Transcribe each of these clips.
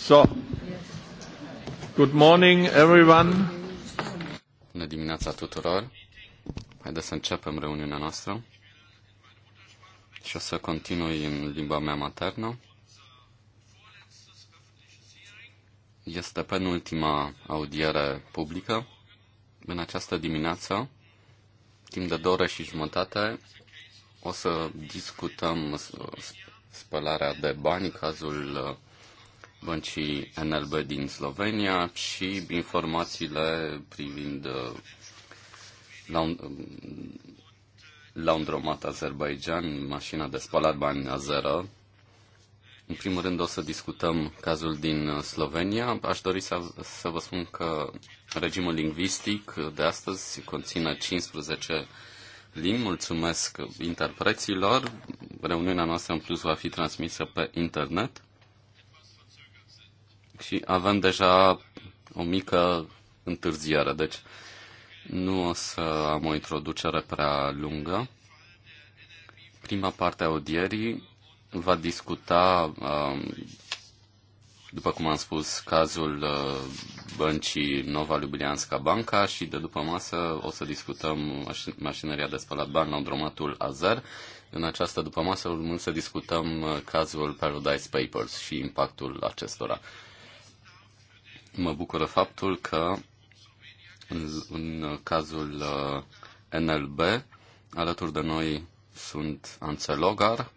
So, good morning everyone. Bună dimineața tuturor. Haideți să începem reuniunea noastră. Și o să continui în limba mea maternă. Este penultima audiere publică. În această dimineață, timp de două ore și jumătate, o să discutăm spălarea de bani, cazul băncii NLB din Slovenia și informațiile privind uh, la un um, dromat Azerbaijan, mașina de spălat bani azeră. În primul rând o să discutăm cazul din uh, Slovenia. Aș dori să, să vă spun că regimul lingvistic de astăzi conține 15 limbi. Mulțumesc interpreților. Reuniunea noastră în plus va fi transmisă pe internet și avem deja o mică întârziere, deci nu o să am o introducere prea lungă. Prima parte a odierii va discuta, um, după cum am spus, cazul uh, băncii Nova Ljubljanska Banca și de după masă o să discutăm mașinăria de spălat bani la dromatul Azer. În această după masă urmând să discutăm uh, cazul Paradise Papers și impactul acestora. Mă bucură faptul că în, în cazul uh, NLB, alături de noi sunt Ance Logar,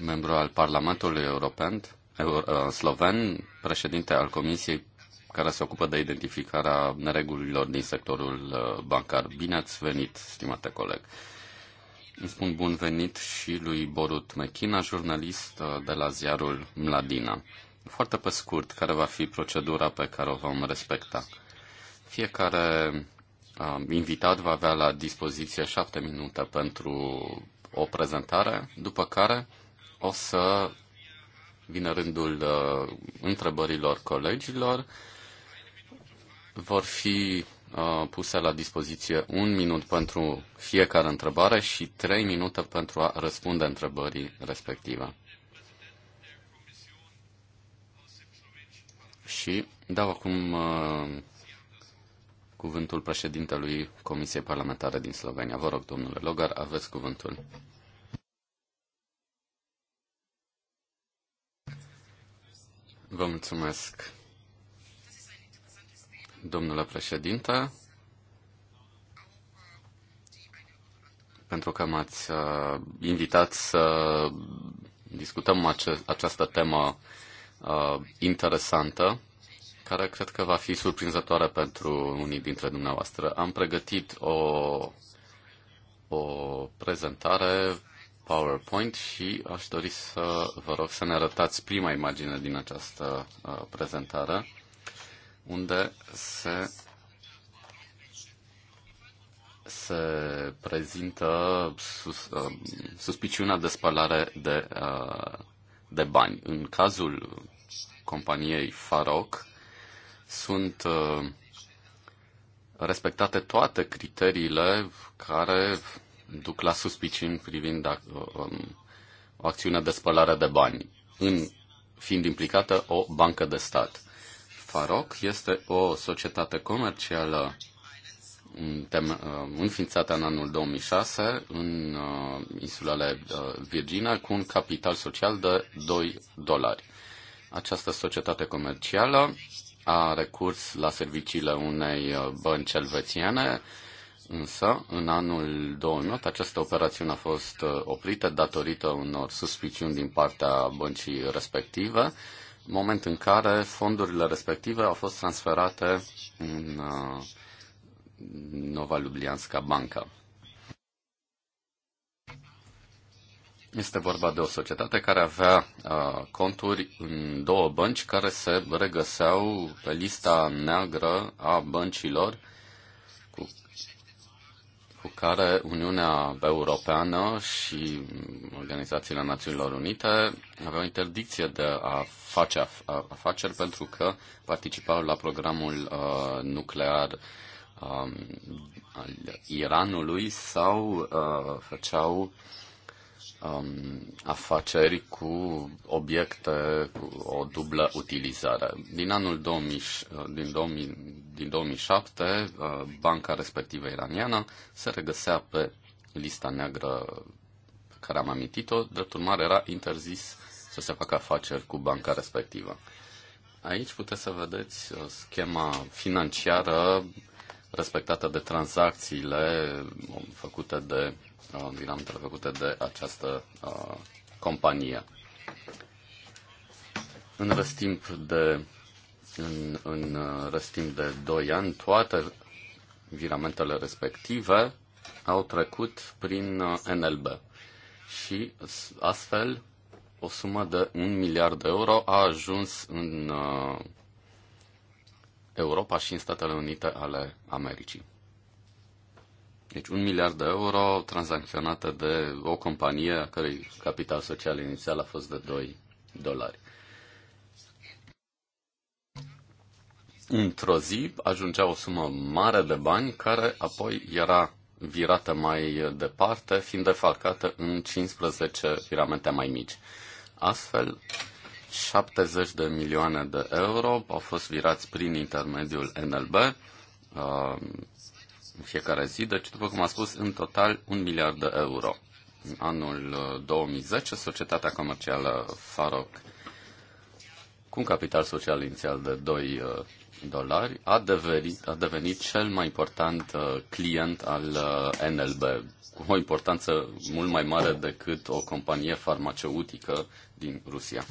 membru al Parlamentului European, Euro, uh, sloven, președinte al Comisiei care se ocupă de identificarea neregulilor din sectorul uh, bancar. Bine ați venit, stimate coleg. Îmi spun bun venit și lui Borut Mechina, jurnalist uh, de la ziarul Mladina. Foarte pe scurt, care va fi procedura pe care o vom respecta. Fiecare um, invitat va avea la dispoziție șapte minute pentru o prezentare, după care o să vină rândul uh, întrebărilor colegilor. Vor fi uh, puse la dispoziție un minut pentru fiecare întrebare și trei minute pentru a răspunde întrebării respective. și dau acum uh, cuvântul președintelui Comisiei Parlamentare din Slovenia. Vă rog, domnule Logar, aveți cuvântul. Vă mulțumesc, domnule președinte, pentru că m-ați uh, invitat să discutăm ace- această temă uh, interesantă, care cred că va fi surprinzătoare pentru unii dintre dumneavoastră. Am pregătit o, o prezentare PowerPoint și aș dori să vă rog să ne arătați prima imagine din această uh, prezentare, unde se se prezintă sus, uh, suspiciunea de spălare de, uh, de bani. În cazul companiei Faroc sunt uh, respectate toate criteriile care duc la suspiciuni privind uh, um, o acțiune de spălare de bani, în, fiind implicată o bancă de stat. Faroc este o societate comercială uh, înființată în anul 2006 în insulele Virginia cu un capital social de 2 dolari. Această societate comercială a recurs la serviciile unei uh, bănci elvețiene, însă în anul 2008 această operațiune a fost uh, oprită datorită unor suspiciuni din partea băncii respective, moment în care fondurile respective au fost transferate în uh, Nova Ljubljanska Banca. Este vorba de o societate care avea uh, conturi în două bănci care se regăseau pe lista neagră a băncilor cu, cu care Uniunea Europeană și organizațiile Națiunilor Unite aveau interdicție de a face af- afaceri pentru că participau la programul uh, nuclear uh, al Iranului sau uh, făceau uh, um, afaceri cu obiecte cu o dublă utilizare. Din anul 2000, uh, din 2000, din 2007, uh, banca respectivă iraniană se regăsea pe lista neagră pe care am amintit-o, drept urmare era interzis să se facă afaceri cu banca respectivă. Aici puteți să vedeți uh, schema financiară respectată de tranzacțiile făcute de uh, dinamitele făcute de această uh, companie. În răstimp de în, în uh, răstimp de 2 ani, toate viramentele respective au trecut prin uh, NLB și astfel o sumă de 1 miliard de euro a ajuns în uh, Europa și în Statele Unite ale Americii. Deci un miliard de euro tranzacționată de o companie a cărei capital social inițial a fost de 2 dolari. Într-o zi ajungea o sumă mare de bani care apoi era virată mai departe, fiind defalcată în 15 piramente mai mici. Astfel, 70 de milioane de euro au fost virați prin intermediul NLB uh, în fiecare zi, deci, după cum am spus, în total un miliard de euro. În anul 2010, uh, societatea comercială Faroc, cu un capital social inițial de 2 uh, dolari, a devenit, a devenit cel mai important client al NLB, cu o importanță mult mai mare decât o companie farmaceutică din Rusia.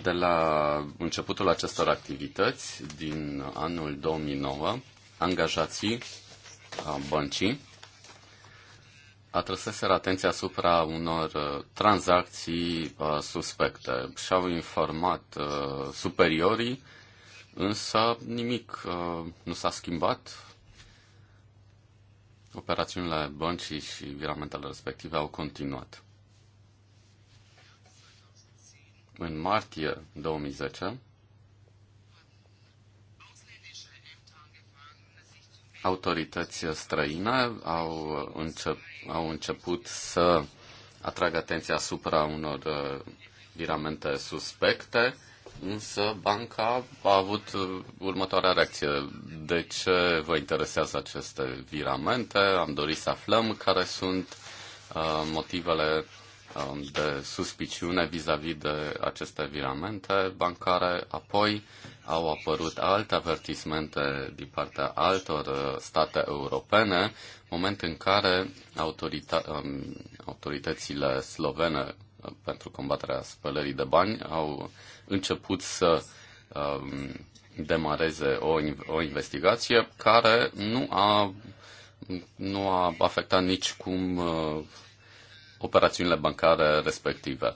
De la începutul acestor activități, din anul 2009, angajații băncii atrăseseră atenția asupra unor tranzacții suspecte și-au informat superiorii, însă nimic nu s-a schimbat. Operațiunile băncii și viramentele respective au continuat în martie 2010, autorități străine au, încep- au început să atragă atenția asupra unor uh, viramente suspecte, însă banca a avut uh, următoarea reacție. De ce vă interesează aceste viramente? Am dorit să aflăm care sunt uh, motivele Um, de suspiciune vis-a-vis -vis de aceste viramente bancare. Apoi au apărut alte avertismente din partea altor uh, state europene, moment în care autorita- um, autoritățile slovene uh, pentru combaterea spălării de bani au început să um, demareze o, o investigație care nu a nu a afectat nici cum uh, operațiunile bancare respective.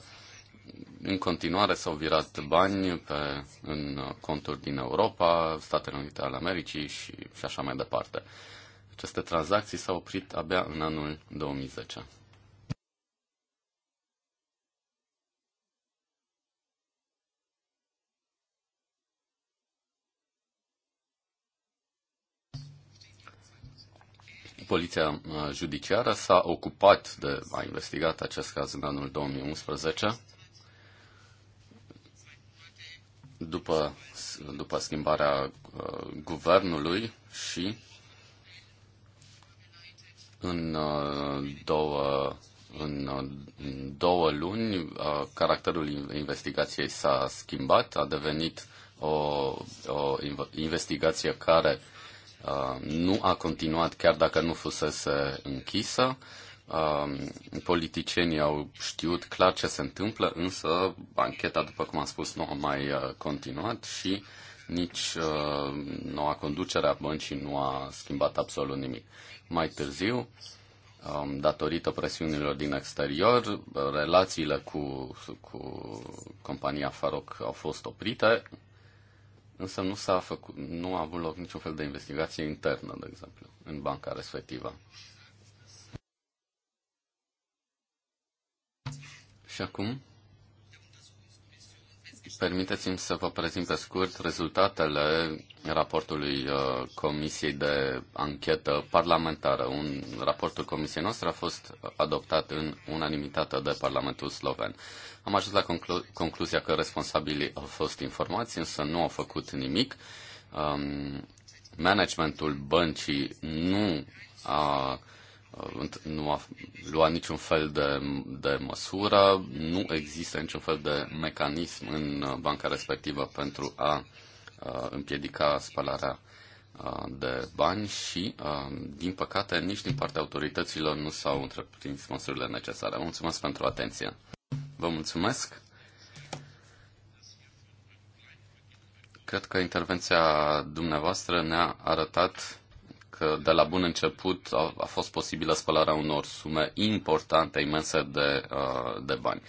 În continuare s-au virat bani pe, în conturi din Europa, Statele Unite ale Americii și, și așa mai departe. Aceste tranzacții s-au oprit abia în anul 2010. Poliția uh, judiciară s-a ocupat de, a investigat acest caz în anul 2011, după, după schimbarea uh, guvernului și în uh, două în, uh, două luni uh, caracterul investigației s-a schimbat, a devenit o, o investigație care uh, Uh, nu a continuat chiar dacă nu fusese închisă. Uh, politicienii au știut clar ce se întâmplă, însă bancheta, după cum am spus, nu a mai uh, continuat și nici noua conducere a băncii nu a schimbat absolut nimic. Mai târziu, um, datorită presiunilor din exterior, relațiile cu, cu compania Faroc au fost oprite, însă nu, s-a făcut, nu a avut loc niciun fel de investigație internă, de exemplu, în banca respectivă. Și acum Permiteți-mi să vă prezint pe scurt rezultatele raportului uh, Comisiei de Anchetă Parlamentară. Un raportul Comisiei noastre a fost adoptat în unanimitate de Parlamentul Sloven. Am ajuns la conclu- concluzia că responsabilii au fost informați, însă nu au făcut nimic. Um, managementul băncii nu a Uh, nu a luat niciun fel de, de măsură, nu există niciun fel de mecanism în uh, banca respectivă pentru a uh, împiedica spălarea de bani și, din păcate, nici din partea autorităților nu s-au întreprins măsurile necesare. Vă mulțumesc pentru atenție. Vă mulțumesc. Cred că intervenția dumneavoastră ne-a arătat că de la bun început a, a fost posibilă spălarea unor sume importante, imense de, de bani.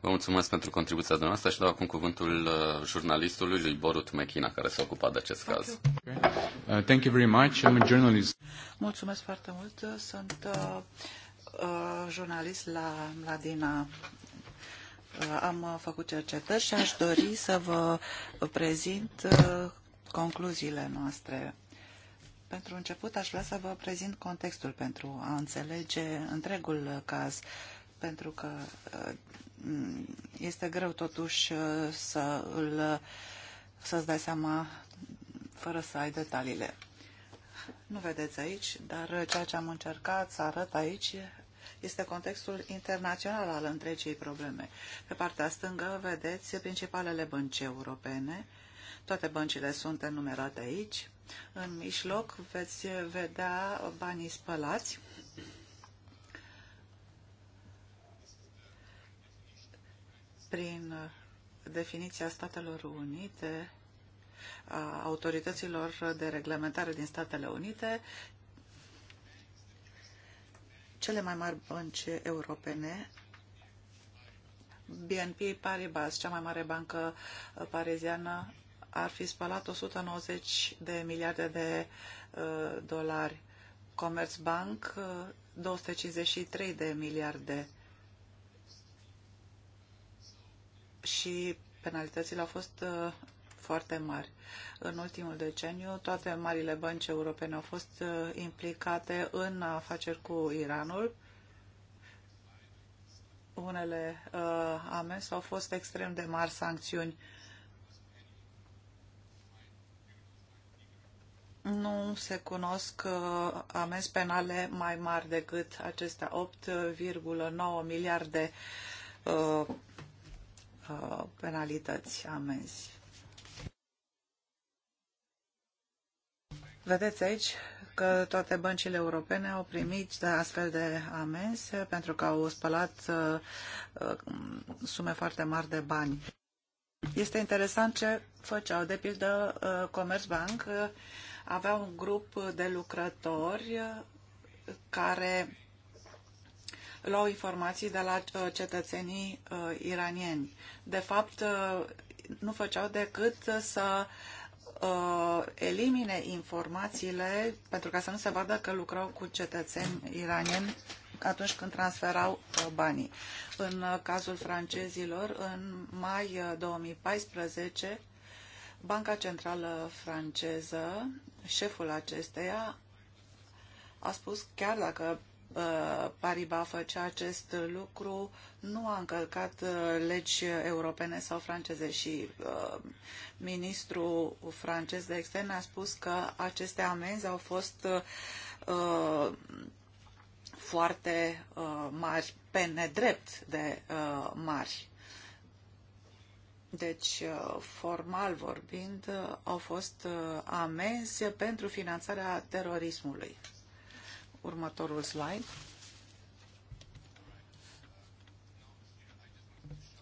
Vă mulțumesc pentru contribuția dumneavoastră și dau acum cuvântul jurnalistului lui Borut Mechina, care se ocupa de acest caz. Uh, thank you very much. I'm a journalist. Mulțumesc foarte mult. Sunt uh, uh, jurnalist la Uh, am uh, făcut cercetări și aș dori să vă prezint uh, concluziile noastre. Pentru început aș vrea să vă prezint contextul pentru a înțelege întregul caz, pentru că uh, este greu totuși uh, să îl, uh, să-ți dai seama fără să ai detaliile. Nu vedeți aici, dar ceea ce am încercat să arăt aici este contextul internațional al întregii probleme. Pe partea stângă vedeți principalele bănci europene. Toate băncile sunt enumerate aici. În mijloc veți vedea banii spălați. Prin definiția Statelor Unite, a autorităților de reglementare din Statele Unite, cele mai mari bănci europene BNP Paribas, cea mai mare bancă pariziană, ar fi spălat 190 de miliarde de uh, dolari. Commerzbank uh, 253 de miliarde și penalitățile au fost uh, foarte mari. În ultimul deceniu, toate marile bănci europene au fost uh, implicate în afaceri cu Iranul. Unele uh, ames au fost extrem de mari sancțiuni uh, nu se cunosc uh, amenzi penale mai mari decât acestea 8,9 miliarde uh, uh, penalități amenzi. Vedeți aici că toate băncile europene au primit de astfel de amenzi pentru că au spălat uh, uh, sume foarte mari de bani. Este interesant ce făceau. De pildă, uh, Commerzbank avea un grup de lucrători care luau informații de la uh, cetățenii uh, iranieni. De fapt, uh, nu făceau decât să elimine informațiile pentru ca să nu se vadă că lucrau cu cetățeni iranieni atunci când transferau banii. În cazul francezilor, în mai 2014, Banca Centrală franceză, șeful acesteia, a spus chiar dacă uh, Pariba făcea acest lucru, nu a încălcat uh, legi europene sau franceze și uh, ministrul francez de externe a spus că aceste amenzi au fost uh, foarte uh, mari, pe nedrept de uh, mari. Deci, uh, formal vorbind, uh, au fost uh, amenzi pentru finanțarea terorismului. Următorul slide.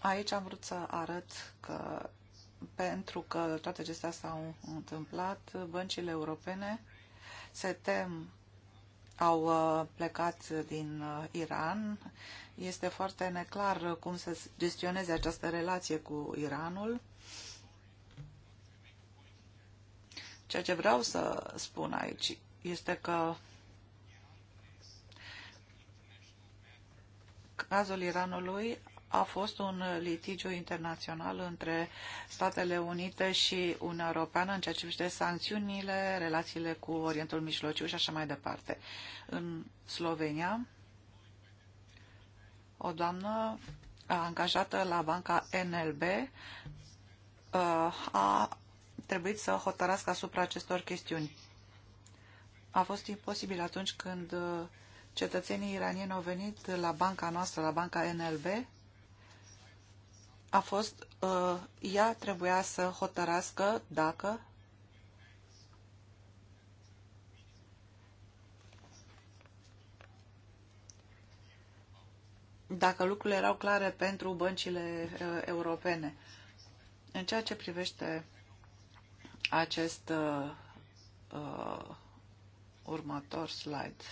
Aici am vrut să arăt că pentru că toate acestea s-au întâmplat, băncile europene se tem, au plecat din Iran este foarte neclar cum să gestioneze această relație cu Iranul. Ceea ce vreau să spun aici este că cazul Iranului a fost un litigiu internațional între Statele Unite și Uniunea Europeană în ceea ce privește sancțiunile, relațiile cu Orientul Mijlociu și așa mai departe. În Slovenia, o doamnă angajată la banca NLB a trebuit să hotărască asupra acestor chestiuni. A fost imposibil atunci când cetățenii iranieni au venit la banca noastră, la banca NLB, a fost, ea trebuia să hotărască dacă dacă lucrurile erau clare pentru băncile uh, europene. În ceea ce privește acest uh, uh, următor slide,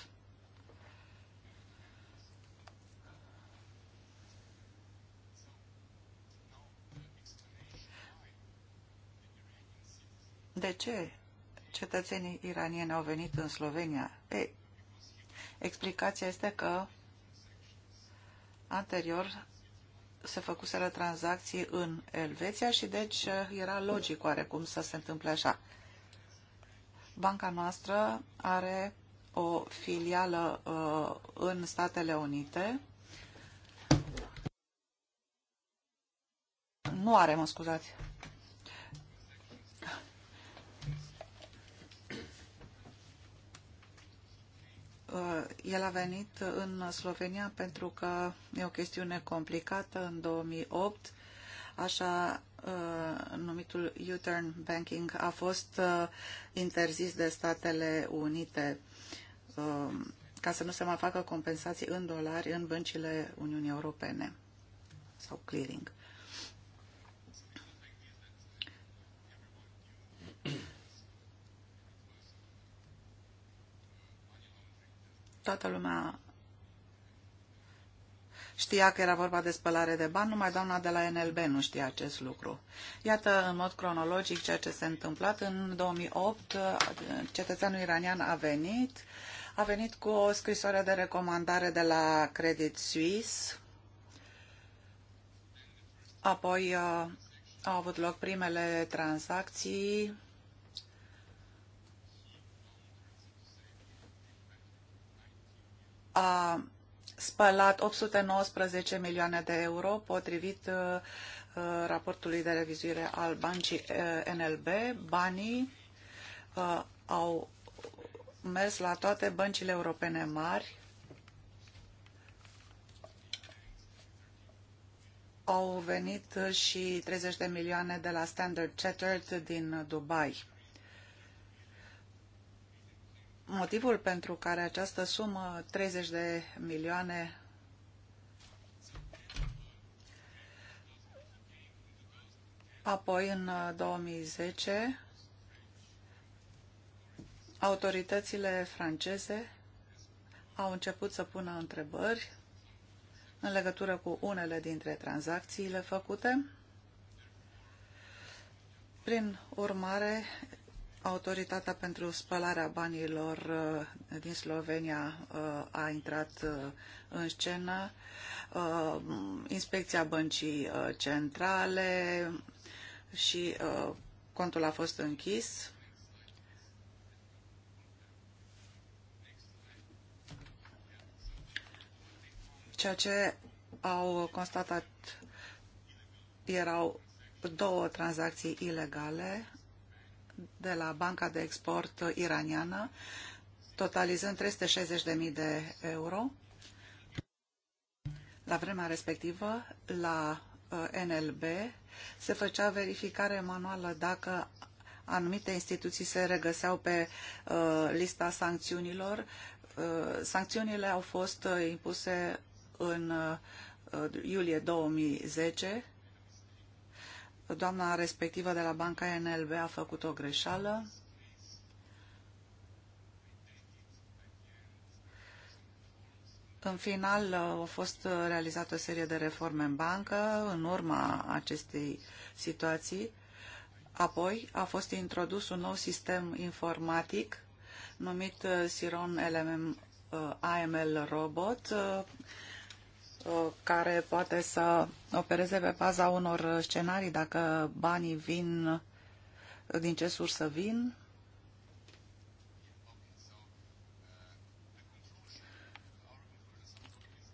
De ce cetățenii iranieni au venit în Slovenia? Ei, explicația este că Anterior se făcuseră tranzacții în Elveția și deci era logic oarecum să se întâmple așa. Banca noastră are o filială uh, în Statele Unite. Nu are, mă scuzați. Uh, el a venit în Slovenia pentru că e o chestiune complicată. În 2008, așa uh, numitul U-turn banking a fost uh, interzis de Statele Unite ca să nu se mai facă compensații în dolari în băncile Uniunii Europene sau clearing. Toată lumea știa că era vorba de spălare de bani, numai doamna de la NLB nu știa acest lucru. Iată, în mod cronologic, ceea ce s-a întâmplat. În 2008, cetățeanul iranian a venit, a venit cu o scrisoare de recomandare de la Credit Suisse, apoi uh, au avut loc primele tranzacții a spălat 819 milioane de euro potrivit uh, uh, raportului de revizuire al bancii uh, NLB. Banii au mers la toate băncile europene mari, au venit și 30 de milioane de la Standard Chartered din Dubai. Motivul pentru care această sumă, 30 de milioane, apoi în 2010, uh, autoritățile franceze au început să pună întrebări în legătură cu unele dintre tranzacțiile făcute. Prin urmare, Autoritatea pentru spălarea banilor uh, din Slovenia uh, a intrat uh, în scenă, Inspecția Băncii Centrale și contul a fost închis. Ceea ce au constatat erau două tranzacții ilegale de la Banca de Export iraniană, totalizând 360.000 de euro. La vremea respectivă, la uh, NLB, se făcea verificare manuală dacă anumite instituții se regăseau pe uh, lista sancțiunilor. Uh, sancțiunile au fost impuse în iulie 2010 doamna respectivă de la banca NLB a făcut o greșeală. În final uh, au fost realizate o serie de reforme în bancă în urma acestei situații. Apoi a fost introdus un nou sistem informatic numit uh, Siron LMM uh, AML Robot, Uh, care poate să opereze pe baza unor scenarii, dacă banii vin, din ce sursă vin.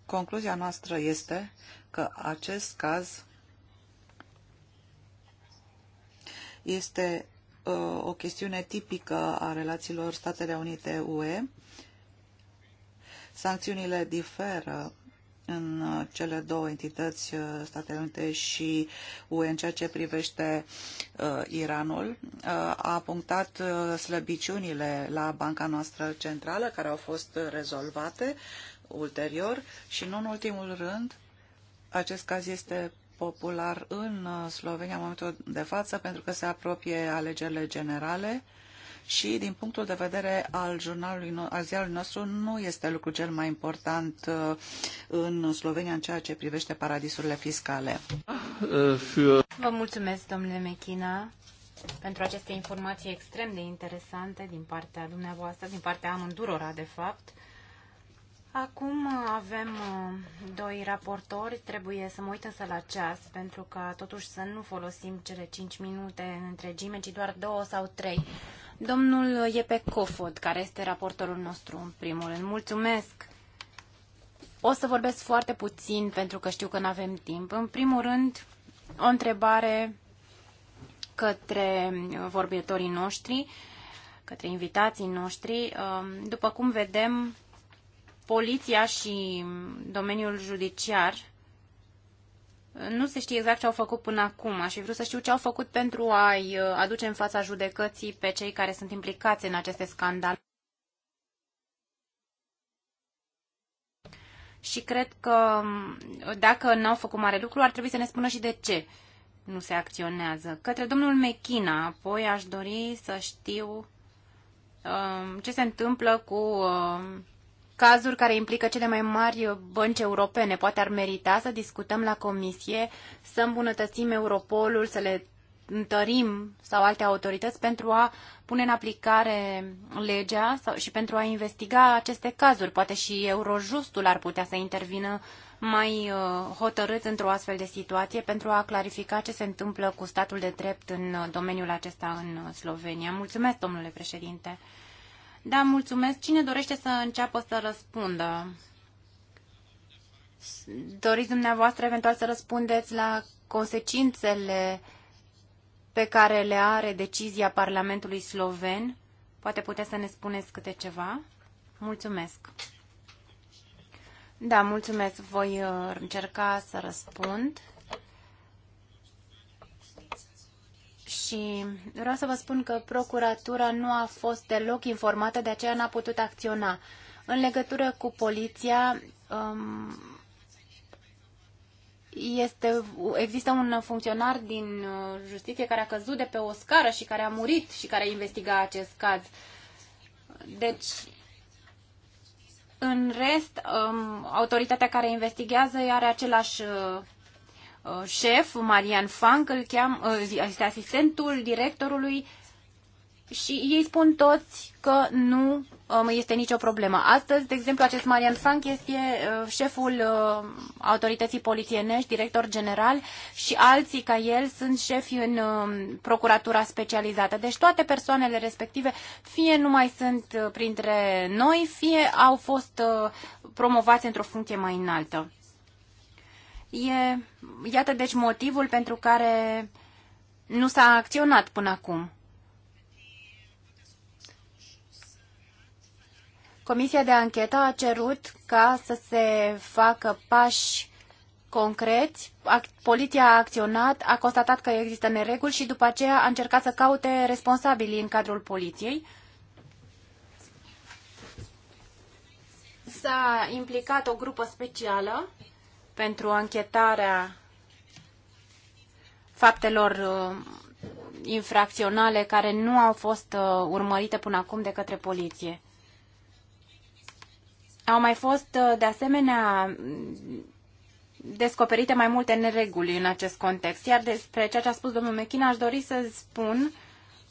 Concluzia noastră este că acest caz este uh, o chestiune tipică a relațiilor Statele Unite-UE. Sancțiunile diferă în uh, cele două entități, uh, Statele Unite și UE, în ceea ce privește uh, Iranul. Uh, a punctat uh, slăbiciunile la banca noastră centrală, care au fost rezolvate ulterior și, nu în ultimul rând, acest caz este popular în uh, Slovenia în momentul de față pentru că se apropie alegerile generale și din punctul de vedere al jurnalului, al ziarului nostru nu este lucru cel mai important uh, în Slovenia în ceea ce privește paradisurile fiscale. Vă mulțumesc, domnule Mechina, pentru aceste informații extrem de interesante din partea dumneavoastră, din partea amândurora, de fapt. Acum avem uh, doi raportori, trebuie să mă uit însă la ceas, pentru că totuși să nu folosim cele 5 minute în întregime, ci doar 2 sau 3. Domnul Iepe Cofod, care este raportorul nostru în primul rând. Mulțumesc! O să vorbesc foarte puțin pentru că știu că nu avem timp. În primul rând, o întrebare către vorbitorii noștri, către invitații noștri. Um, după cum vedem, poliția și domeniul judiciar nu se știe exact ce au făcut până acum. Aș fi vrut să știu ce au făcut pentru a-i uh, aduce în fața judecății pe cei care sunt implicați în aceste scandal. Și cred că um, dacă n-au făcut mare lucru, ar trebui să ne spună și de ce nu se acționează. Către domnul Mechina, apoi aș dori să știu um, ce se întâmplă cu um, cazuri care implică cele mai mari bănci europene. Poate ar merita să discutăm la comisie, să îmbunătățim Europolul, să le întărim sau alte autorități pentru a pune în aplicare legea sau, și pentru a investiga aceste cazuri. Poate și Eurojustul ar putea să intervină mai uh, hotărât într-o astfel de situație pentru a clarifica ce se întâmplă cu statul de drept în uh, domeniul acesta în uh, Slovenia. Mulțumesc, domnule președinte. Da, mulțumesc. Cine dorește să înceapă să răspundă? Doriți dumneavoastră eventual să răspundeți la consecințele pe care le are decizia Parlamentului sloven? Poate puteți să ne spuneți câte ceva? Mulțumesc. Da, mulțumesc. Voi uh, încerca să răspund. și vreau să vă spun că procuratura nu a fost deloc informată, de aceea n-a putut acționa. În legătură cu poliția, um, este, există un funcționar din uh, justiție care a căzut de pe o scară și care a murit și care investiga acest caz. Deci, în rest, um, autoritatea care investigează are același uh, Uh, șef, Marian Funk, îl cheam, este uh, asistentul directorului și ei spun toți că nu uh, este nicio problemă. Astăzi, de exemplu, acest Marian Funk este șeful autorității polițienești, director general și alții ca el sunt șefi în um, procuratura specializată. Deci toate persoanele respective fie nu mai sunt printre noi, fie au fost promovați într-o funcție mai înaltă. E, iată deci motivul pentru care nu s-a acționat până acum. Comisia de anchetă a cerut ca să se facă pași concreți. Poliția a acționat, a constatat că există nereguli și după aceea a încercat să caute responsabilii în cadrul poliției. S-a implicat o grupă specială pentru anchetarea faptelor uh, infracționale care nu au fost uh, urmărite până acum de către poliție. Au mai fost, uh, de asemenea, descoperite mai multe nereguli în acest context. Iar despre ceea ce a spus domnul Mechina, aș dori să spun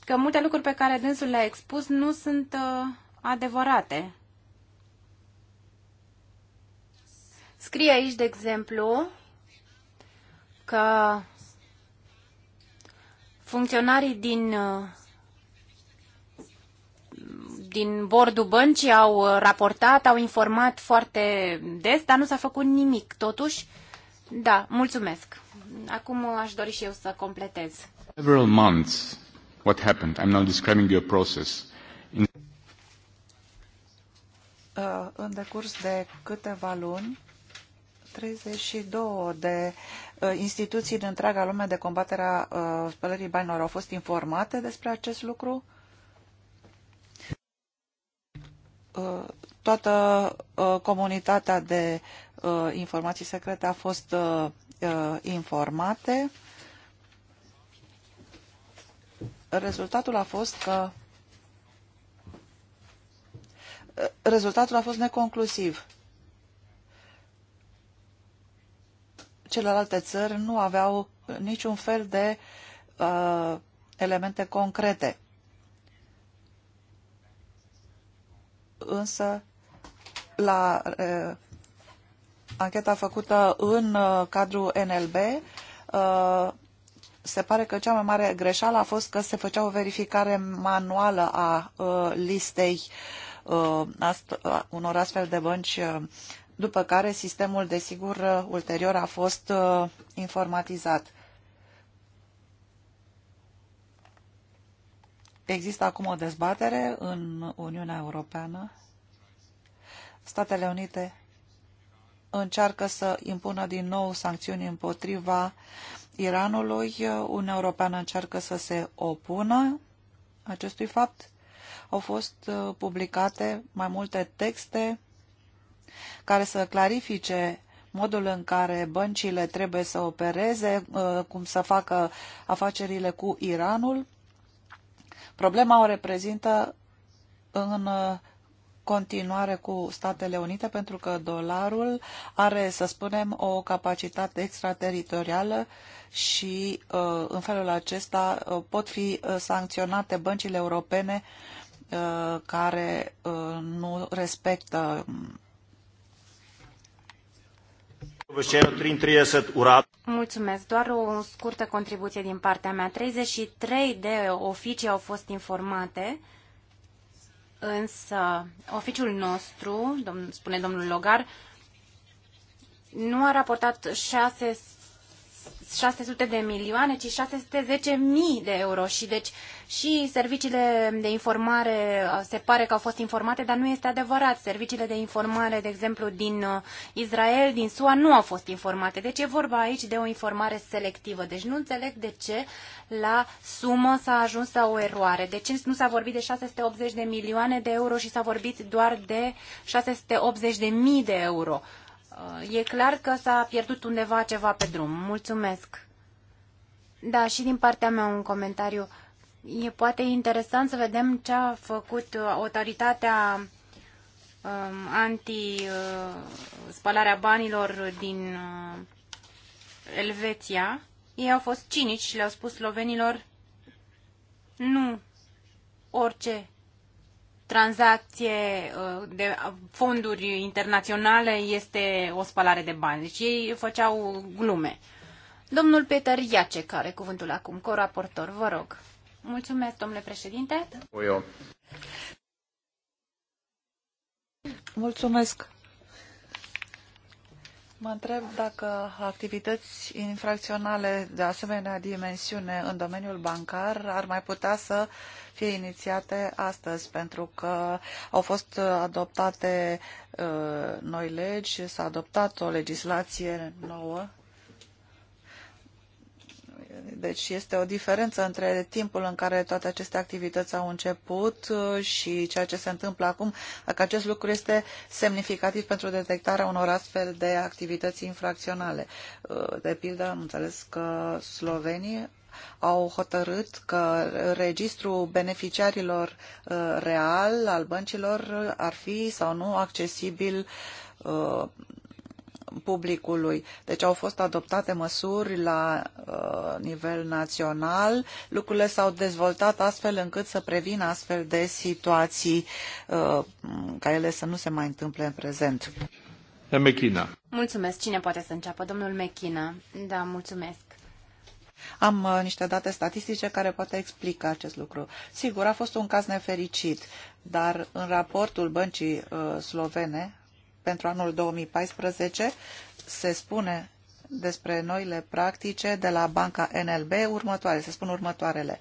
că multe lucruri pe care dânsul le-a expus nu sunt adevărate. Scrie aici, de exemplu, că funcționarii din din bordul băncii au raportat, au informat foarte des, dar nu s-a făcut nimic. Totuși, da, mulțumesc. Acum aș dori și eu să completez. Several months, what happened? I'm now describing your process. Uh, în decurs de câteva luni, 32 de uh, instituții din întreaga lume de combaterea uh, spălării banilor au fost informate despre acest lucru. Uh, toată uh, comunitatea de uh, informații secrete a fost uh, uh, informate. Rezultatul a fost că uh, rezultatul a fost neconclusiv. celelalte țări nu aveau niciun fel de uh, elemente concrete. Însă, la uh, ancheta făcută în uh, cadrul NLB, uh, se pare că cea mai mare greșeală a fost că se făcea o verificare manuală a uh, listei uh, ast- uh, unor astfel de bănci uh, după care sistemul, desigur, uh, ulterior a fost uh, informatizat. Există acum o dezbatere în Uniunea Europeană. Statele Unite încearcă să impună din nou sancțiuni împotriva Iranului. Uniunea Europeană încearcă să se opună acestui fapt. Au fost uh, publicate mai multe texte care să clarifice modul în care băncile trebuie să opereze, uh, cum să facă afacerile cu Iranul. Problema o reprezintă în uh, continuare cu Statele Unite, pentru că dolarul are, să spunem, o capacitate extrateritorială și uh, în felul acesta pot fi sancționate băncile europene care nu respectă um, Mulțumesc. Doar o scurtă contribuție din partea mea. 33 de oficii au fost informate, însă oficiul nostru, spune domnul Logar, nu a raportat șase 600 de milioane, ci 610 mii de euro. Și deci și serviciile de informare uh, se pare că au fost informate, dar nu este adevărat. Serviciile de informare, de exemplu, din uh, Israel, din SUA, nu au fost informate. Deci e vorba aici de o informare selectivă. Deci nu înțeleg de ce la sumă s-a ajuns la o eroare. De ce nu s-a vorbit de 680 de milioane de euro și s-a vorbit doar de 680 de mii de euro? Uh, e clar că s-a pierdut undeva ceva pe drum. Mulțumesc! Da, și din partea mea un comentariu. E poate interesant să vedem ce a făcut uh, autoritatea um, anti-spălarea banilor din uh, Elveția. Ei au fost cinici și le-au spus slovenilor nu orice tranzacție uh, de fonduri internaționale este o spălare de bani. Deci ei făceau glume. Domnul Peter Iace, care cuvântul acum, coraportor, vă rog. Mulțumesc, domnule președinte. Eu. Mulțumesc Mă întreb dacă activități infracționale de asemenea dimensiune în domeniul bancar ar mai putea să fie inițiate astăzi, pentru că au fost adoptate uh, noi legi, s-a adoptat o legislație nouă deci este o diferență între timpul în care toate aceste activități au început uh, și ceea ce se întâmplă acum, dacă acest lucru este semnificativ pentru detectarea unor astfel de activități infracționale. Uh, de pildă, am înțeles că slovenii au hotărât că registrul beneficiarilor uh, real al băncilor ar fi sau nu accesibil publicului. Deci au fost adoptate măsuri la uh, nivel național, lucrurile s-au dezvoltat astfel încât să prevină astfel de situații uh, ca ele să nu se mai întâmple în prezent. Mechina. Mulțumesc. Cine poate să înceapă? Domnul Mechina. Da, mulțumesc. Am uh, niște date statistice care poate explica acest lucru. Sigur, a fost un caz nefericit, dar în raportul băncii uh, slovene, pentru anul 2014 se spune despre noile practice de la Banca NLB următoare, se spun următoarele,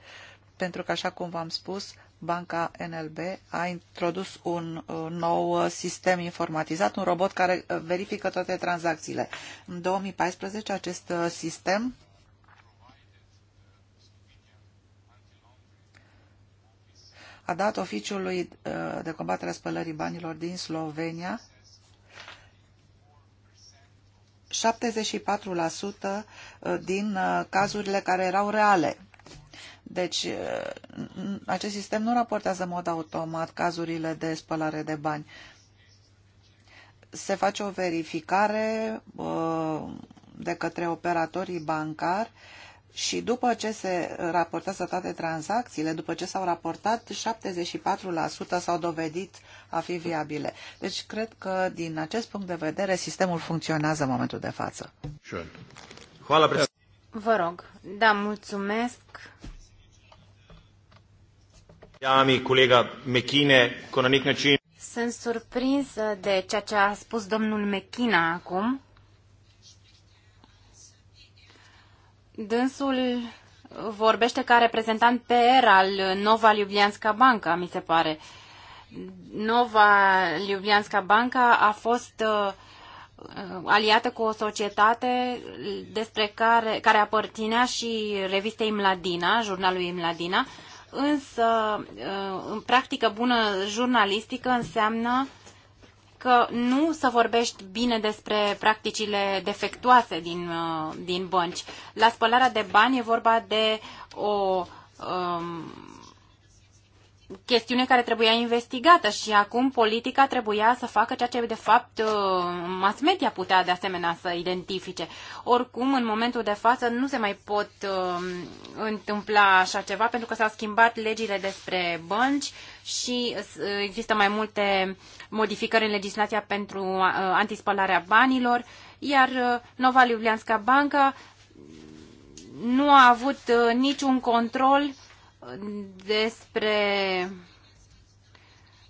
pentru că, așa cum v-am spus, Banca NLB a introdus un uh, nou uh, sistem informatizat, un robot care uh, verifică toate tranzacțiile. În 2014 acest sistem a dat oficiului de combatere a spălării banilor din Slovenia 74% din uh, cazurile care erau reale. Deci, uh, acest sistem nu raportează în mod automat cazurile de spălare de bani. Se face o verificare uh, de către operatorii bancari și după ce se raportează toate tranzacțiile, după ce s-au raportat, 74% s-au dovedit a fi viabile. Deci cred că din acest punct de vedere sistemul funcționează în momentul de față. Vă rog. Da, mulțumesc. colega Sunt surprinsă de ceea ce a spus domnul Mechina acum Dânsul vorbește ca reprezentant PR al Nova Ljubljanska Banca, mi se pare. Nova Ljubljanska Banca a fost uh, uh, aliată cu o societate despre care, care aparținea și revistei Mladina, jurnalului Mladina, însă uh, în practică bună jurnalistică înseamnă că nu să vorbești bine despre practicile defectuoase din, uh, din bănci. La spălarea de bani e vorba de o um, chestiune care trebuia investigată și acum politica trebuia să facă ceea ce de fapt uh, mass media putea de asemenea să identifice. Oricum, în momentul de față nu se mai pot uh, întâmpla așa ceva pentru că s-au schimbat legile despre bănci și uh, există mai multe modificări în legislația pentru uh, antispălarea banilor, iar uh, Nova Ljubljanska Banca nu a avut uh, niciun control uh, despre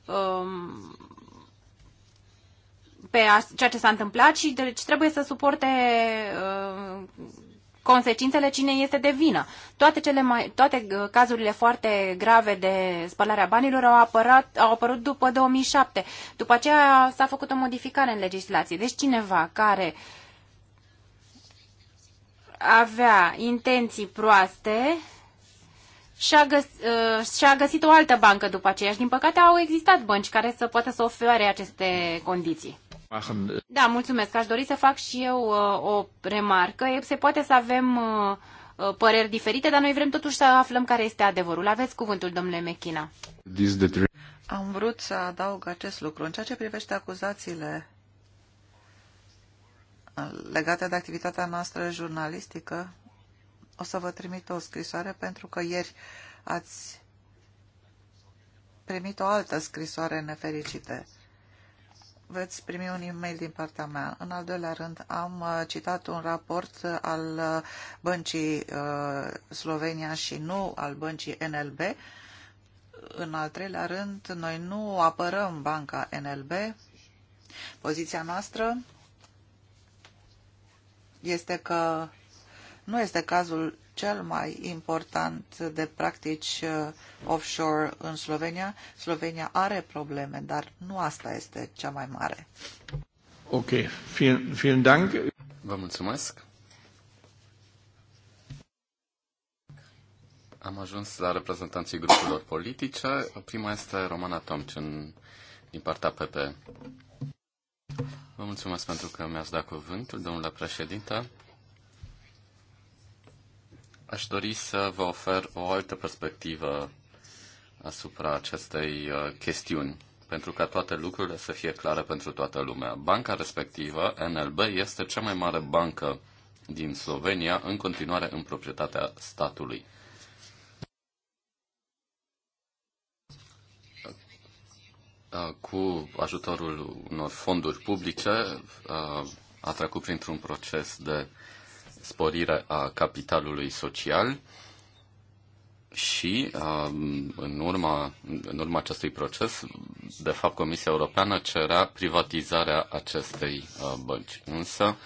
um, pe ceea ce s-a întâmplat și deci trebuie să suporte uh, consecințele cine este de vină. Toate, cele mai, toate uh, cazurile foarte grave de spălarea a banilor au, apărat, au apărut după 2007. După aceea s-a făcut o modificare în legislație. Deci cineva care avea intenții proaste și-a, găs- uh, și-a găsit o altă bancă după aceea și din păcate au existat bănci care să poată să ofere aceste condiții. Da, mulțumesc. Aș dori să fac și eu uh, o remarcă. Se poate să avem uh, uh, păreri diferite, dar noi vrem totuși să aflăm care este adevărul. Aveți cuvântul, domnule Mechina. Am vrut să adaug acest lucru. În ceea ce privește acuzațiile uh, legate de activitatea noastră jurnalistică, o să vă trimit o scrisoare pentru că ieri ați primit o altă scrisoare nefericită. Veți primi un e-mail din partea mea. În al doilea rând, am uh, citat un raport uh, al uh, băncii Slovenia și nu al băncii NLB. În al treilea rând, noi nu apărăm banca NLB. Poziția noastră este că nu este cazul cel mai important de practici uh, offshore în Slovenia. Slovenia are probleme, dar nu asta este cea mai mare. Ok, vielen, vielen Dank. Vă mulțumesc. Am ajuns la reprezentanții grupurilor politice. Prima este Romana Tomcin din partea PP. Vă mulțumesc pentru că mi-ați dat cuvântul, domnule președinte. Aș dori să vă ofer o altă perspectivă asupra acestei uh, chestiuni, pentru ca toate lucrurile să fie clare pentru toată lumea. Banca respectivă, NLB, este cea mai mare bancă din Slovenia, în continuare în proprietatea statului. Uh, cu ajutorul unor fonduri publice, uh, a trecut printr-un proces de sporire a capitalului social și um, în urma, în urma acestui proces, de fapt, Comisia Europeană cerea privatizarea acestei uh, bănci. Însă,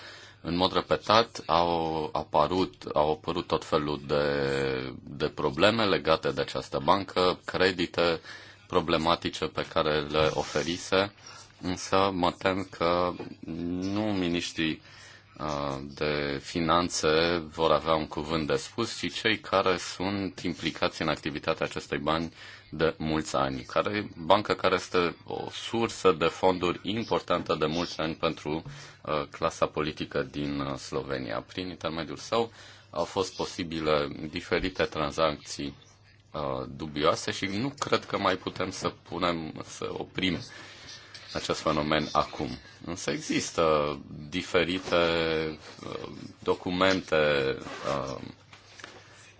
în mod repetat, au apărut, au apărut tot felul de, de probleme legate de această bancă, credite problematice pe care le oferise, însă mă tem că nu ministrii Uh, de finanțe vor avea un cuvânt de spus și cei care sunt implicați în activitatea acestei bani de mulți ani, care, bancă care este o sursă de fonduri importantă de mulți ani pentru uh, clasa politică din uh, Slovenia. Prin intermediul său au fost posibile diferite tranzacții dubioase și nu cred că mai putem să punem, să oprim uh, acest fenomen acum. Însă există diferite uh, documente uh,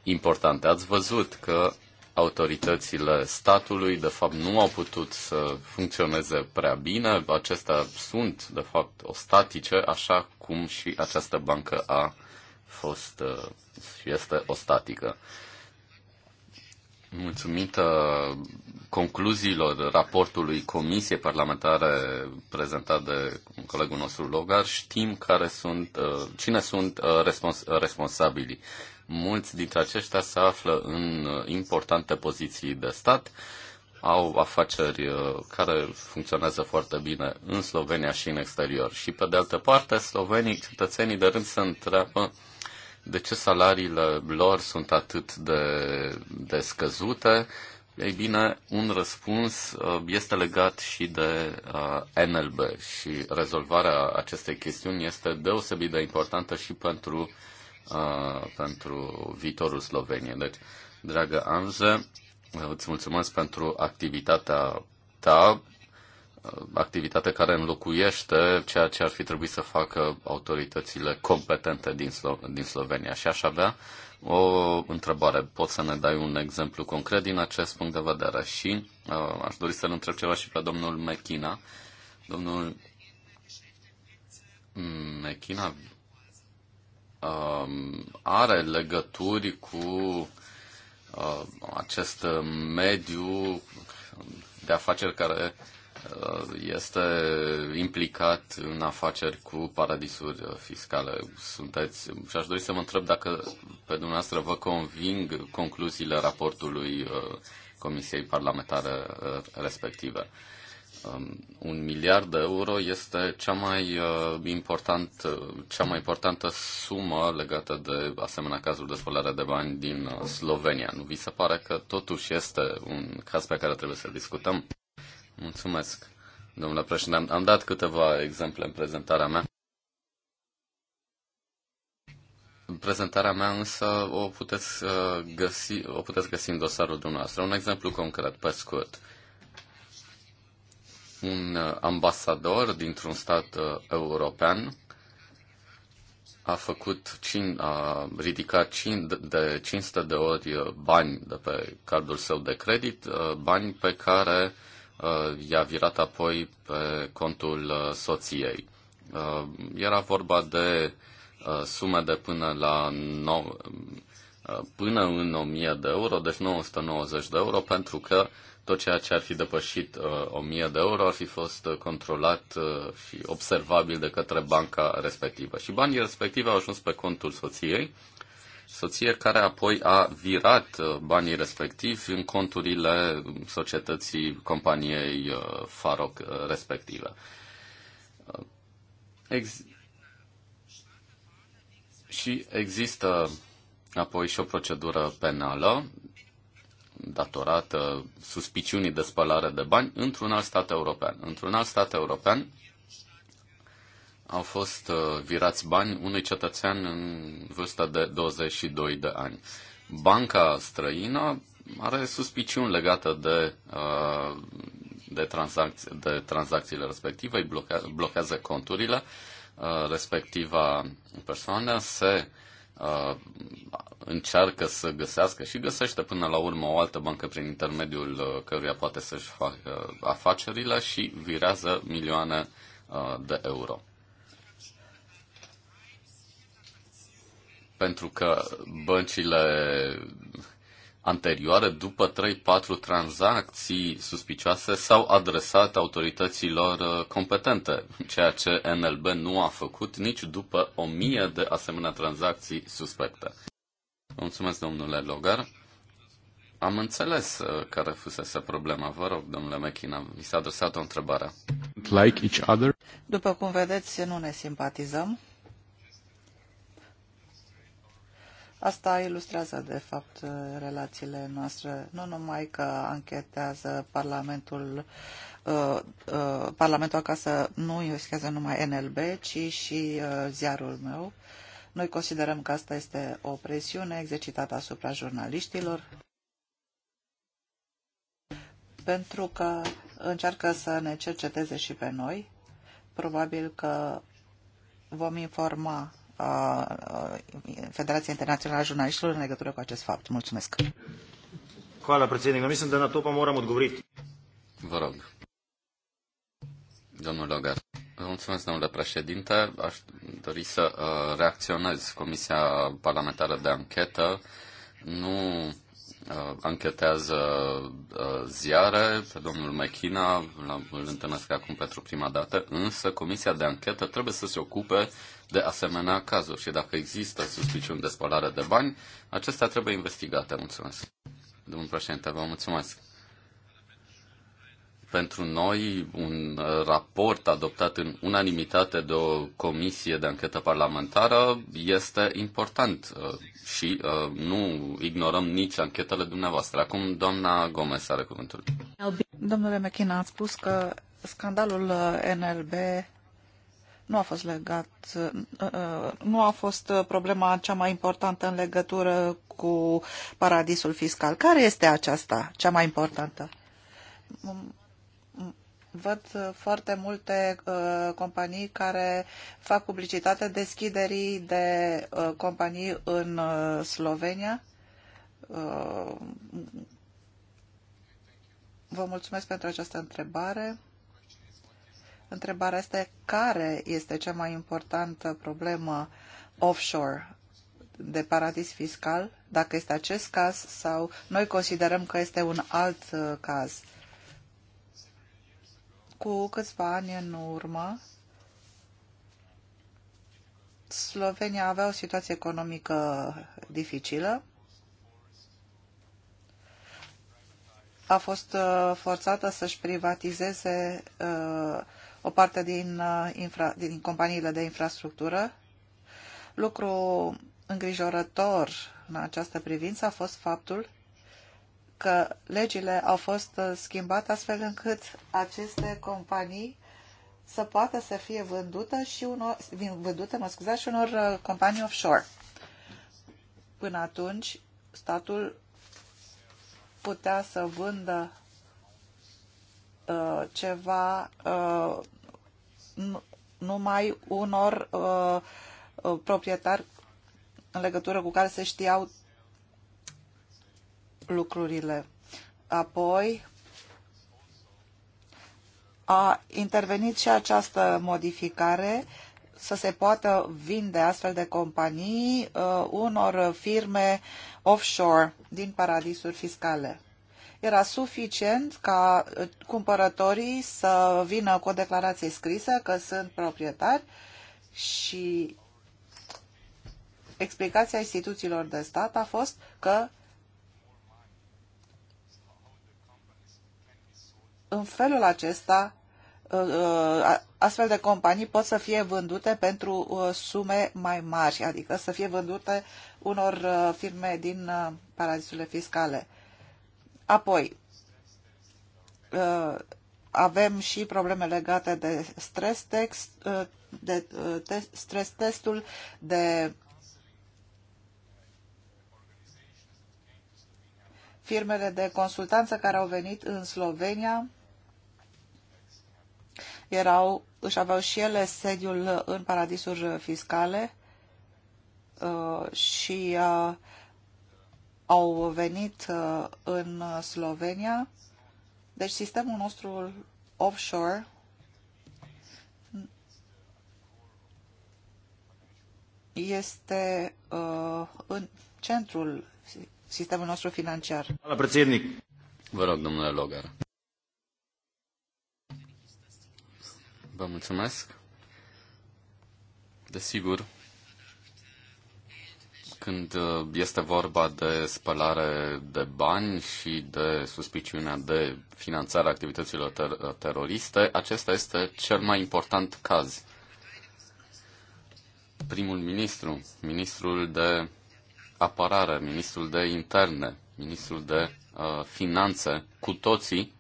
importante. Ați văzut că autoritățile statului, de fapt, nu au putut să funcționeze prea bine. Acestea sunt, de fapt, ostatice, așa cum și această bancă a fost uh, și este ostatică. Mulțumită concluziilor raportului Comisiei Parlamentare prezentat de colegul nostru Logar, știm care sunt, uh, cine sunt uh, respons- responsabilii. Mulți dintre aceștia se află în uh, importante poziții de stat, au afaceri care funcționează foarte bine în Slovenia și în exterior. Și pe de altă parte, slovenii, cetățenii de rând se întreabă de ce salariile lor sunt atât de, de scăzute, ei bine, un răspuns uh, este legat și de uh, NLB și rezolvarea acestei chestiuni este deosebit de importantă și pentru, uh, pentru viitorul Sloveniei. Deci, dragă Anze, îți mulțumesc pentru activitatea ta activitate care înlocuiește ceea ce ar fi trebuit să facă autoritățile competente din, Slo- din Slovenia. Și aș avea o întrebare. Poți să ne dai un exemplu concret din acest punct de vedere? Și uh, aș dori să-l întreb ceva și pe domnul Mechina. Domnul Mechina uh, are legături cu uh, acest mediu de afaceri care Uh, este implicat în afaceri cu paradisuri uh, fiscale. Sunteți, și aș dori să mă întreb dacă pe dumneavoastră vă conving concluziile raportului uh, Comisiei Parlamentare respective. Um, un miliard de euro este cea mai, important, cea mai importantă sumă legată de asemenea cazul de spălare de bani din Slovenia. Nu vi se pare că totuși este un caz pe care trebuie să discutăm? Mulțumesc, domnule președinte. Am dat câteva exemple în prezentarea mea. Prezentarea mea însă o puteți, uh, găsi, o puteți găsi în dosarul dumneavoastră. Un exemplu concret, pe scurt. Un uh, ambasador dintr-un stat uh, european a făcut, cin, a ridicat cin, de 500 de ori bani de pe cardul său de credit, bani pe care Uh, i-a virat apoi pe contul uh, soției. Uh, era vorba de sume de până la 9, până în 1000 de euro, deci 990 de euro, pentru că tot ceea ce ar fi depășit 1000 de euro ar fi fost controlat și observabil de către banca respectivă. Și banii respectivi au ajuns pe contul soției soție care apoi a virat uh, banii respectivi în conturile societății companiei uh, Faroc uh, respective. Ex- și există apoi și o procedură penală datorată suspiciunii de spălare de bani într-un alt stat european. Într-un alt stat european, au fost uh, virați bani unui cetățean în vârsta de 22 de ani. Banca străină are suspiciuni legate de, uh, de, tranzacți, de tranzacțiile respective, îi blochează, blochează conturile, uh, respectiva persoană se încearcă să găsească și găsește până la urmă o altă bancă prin intermediul căruia poate să-și facă afacerile și virează milioane de euro. pentru că băncile anterioare, după 3-4 tranzacții suspicioase, s-au adresat autorităților uh, competente, ceea ce NLB nu a făcut nici după o mie de asemenea tranzacții suspecte. Mulțumesc, domnule Logar. Am înțeles uh, care fusese problema. Vă rog, domnule Mechina, mi s-a adresat o întrebare. Like each other? După cum vedeți, nu ne simpatizăm. Asta ilustrează, de fapt, relațiile noastre. Nu numai că anchetează Parlamentul, uh, uh, Parlamentul acasă nu investigează numai NLB, ci și uh, ziarul meu. Noi considerăm că asta este o presiune exercitată asupra jurnaliștilor pentru că încearcă să ne cerceteze și pe noi. Probabil că vom informa Federația Internațională a Jurnaliștilor în legătură cu acest fapt. Mulțumesc. Hvala, predsjednik. Mislim da na to pa moram odgovoriti. Vă rog. Domnul Logar. Vă mulțumesc, domnule președinte. Aș dori să uh, reacționez. Comisia Parlamentară de Anchetă nu uh, anchetează uh, ziare, pe domnul Mechina îl întâlnesc acum pentru prima dată, însă comisia de anchetă trebuie să se ocupe de asemenea cazuri și dacă există suspiciuni de spălare de bani, acestea trebuie investigate. Mulțumesc. Domnul președinte, vă mulțumesc pentru noi un uh, raport adoptat în unanimitate de o comisie de anchetă parlamentară este important uh, și uh, nu ignorăm nici anchetele dumneavoastră. Acum doamna Gomez are cuvântul. Domnule Mechina, ați spus că scandalul NLB nu a fost legat, nu a fost problema cea mai importantă în legătură cu paradisul fiscal. Care este aceasta cea mai importantă? Văd uh, foarte multe uh, companii care fac publicitate deschiderii de uh, companii în uh, Slovenia. Uh, vă mulțumesc pentru această întrebare. Întrebarea este care este cea mai importantă problemă offshore de paradis fiscal, dacă este acest caz sau noi considerăm că este un alt uh, caz. Uh, cu câțiva ani în urmă, Slovenia avea o situație economică dificilă. A fost uh, forțată să-și privatizeze uh, o parte din, uh, infra, din companiile de infrastructură. Lucru îngrijorător în această privință a fost faptul că legile au fost uh, schimbate astfel încât aceste companii să poată să fie vândută și unor, vândute, mă scuzați, și unor uh, companii offshore. Până atunci, statul putea să vândă uh, ceva uh, numai unor uh, uh, proprietari în legătură cu care se știau lucrurile. Apoi a intervenit și această modificare să se poată vinde astfel de companii uh, unor firme offshore din paradisuri fiscale. Era suficient ca uh, cumpărătorii să vină cu o declarație scrisă că sunt proprietari și explicația instituțiilor de stat a fost că în felul acesta uh, uh, astfel de companii pot să fie vândute pentru uh, sume mai mari, adică să fie vândute unor firme din paradisurile fiscale. Apoi, avem și probleme legate de stress text, de stress testul, de firmele de consultanță care au venit în Slovenia erau, își aveau și ele sediul în paradisuri fiscale uh, și uh, au venit uh, în Slovenia. Deci sistemul nostru offshore este în centrul sistemului nostru financiar. La prețednic. Vă rog, domnule Logar. Vă mulțumesc. Desigur, când uh, este vorba de spălare de bani și de suspiciunea de finanțare a activităților ter- uh, teroriste, acesta este cel mai important caz. Primul ministru, ministrul de apărare, ministrul de interne, ministrul de uh, finanțe, cu toții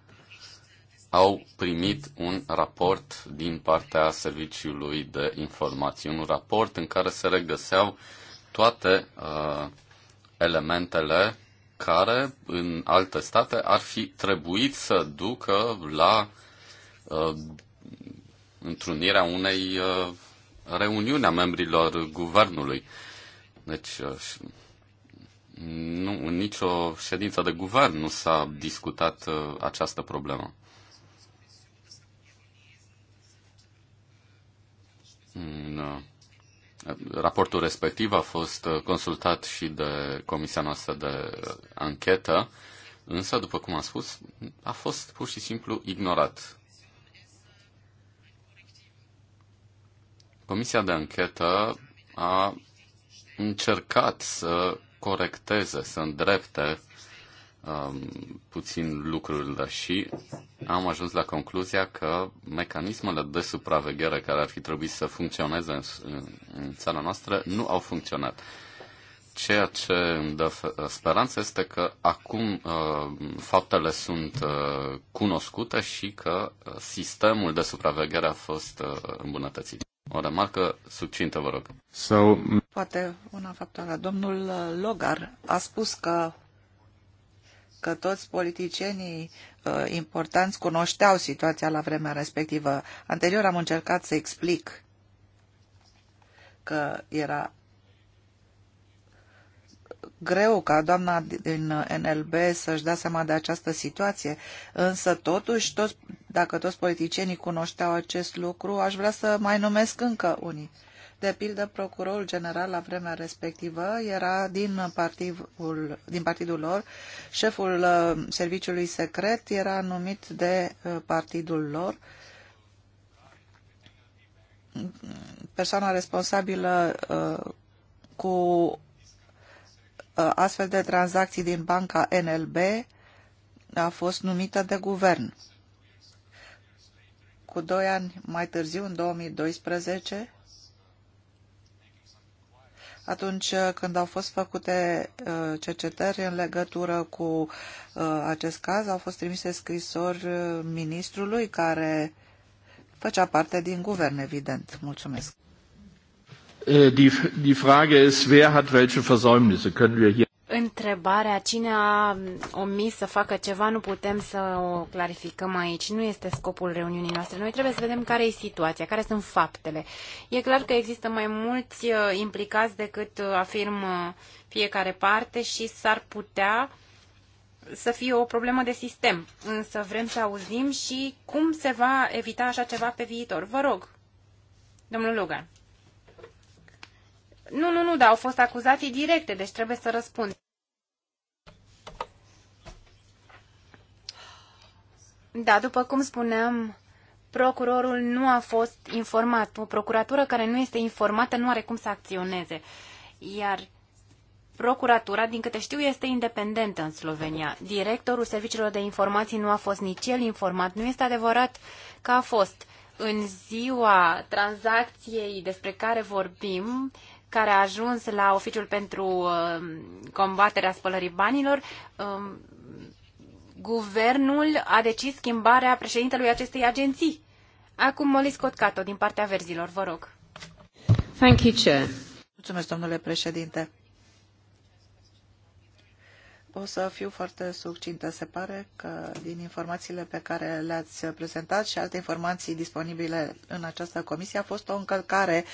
au primit un raport din partea Serviciului de Informații, un raport în care se regăseau toate uh, elementele care în alte state ar fi trebuit să ducă la uh, întrunirea unei uh, reuniuni a membrilor guvernului. Deci, uh, nu, în nicio ședință de guvern nu s-a discutat uh, această problemă. Uh, raportul respectiv a fost uh, consultat și de comisia noastră de uh, anchetă, însă, după cum am spus, a fost pur și simplu ignorat. Comisia de anchetă a încercat să corecteze, să îndrepte um, puțin lucrurile și am ajuns la concluzia că mecanismele de supraveghere care ar fi trebuit să funcționeze în, în, în țara noastră nu au funcționat. Ceea ce îmi dă uh, speranță este că acum uh, faptele sunt uh, cunoscute și că uh, sistemul de supraveghere a fost uh, îmbunătățit. O remarcă succintă, vă rog. So... Poate una faptoare. Domnul Logar a spus că că toți politicienii uh, importanți cunoșteau situația la vremea respectivă. Anterior am încercat să explic că era greu ca doamna din NLB să-și dea seama de această situație, însă totuși, toți, dacă toți politicienii cunoșteau acest lucru, aș vrea să mai numesc încă unii. Uh, de pildă, procurorul general la vremea respectivă era din partidul, din partidul lor, șeful uh, serviciului secret era numit de uh, partidul lor, persoana responsabilă uh, cu astfel de tranzacții din banca NLB a fost numită de guvern. Cu doi ani mai târziu, în 2012, atunci uh, când au fost făcute uh, cercetări în legătură cu uh, acest caz, au fost trimise scrisori ministrului care făcea parte din guvern, evident. Mulțumesc. Äh, die, die Frage ist, wer hat welche Versäumnisse? Können wir hier întrebarea cine a omis să facă ceva nu putem să o clarificăm aici. Nu este scopul reuniunii noastre. Noi trebuie să vedem care e situația, care sunt faptele. E clar că există mai mulți uh, implicați decât uh, afirmă fiecare parte și s-ar putea să fie o problemă de sistem. Însă vrem să auzim și cum se va evita așa ceva pe viitor. Vă rog, domnul Logan. Nu, nu, nu, dar au fost acuzații directe, deci trebuie să răspund. Da, după cum spuneam, procurorul nu a fost informat. O procuratură care nu este informată nu are cum să acționeze. Iar procuratura, din câte știu, este independentă în Slovenia. Directorul serviciilor de informații nu a fost nici el informat. Nu este adevărat că a fost. În ziua tranzacției despre care vorbim, care a ajuns la Oficiul pentru uh, combaterea spălării banilor, um, guvernul a decis schimbarea președintelui acestei agenții. Acum Molly Scott Cato, din partea verzilor, vă rog. Thank you, Chair. Mulțumesc, domnule președinte. O să fiu foarte succintă. Se pare că din informațiile pe care le-ați prezentat și alte informații disponibile în această comisie a fost o încălcare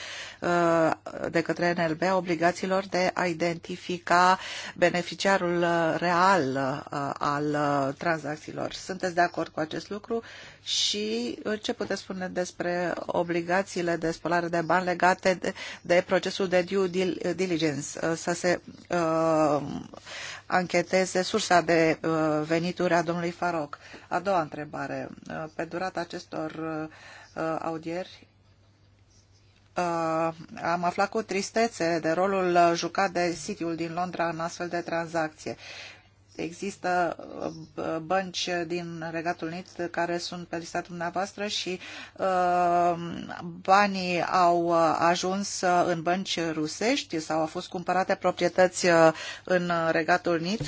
uh, de către NLB a obligațiilor de a identifica beneficiarul real uh, al uh, tranzacțiilor. Sunteți de acord cu acest lucru? Și ce puteți spune despre obligațiile de spălare de bani legate de, de procesul de due diligence? Să se ancheteze sursa de uh, venituri a domnului Faroc. A doua întrebare. Uh, pe durata acestor uh, audieri am aflat cu tristețe de rolul jucat de City-ul din Londra în astfel de tranzacție există uh, bănci din Regatul Unit care sunt pe lista dumneavoastră și uh, banii au uh, ajuns în bănci rusești sau au fost cumpărate proprietăți în Regatul Unit?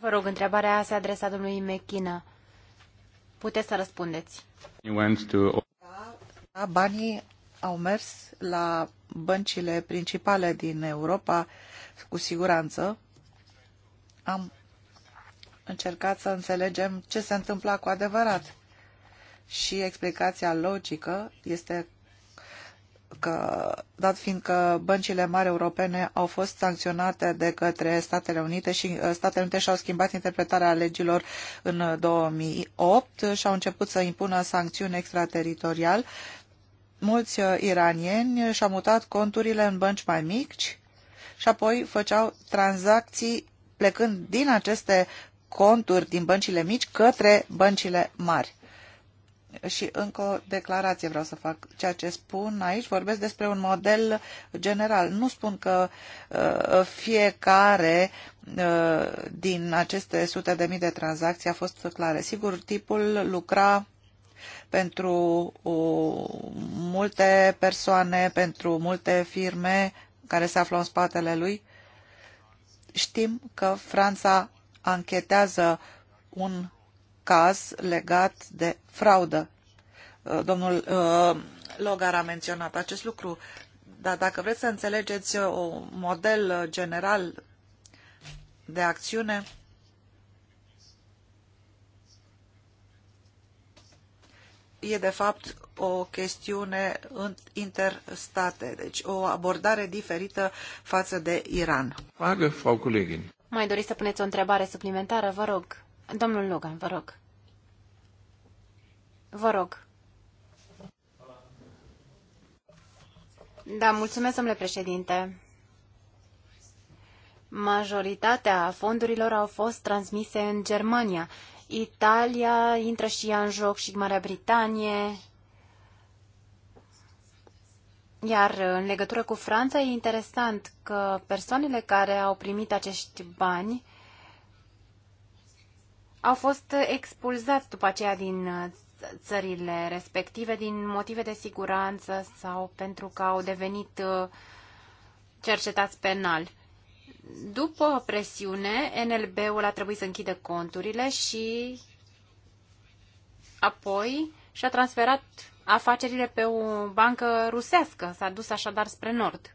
Vă rog, întrebarea se adresa domnului Mechina. Puteți să răspundeți. Da, banii au mers la băncile principale din Europa, cu siguranță. Am încercat să înțelegem ce se întâmpla cu adevărat. Și explicația logică este că, dat fiind că băncile mari europene au fost sancționate de către Statele Unite și uh, Statele Unite și-au schimbat interpretarea legilor în 2008 și au început să impună sancțiuni extrateritorial, mulți uh, iranieni și-au mutat conturile în bănci mai mici și apoi făceau tranzacții plecând din aceste conturi din băncile mici către băncile mari. Și încă o declarație vreau să fac. Ceea ce spun aici, vorbesc despre un model general. Nu spun că uh, fiecare uh, din aceste sute de mii de tranzacții a fost clare. Sigur, tipul lucra pentru uh, multe persoane, pentru multe firme care se află în spatele lui. Știm că Franța anchetează un caz legat de fraudă. Uh, domnul uh, Logar a menționat acest lucru, dar dacă vreți să înțelegeți un uh, model general de acțiune, e de fapt o chestiune interstate, deci o abordare diferită față de Iran. Frage, Frau Kollegin. Mai doriți să puneți o întrebare suplimentară? Vă rog. Domnul Logan, vă rog. Vă rog. Da, mulțumesc, domnule președinte. Majoritatea fondurilor au fost transmise în Germania. Italia intră și ea în joc și Marea Britanie, iar în legătură cu Franța, e interesant că persoanele care au primit acești bani au fost expulzați după aceea din uh, țările respective din motive de siguranță sau pentru că au devenit uh, cercetați penal. După presiune, NLB-ul a trebuit să închidă conturile și apoi și-a transferat afacerile pe o bancă rusească. S-a dus așadar spre nord.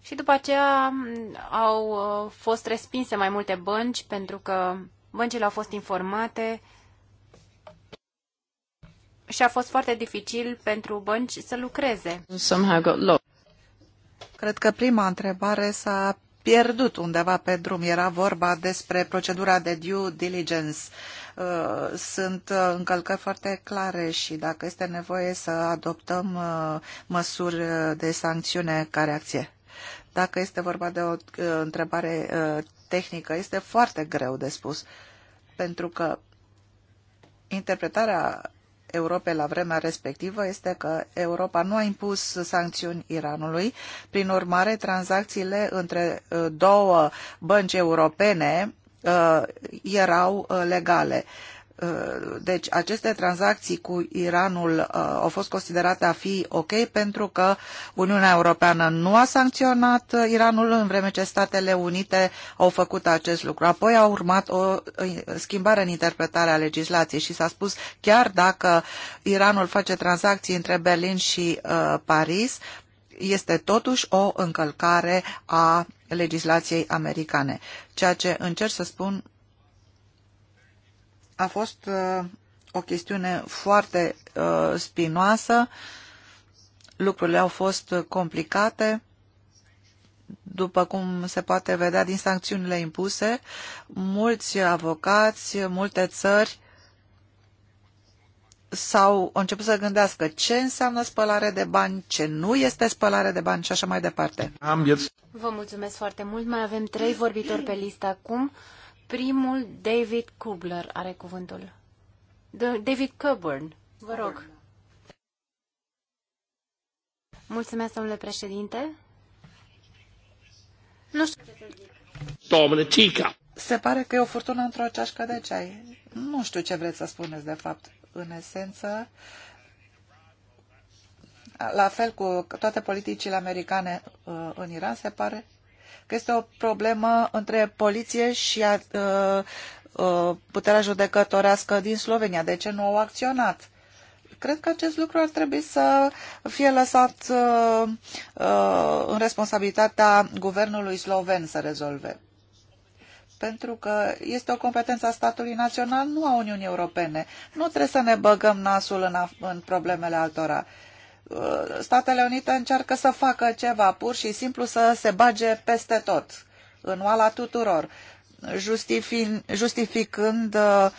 Și după aceea au uh, fost respinse mai multe bănci pentru că băncile au fost informate și a fost foarte dificil pentru bănci să lucreze. Cred că prima întrebare s-a pierdut undeva pe drum. Era vorba despre procedura de due diligence. Uh, Uh, sunt uh, încălcări foarte clare și dacă este nevoie să adoptăm uh, măsuri de sancțiune ca reacție. Dacă este vorba de o întrebare tehnică, este foarte greu de spus, pentru că interpretarea Europei la vremea respectivă este că Europa nu a impus sancțiuni Iranului. Prin urmare, tranzacțiile între două bănci europene Uh, erau uh, legale. Uh, deci aceste tranzacții cu Iranul au fost considerate a fi ok pentru că Uniunea Europeană nu a sancționat Iranul în vreme ce Statele Unite au făcut acest lucru. Apoi a urmat o schimbare în interpretarea legislației și s-a spus chiar dacă Iranul face tranzacții între Berlin și Paris, este totuși o încălcare a legislației americane. Ceea ce încerc să spun a fost uh, o chestiune foarte uh, spinoasă, lucrurile au fost complicate, după cum se poate vedea din sancțiunile impuse, mulți avocați, multe țări s-au început să gândească ce înseamnă spălare de bani, ce nu este spălare de bani și așa mai departe. Am Vă mulțumesc foarte mult. Mai avem trei vorbitori pe listă acum. Primul, David Kubler, are cuvântul. Da, David Coburn, vă rog. Mulțumesc, domnule președinte. Nu știu Domnule Se pare că e o furtună într-o ceașcă de ceai. Nu știu ce vreți să spuneți, de fapt în esență, la fel cu toate politicile americane uh, în Iran, se pare că este o problemă între poliție și a, a, a, puterea judecătorească din Slovenia. De ce nu au acționat? Cred că acest lucru ar trebui să fie lăsat uh, uh, în responsabilitatea guvernului sloven să rezolve pentru că este o competență a statului național, nu a Uniunii Europene. Nu trebuie să ne băgăm nasul în, în problemele altora. Uh, Statele Unite încearcă să facă ceva, pur și simplu să se bage peste tot, în oala tuturor, justific, justificând uh,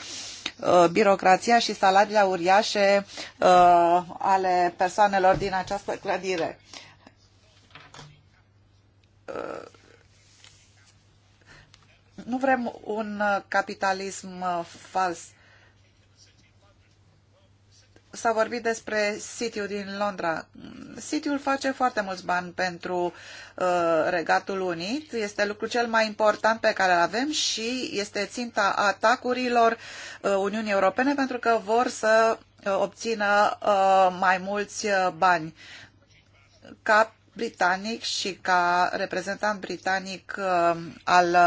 uh, birocrația și salariile uriașe uh, ale persoanelor din această clădire. Uh, nu vrem un uh, capitalism uh, fals. S-a vorbit despre City-ul din Londra. City-ul face foarte mulți bani pentru uh, Regatul Unit. Este lucru cel mai important pe care îl avem și este ținta atacurilor uh, Uniunii Europene pentru că vor să uh, obțină uh, mai mulți bani. Cap britanic și ca reprezentant britanic uh, al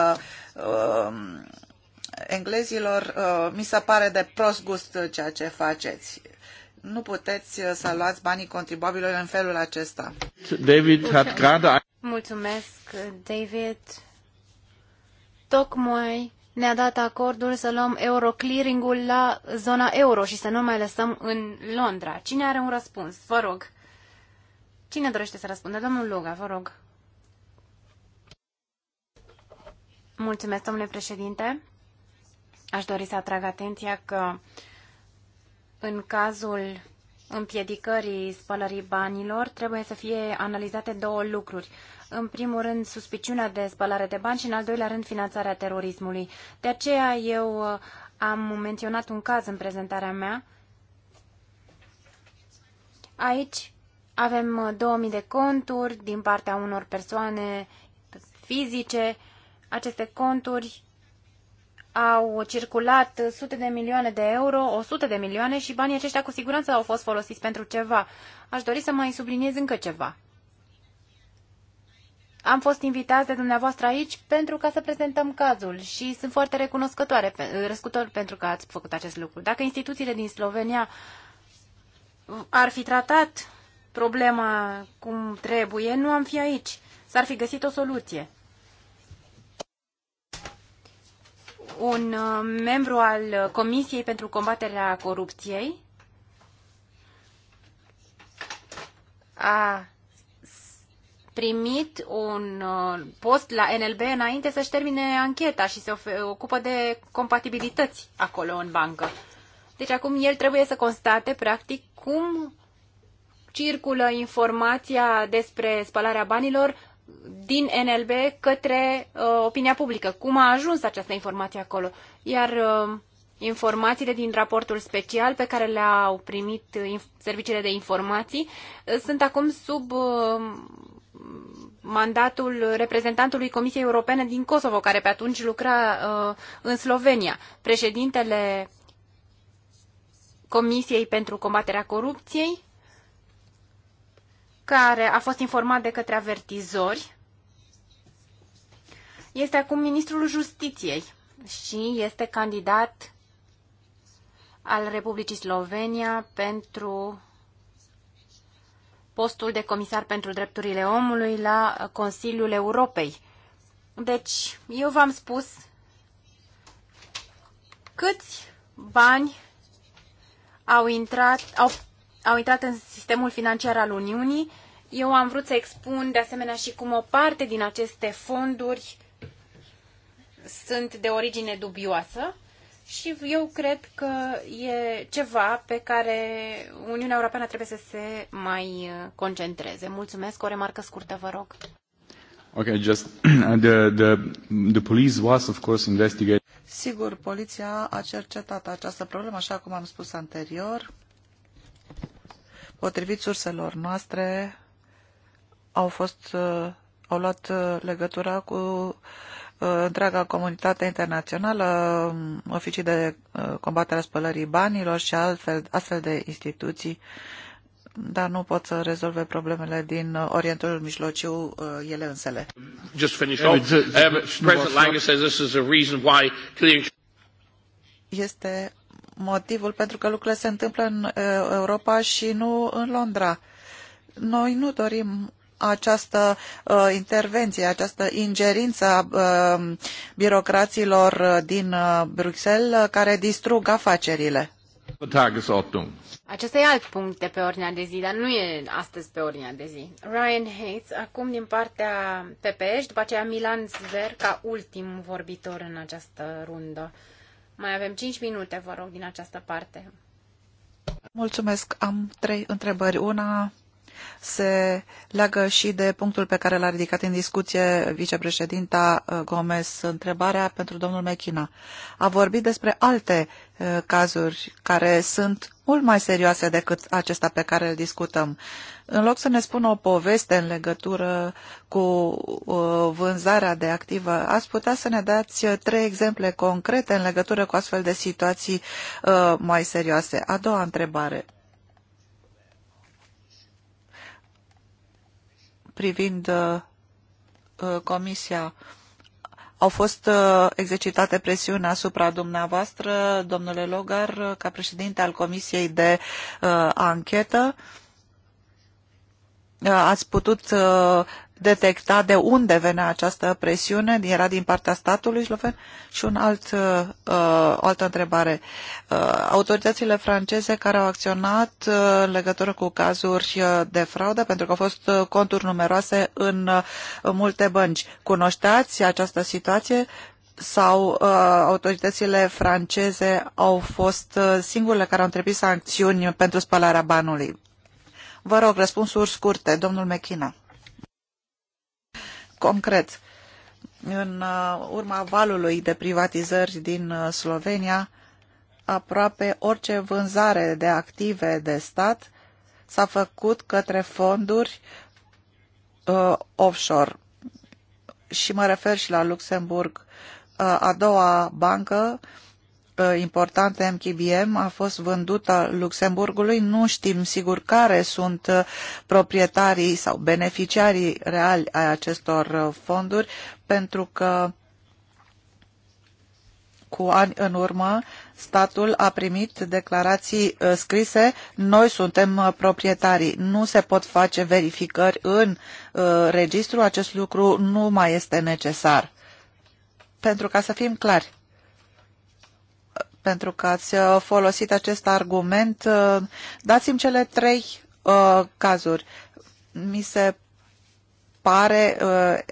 uh, englezilor, uh, mi se pare de prost gust ceea ce faceți. Nu puteți să luați banii contribuabililor în felul acesta. David Mulțumesc. Grade... Mulțumesc, David. Tocmai ne-a dat acordul să luăm euroclearing-ul la zona euro și să nu mai lăsăm în Londra. Cine are un răspuns? Vă rog. Cine dorește să răspundă? Domnul Luga, vă rog. Mulțumesc, domnule președinte. Aș dori să atrag atenția că în cazul împiedicării spălării banilor trebuie să fie analizate două lucruri. În primul rând, suspiciunea de spălare de bani și, în al doilea rând, finanțarea terorismului. De aceea eu uh, am menționat un caz în prezentarea mea. Aici avem 2000 uh, de conturi din partea unor persoane fizice. Aceste conturi au circulat sute de milioane de euro, 100 de milioane și banii aceștia cu siguranță au fost folosiți pentru ceva. Aș dori să mai subliniez încă ceva. Am fost invitați de dumneavoastră aici pentru ca să prezentăm cazul și sunt foarte recunoscătoare răscutor pentru că ați făcut acest lucru. Dacă instituțiile din Slovenia ar fi tratat problema cum trebuie, nu am fi aici. S-ar fi găsit o soluție. Un uh, membru al Comisiei pentru combaterea corupției a primit un uh, post la NLB înainte să-și termine ancheta și se ocupă de compatibilități acolo în bancă. Deci acum el trebuie să constate, practic, cum circulă informația despre spălarea banilor din NLB către uh, opinia publică. Cum a ajuns această informație acolo? Iar uh, informațiile din raportul special pe care le-au primit uh, serviciile de informații uh, sunt acum sub uh, mandatul reprezentantului Comisiei Europene din Kosovo, care pe atunci lucra în Slovenia. Președintele Comisiei pentru combaterea corupției care a fost informat de către avertizori, este acum ministrul justiției și este candidat al Republicii Slovenia pentru postul de comisar pentru drepturile omului la Consiliul Europei. Deci, eu v-am spus câți bani au intrat, au au intrat în sistemul financiar al Uniunii. Eu am vrut să expun de asemenea și cum o parte din aceste fonduri sunt de origine dubioasă și eu cred că e ceva pe care Uniunea Europeană trebuie să se mai uh, concentreze. Mulțumesc, o remarcă scurtă, vă rog. Okay, just uh, the, the, the police was of course investigating. Sigur, poliția a cercetat această problemă, așa cum am spus anterior potrivit surselor noastre, au fost uh, au luat uh, legătura cu uh, întreaga comunitate internațională, um, oficii de combatere a spălării banilor și altfel, astfel de instituții, dar nu pot să rezolve problemele din Orientul Mijlociu ele însele. Just finish off. Um, President Langer says this is a reason why este motivul pentru că lucrurile se întâmplă în uh, Europa și nu în Londra. Noi nu dorim această uh, intervenție, această ingerință a uh, birocraților uh, din uh, Bruxelles uh, care distrug afacerile. Acesta e alt punct de pe ordinea de zi, dar nu e astăzi pe ordinea de zi. Ryan Hayes, acum din partea PPS, după aceea Milan Zver ca ultim vorbitor în această rundă. Mai avem 5 minute, vă rog, din această parte. Mulțumesc. Am trei întrebări. Una se leagă și de punctul pe care l-a ridicat în discuție vicepreședinta uh, Gomez, întrebarea pentru domnul Mechina. A vorbit despre alte uh, cazuri care sunt mult mai serioase decât acesta pe care îl discutăm. În loc să ne spună o poveste în legătură cu uh, vânzarea de activă, ați putea să ne dați trei exemple concrete în legătură cu astfel de situații mai serioase. A doua întrebare privind uh, uh, Comisia au fost uh, exercitate presiuni asupra dumneavoastră, domnule Logar, ca președinte al Comisiei de Anchetă. Ați putut detecta de unde venea această presiune, era din partea statului sloven? Și un alt, uh, o altă întrebare. Uh, autoritățile franceze care au acționat uh, în legătură cu cazuri uh, de fraudă, pentru că au fost uh, conturi numeroase în uh, multe bănci, cunoșteați această situație? sau uh, autoritățile franceze au fost uh, singurele care au întreprins sancțiuni pentru spălarea banului? Vă rog, răspunsuri scurte, domnul Mechina concret. În uh, urma valului de privatizări din uh, Slovenia, aproape orice vânzare de active de stat s-a făcut către fonduri uh, offshore. Și mă refer și la Luxemburg, uh, a doua bancă uh, Uh, importante MKBM a fost vândută Luxemburgului. Nu știm sigur care sunt uh, proprietarii sau beneficiarii reali ai acestor uh, fonduri, pentru că cu ani în urmă statul a primit declarații scrise, noi suntem proprietarii, nu se pot face verificări în registru, acest lucru nu mai este necesar. Pentru ca să fim clari, pentru că ați uh, folosit acest argument. Uh, dați-mi cele trei uh, cazuri. Mi se pare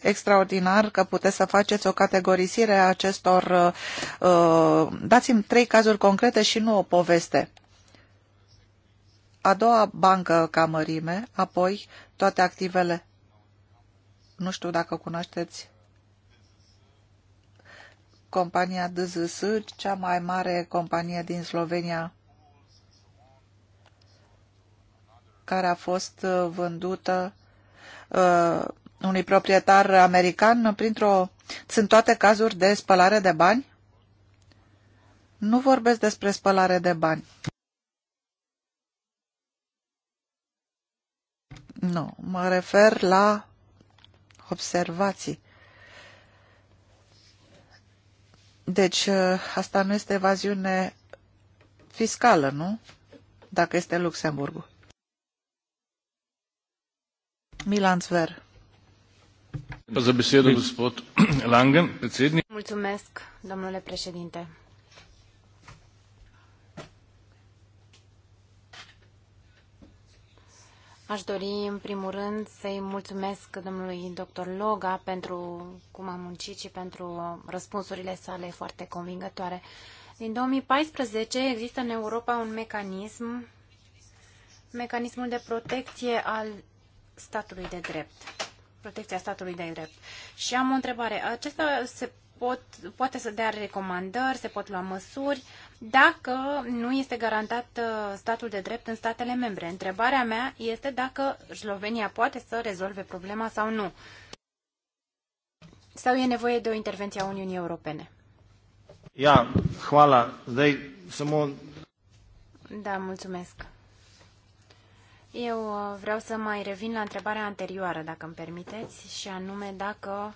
extraordinar că puteți să faceți o categorisire a acestor... Dați-mi trei cazuri concrete și nu o poveste. A doua bancă ca mărime, apoi toate activele. Nu știu dacă cunoașteți compania DZS, cea mai mare companie din Slovenia, care a fost uh, vândută uh, unui proprietar american printr-o... Sunt toate cazuri de spălare de bani? Nu vorbesc despre spălare de bani. Nu, mă refer la observații. Deci, uh, asta nu este evaziune fiscală, nu? Dacă este Luxemburgul. Milan Zver. Mulțumesc, domnule președinte. Aș dori, în primul rând, să-i mulțumesc domnului dr. Loga pentru cum a muncit și pentru răspunsurile sale foarte convingătoare. Din 2014 există în Europa un mecanism, mecanismul de protecție al statului de drept. Protecția statului de drept. Și am o întrebare. Acesta se pot, poate să dea recomandări, se pot lua măsuri. Uh, dacă nu este garantat uh, statul de drept în statele membre. Întrebarea mea este dacă Slovenia poate să rezolve problema sau nu. Sau e nevoie de o intervenție a Uniunii Europene? Ia, hvala. Dei, samo... Da, mulțumesc. Eu uh, vreau să mai revin la întrebarea anterioară, dacă îmi permiteți, și anume dacă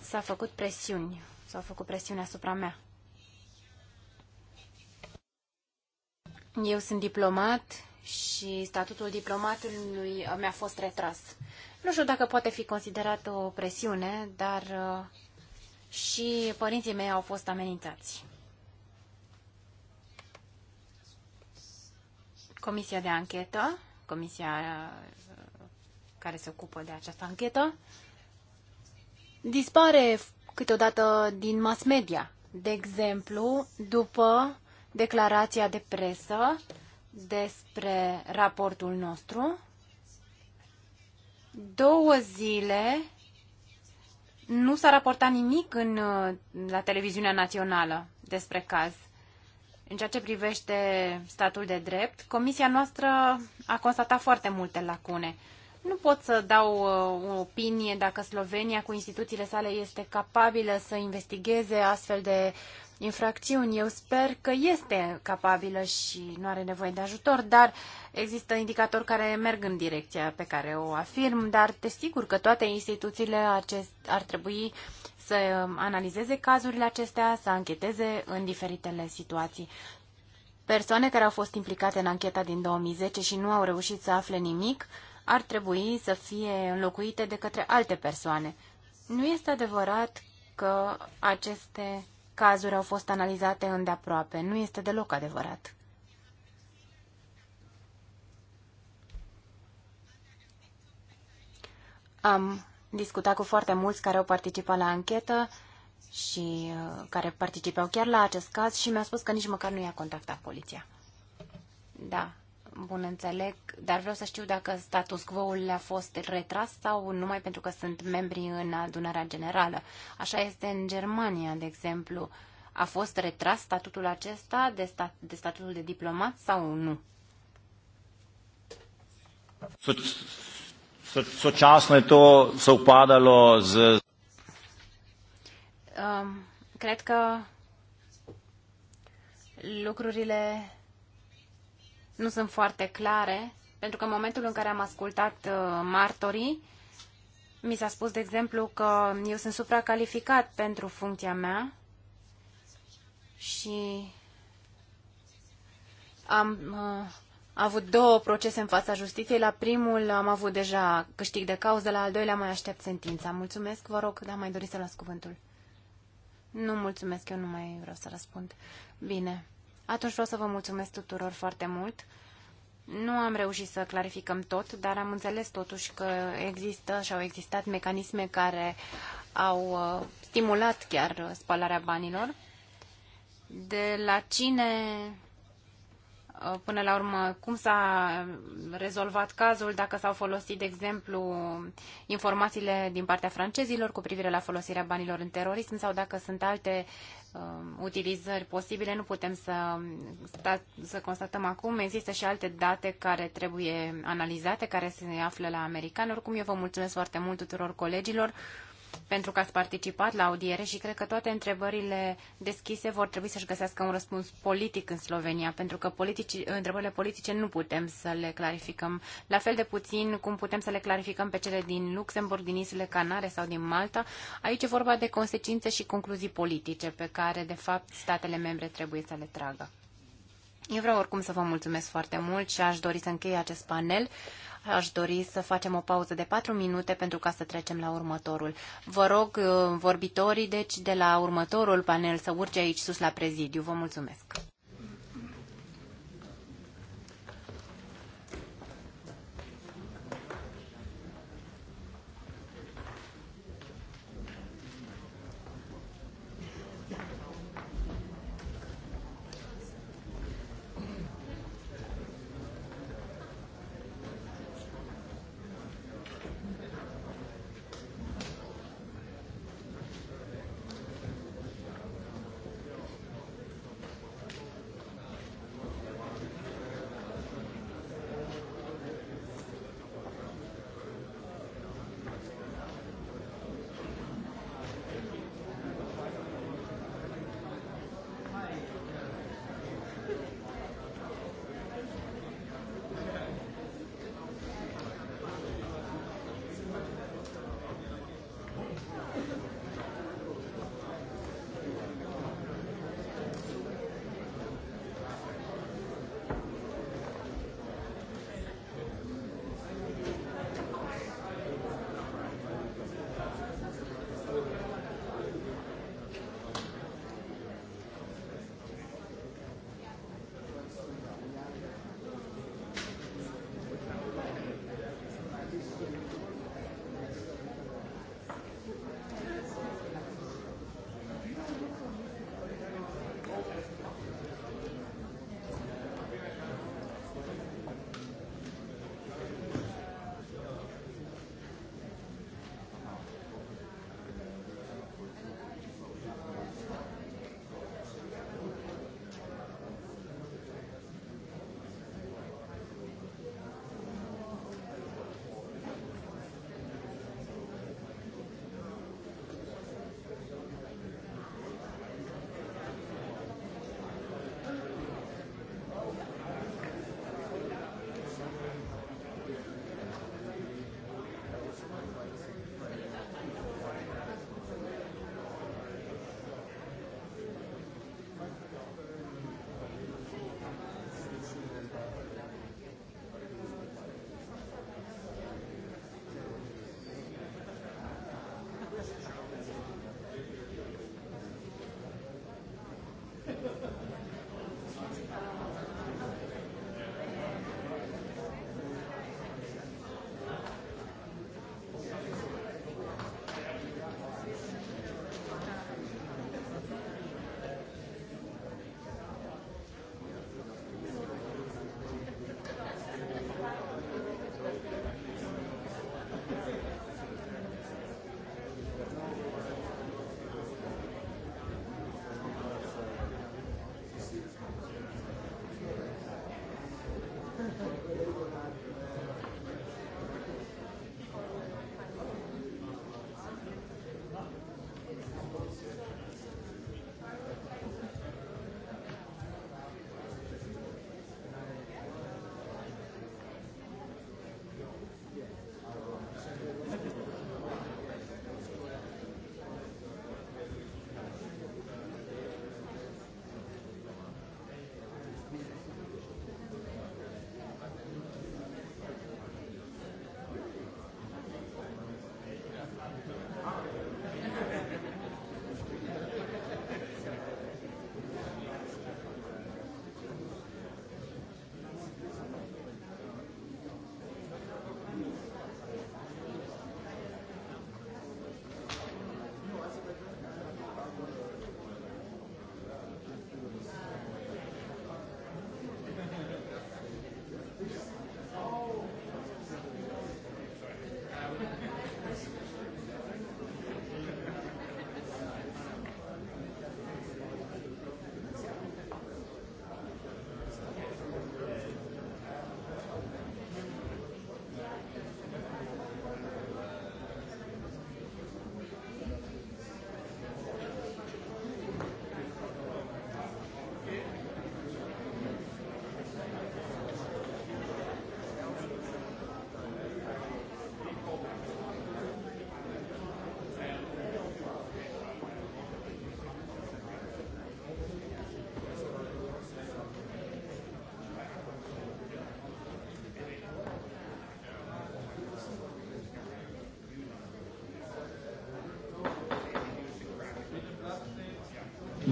s-a făcut presiuni, s-au făcut presiuni asupra mea. Eu sunt diplomat și statutul diplomatului mi-a fost retras. Nu știu dacă poate fi considerat o presiune, dar uh, și părinții mei au fost amenințați. Comisia de anchetă, comisia uh, care se ocupă de această anchetă, dispare câteodată din mass media. De exemplu, după declarația de presă despre raportul nostru. Două zile nu s-a raportat nimic în, uh, la televiziunea națională despre caz. În ceea ce privește statul de drept, comisia noastră a constatat foarte multe lacune. Nu pot să dau uh, o opinie dacă Slovenia cu instituțiile sale este capabilă să investigheze astfel de infracțiuni. Eu sper că este capabilă și nu are nevoie de ajutor, dar există indicatori care merg în direcția pe care o afirm, dar desigur că toate instituțiile acest, ar trebui să um, analizeze cazurile acestea, să ancheteze în diferitele situații. Persoane care au fost implicate în ancheta din 2010 și nu au reușit să afle nimic, ar trebui să fie înlocuite de către alte persoane. Nu este adevărat că aceste cazuri au fost analizate îndeaproape. Nu este deloc adevărat. Am discutat cu foarte mulți care au participat la anchetă și uh, care participau chiar la acest caz și mi-a spus că nici măcar nu i-a contactat poliția. Da, bun înțeleg, dar vreau să știu dacă status quo-ul a fost retras sau numai pentru că sunt membri în adunarea generală. Așa este în Germania, de exemplu. A fost retras statutul acesta de, stat, de statutul de diplomat sau nu? z. Um, cred că lucrurile nu sunt foarte clare, pentru că în momentul în care am ascultat uh, martorii, mi s-a spus, de exemplu, că eu sunt supracalificat pentru funcția mea și am uh, avut două procese în fața justiției. La primul am avut deja câștig de cauză, la al doilea mai aștept sentința. Mulțumesc, vă rog, dar mai doriți să las cuvântul. Nu, mulțumesc, eu nu mai vreau să răspund. Bine. Atunci vreau să vă mulțumesc tuturor foarte mult. Nu am reușit să clarificăm tot, dar am înțeles totuși că există și au existat mecanisme care au uh, stimulat chiar spălarea banilor. De la cine până la urmă cum s-a rezolvat cazul, dacă s-au folosit, de exemplu, informațiile din partea francezilor cu privire la folosirea banilor în terorism sau dacă sunt alte uh, utilizări posibile, nu putem să, sta, să constatăm acum. Există și alte date care trebuie analizate, care se află la american. Oricum, eu vă mulțumesc foarte mult tuturor colegilor pentru că ați participat la audiere și cred că toate întrebările deschise vor trebui să-și găsească un răspuns politic în Slovenia, pentru că politici, întrebările politice nu putem să le clarificăm. La fel de puțin cum putem să le clarificăm pe cele din Luxemburg, din Isle Canare sau din Malta. Aici e vorba de consecințe și concluzii politice pe care, de fapt, statele membre trebuie să le tragă. Eu vreau oricum să vă mulțumesc foarte mult și aș dori să închei acest panel aș dori să facem o pauză de 4 minute pentru ca să trecem la următorul. Vă rog, uh, vorbitorii, deci, de la următorul panel să urce aici sus la prezidiu. Vă mulțumesc!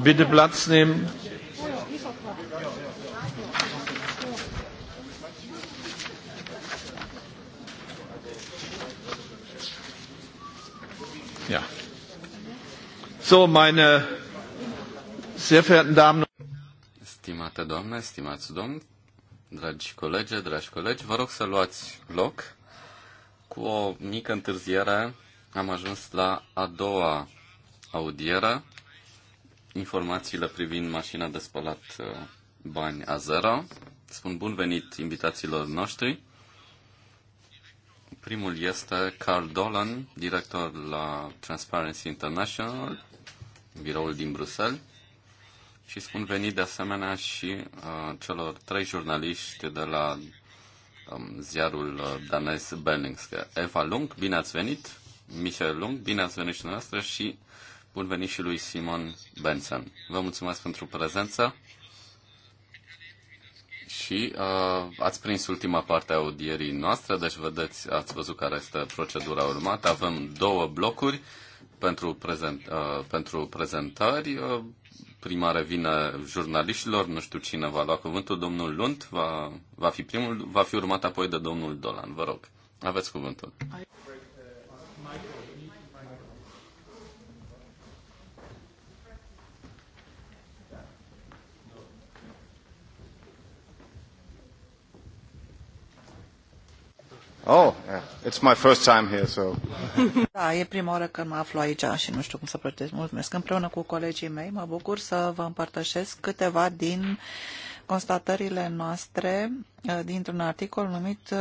Bitte Platz nehmen. Ja. So, meine sehr verehrten Damen Stimate Domne, stimați domn, dragi colegi, dragi colegi, vă rog să luați loc. Cu o mică întârziere am ajuns la a doua audieră informațiile privind mașina de spălat uh, bani a zero. Spun bun venit invitațiilor noștri. Primul este Carl Dolan, director la Transparency International, biroul din Bruxelles. Și spun venit de asemenea și uh, celor trei jurnaliști de la um, ziarul uh, danez Berlingske. Eva Lung, bine ați venit! Michael Lung, bine ați venit și noastră și Bun venit și lui Simon Benson. Vă mulțumesc pentru prezență și uh, ați prins ultima parte a audierii noastre, deci vedeți, ați văzut care este procedura urmată. Avem două blocuri pentru, prezent, uh, pentru prezentări. Uh, prima revine jurnaliștilor, nu știu cine va lua cuvântul, domnul Lund va, va fi primul, va fi urmat apoi de domnul Dolan, vă rog. Aveți cuvântul. I... Oh, yeah. it's my first time here, so... da, e prima oară când mă aflu aici și nu știu cum să plătesc. Mulțumesc. Împreună cu colegii mei mă bucur să vă împărtășesc câteva din constatările noastre uh, dintr-un articol numit uh,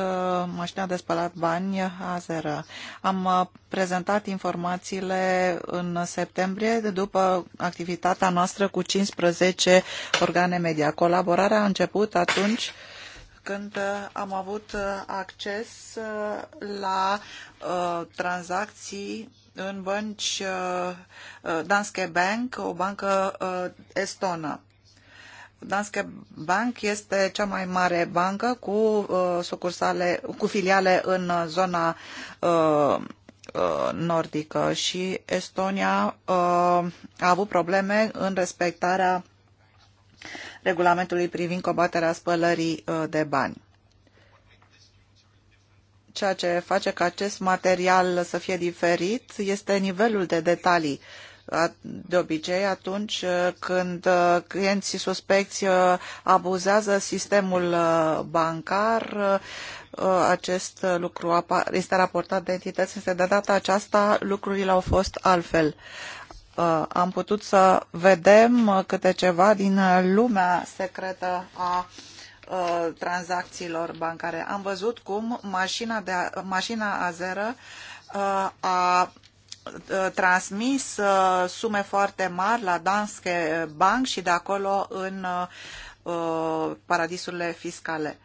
Mașina de spălat bani Azeră. Am uh, prezentat informațiile în septembrie după activitatea noastră cu 15 organe media. Colaborarea a început atunci când uh, am avut uh, acces uh, la tranzacții în bănci Danske Bank, o bancă estonă. Danske Bank este cea mai mare bancă cu sucursale, cu filiale în zona nordică și Estonia a avut probleme în respectarea regulamentului privind combaterea spălării uh, de bani. Ceea ce face ca acest material să fie diferit este nivelul de detalii de obicei atunci uh, când uh, clienții suspecți abuzează sistemul bancar, acest lucru este raportat de entități, însă de data aceasta lucrurile au fost altfel. Uh, am putut să vedem câte ceva din lumea secretă a uh, tranzacțiilor bancare. Am văzut cum mașina, de, a, mașina azeră uh, a transmis sume foarte mari la Danske Bank și de acolo în paradisurile fiscale.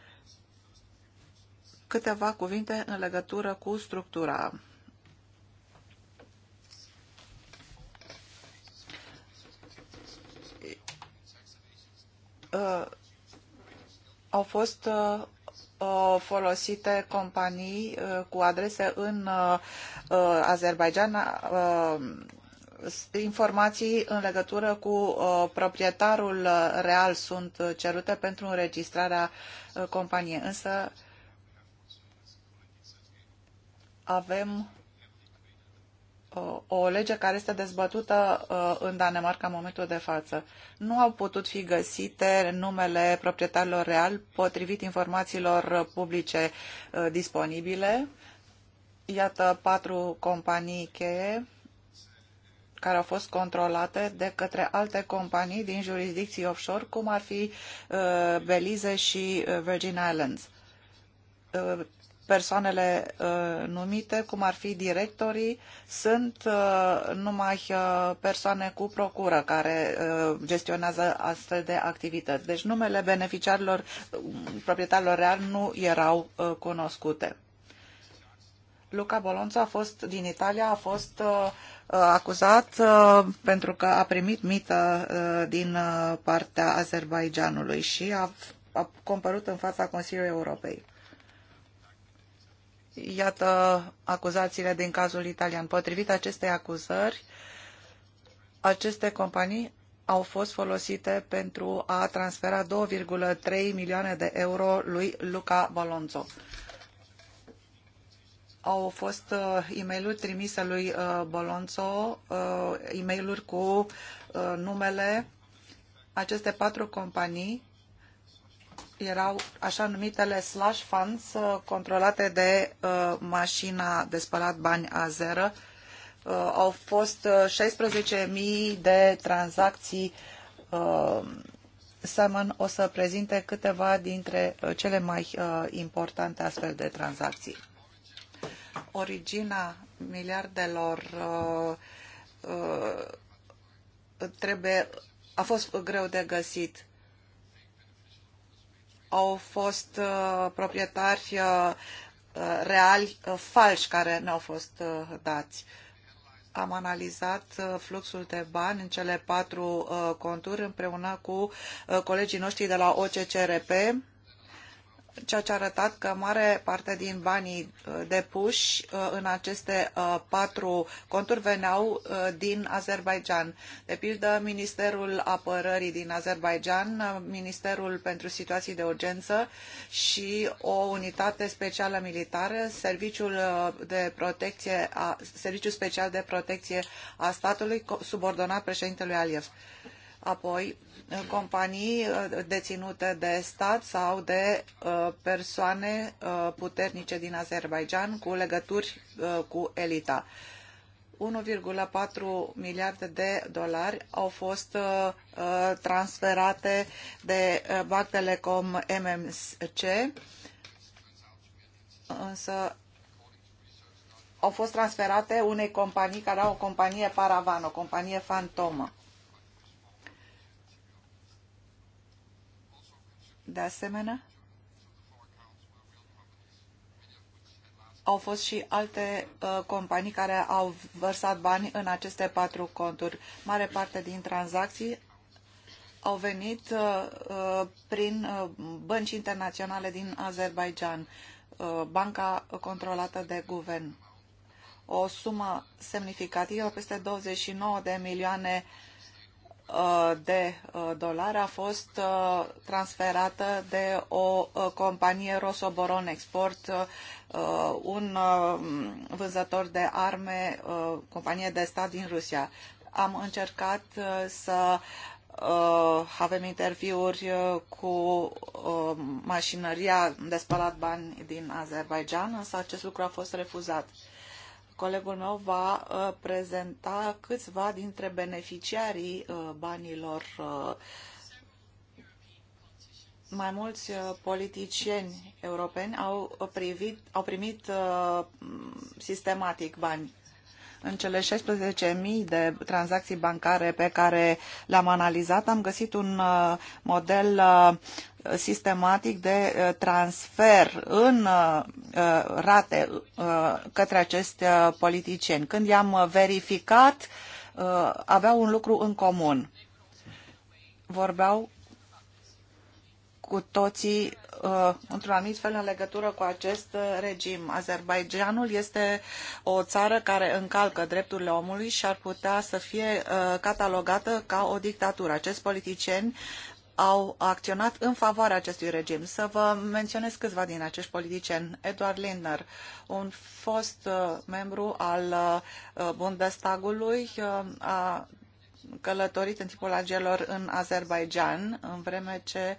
Câteva cuvinte în legătură cu structura uh, au fost uh, uh folosite companii uh, cu adrese în uh, Azerbaijan informații în legătură cu proprietarul real sunt cerute pentru înregistrarea companiei, însă avem o lege care este dezbătută uh, în Danemarca în momentul de față. Nu au putut fi găsite numele proprietarilor real potrivit informațiilor publice uh, disponibile. Iată patru companii cheie care au fost controlate de către alte companii din jurisdicții offshore, cum ar fi uh, Belize și Virgin Islands persoanele uh, numite, cum ar fi directorii, sunt uh, numai uh, persoane cu procură care gestionează astfel de activități. Deci numele beneficiarilor, proprietarilor reali nu erau cunoscute. Luca Bolonțo a fost din Italia, a fost uh, acuzat uh, pentru că a primit mită uh, din partea Azerbaijanului și a, a compărut în fața Consiliului Europei. Iată acuzațiile din cazul italian. Potrivit acestei acuzări, aceste companii au fost folosite pentru a transfera 2,3 milioane de euro lui Luca Balonzo. Au fost uh, e mail trimise lui uh, Balonzo, uh, e mail cu uh, numele. Aceste patru companii erau așa numitele slash funds uh, controlate de uh, mașina de spălat bani a zero. Uh, au fost 16.000 uh, de tranzacții. Uh, Simon o să prezinte câteva dintre uh, cele mai uh, importante astfel de tranzacții. Originea miliardelor uh, uh, trebuie, a fost greu de găsit au fost uh, proprietari uh, uh reali uh, falși care ne-au fost uh, dați. Am analizat uh, fluxul de bani în cele patru uh, conturi împreună cu uh, colegii noștri de la OCCRP ceea ce a arătat că mare parte din banii uh, depuși uh, în aceste uh, patru conturi veneau din Azerbaijan. De pildă, Ministerul Apărării din Azerbaijan, Ministerul pentru Situații de Urgență și o unitate specială militară, Serviciul, de protecție a, Serviciul Special de Protecție a Statului, subordonat președintelui Aliev. Apoi, companii uh, deținute de stat sau de uh, persoane uh, puternice din Azerbaijan cu legături cu elita. 1,4 miliarde de dolari au fost transferate de Bac Telecom MMC, însă au fost transferate unei companii care au o companie paravan, o companie fantomă. De asemenea, au fost și alte uh, companii care au vărsat bani în aceste patru conturi. Mare parte din tranzacții au venit uh, uh prin uh, bănci internaționale din Azerbaijan, uh, banca controlată de guvern. O sumă semnificativă, peste 29 de milioane Uh, de uh, dolari a fost uh, transferată de o companie Rosoboron Export, un vânzător de arme, companie de stat din Rusia. Am încercat să avem interviuri cu mașinăria de spălat bani din Azerbaijan, însă acest lucru a fost refuzat. Colegul meu va uh, prezenta câțiva dintre beneficiarii uh, banilor uh, mai mulți politicieni europeni au, privit, au primit uh, sistematic bani. În cele 16.000 de tranzacții bancare pe care le-am analizat, am găsit un uh, model uh, sistematic de uh, transfer în rate către acești politicieni. Când i-am verificat, aveau un lucru în comun. Vorbeau cu toții Uh, într-un anumit fel în legătură cu acest regim. Azerbaijanul este o țară care încalcă drepturile omului și ar putea să fie uh, catalogată ca o dictatură. Acești politicieni au acționat în favoarea acestui regim. Să vă menționez câțiva din acești politicieni. Edward Lindner, un fost uh, membru al Bundestagului, a călătorit în timpul agelor în Azerbaijan, în vreme ce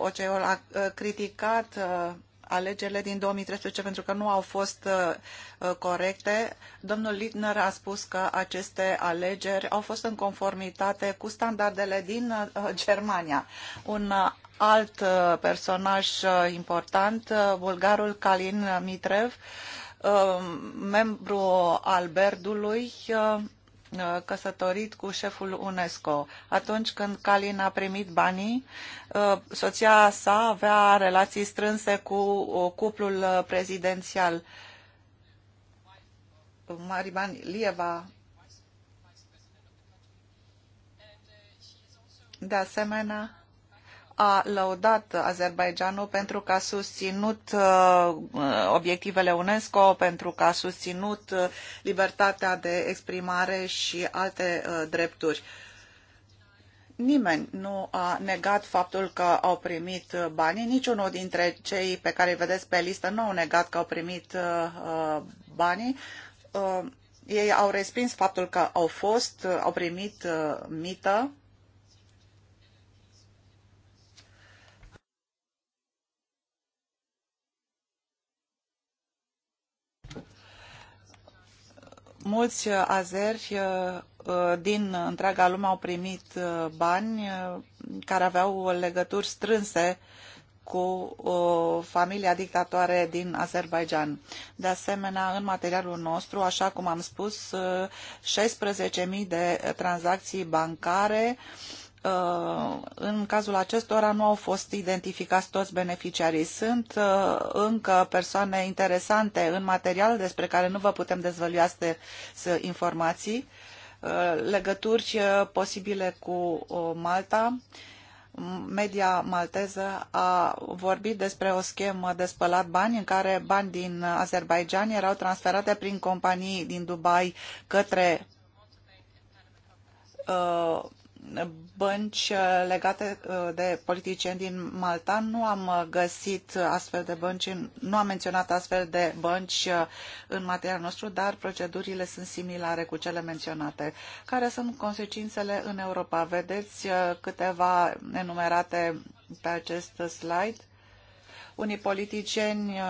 OCE-ul a uh, criticat uh, alegerile din 2013 pentru că nu au fost uh, corecte. Domnul Littner a spus că aceste alegeri au fost în conformitate cu standardele din Germania. Un alt personaj important, bulgarul Kalin Mitrev, membru al Berdului, Uh, căsătorit cu șeful UNESCO. Atunci când Calin a primit banii, uh, soția sa avea relații strânse cu uh, cuplul prezidențial. Mariban Lieva de asemenea a lăudat Azerbaidjanul pentru că a susținut uh, obiectivele UNESCO, pentru că a susținut uh, libertatea de exprimare și alte uh, drepturi. Nimeni nu a negat faptul că au primit banii, niciunul dintre cei pe care îi vedeți pe listă nu au negat că au primit banii. Ei au respins faptul că au fost, au primit mită, Mulți uh, azeri uh, uh, din întreaga lume au primit bani care aveau legături strânse cu familia dictatoare din Azerbaijan. De asemenea, în materialul nostru, așa cum am spus, 16.000 de tranzacții bancare în cazul acestora nu au fost identificați toți beneficiarii. Sunt uh, încă persoane interesante în material despre care nu vă putem dezvălui astăzi informații, uh, legături uh, posibile cu Malta. Media malteză a vorbit despre o schemă de spălat bani în care bani din Azerbaijan erau transferate prin companii din Dubai către bănci legate uh, de politicieni din Malta. Nu am uh, găsit astfel de bănci, nu am menționat astfel de bănci uh, în materialul nostru, dar procedurile sunt similare cu cele menționate. Care sunt consecințele în Europa? Vedeți câteva enumerate pe acest slide. Unii politicieni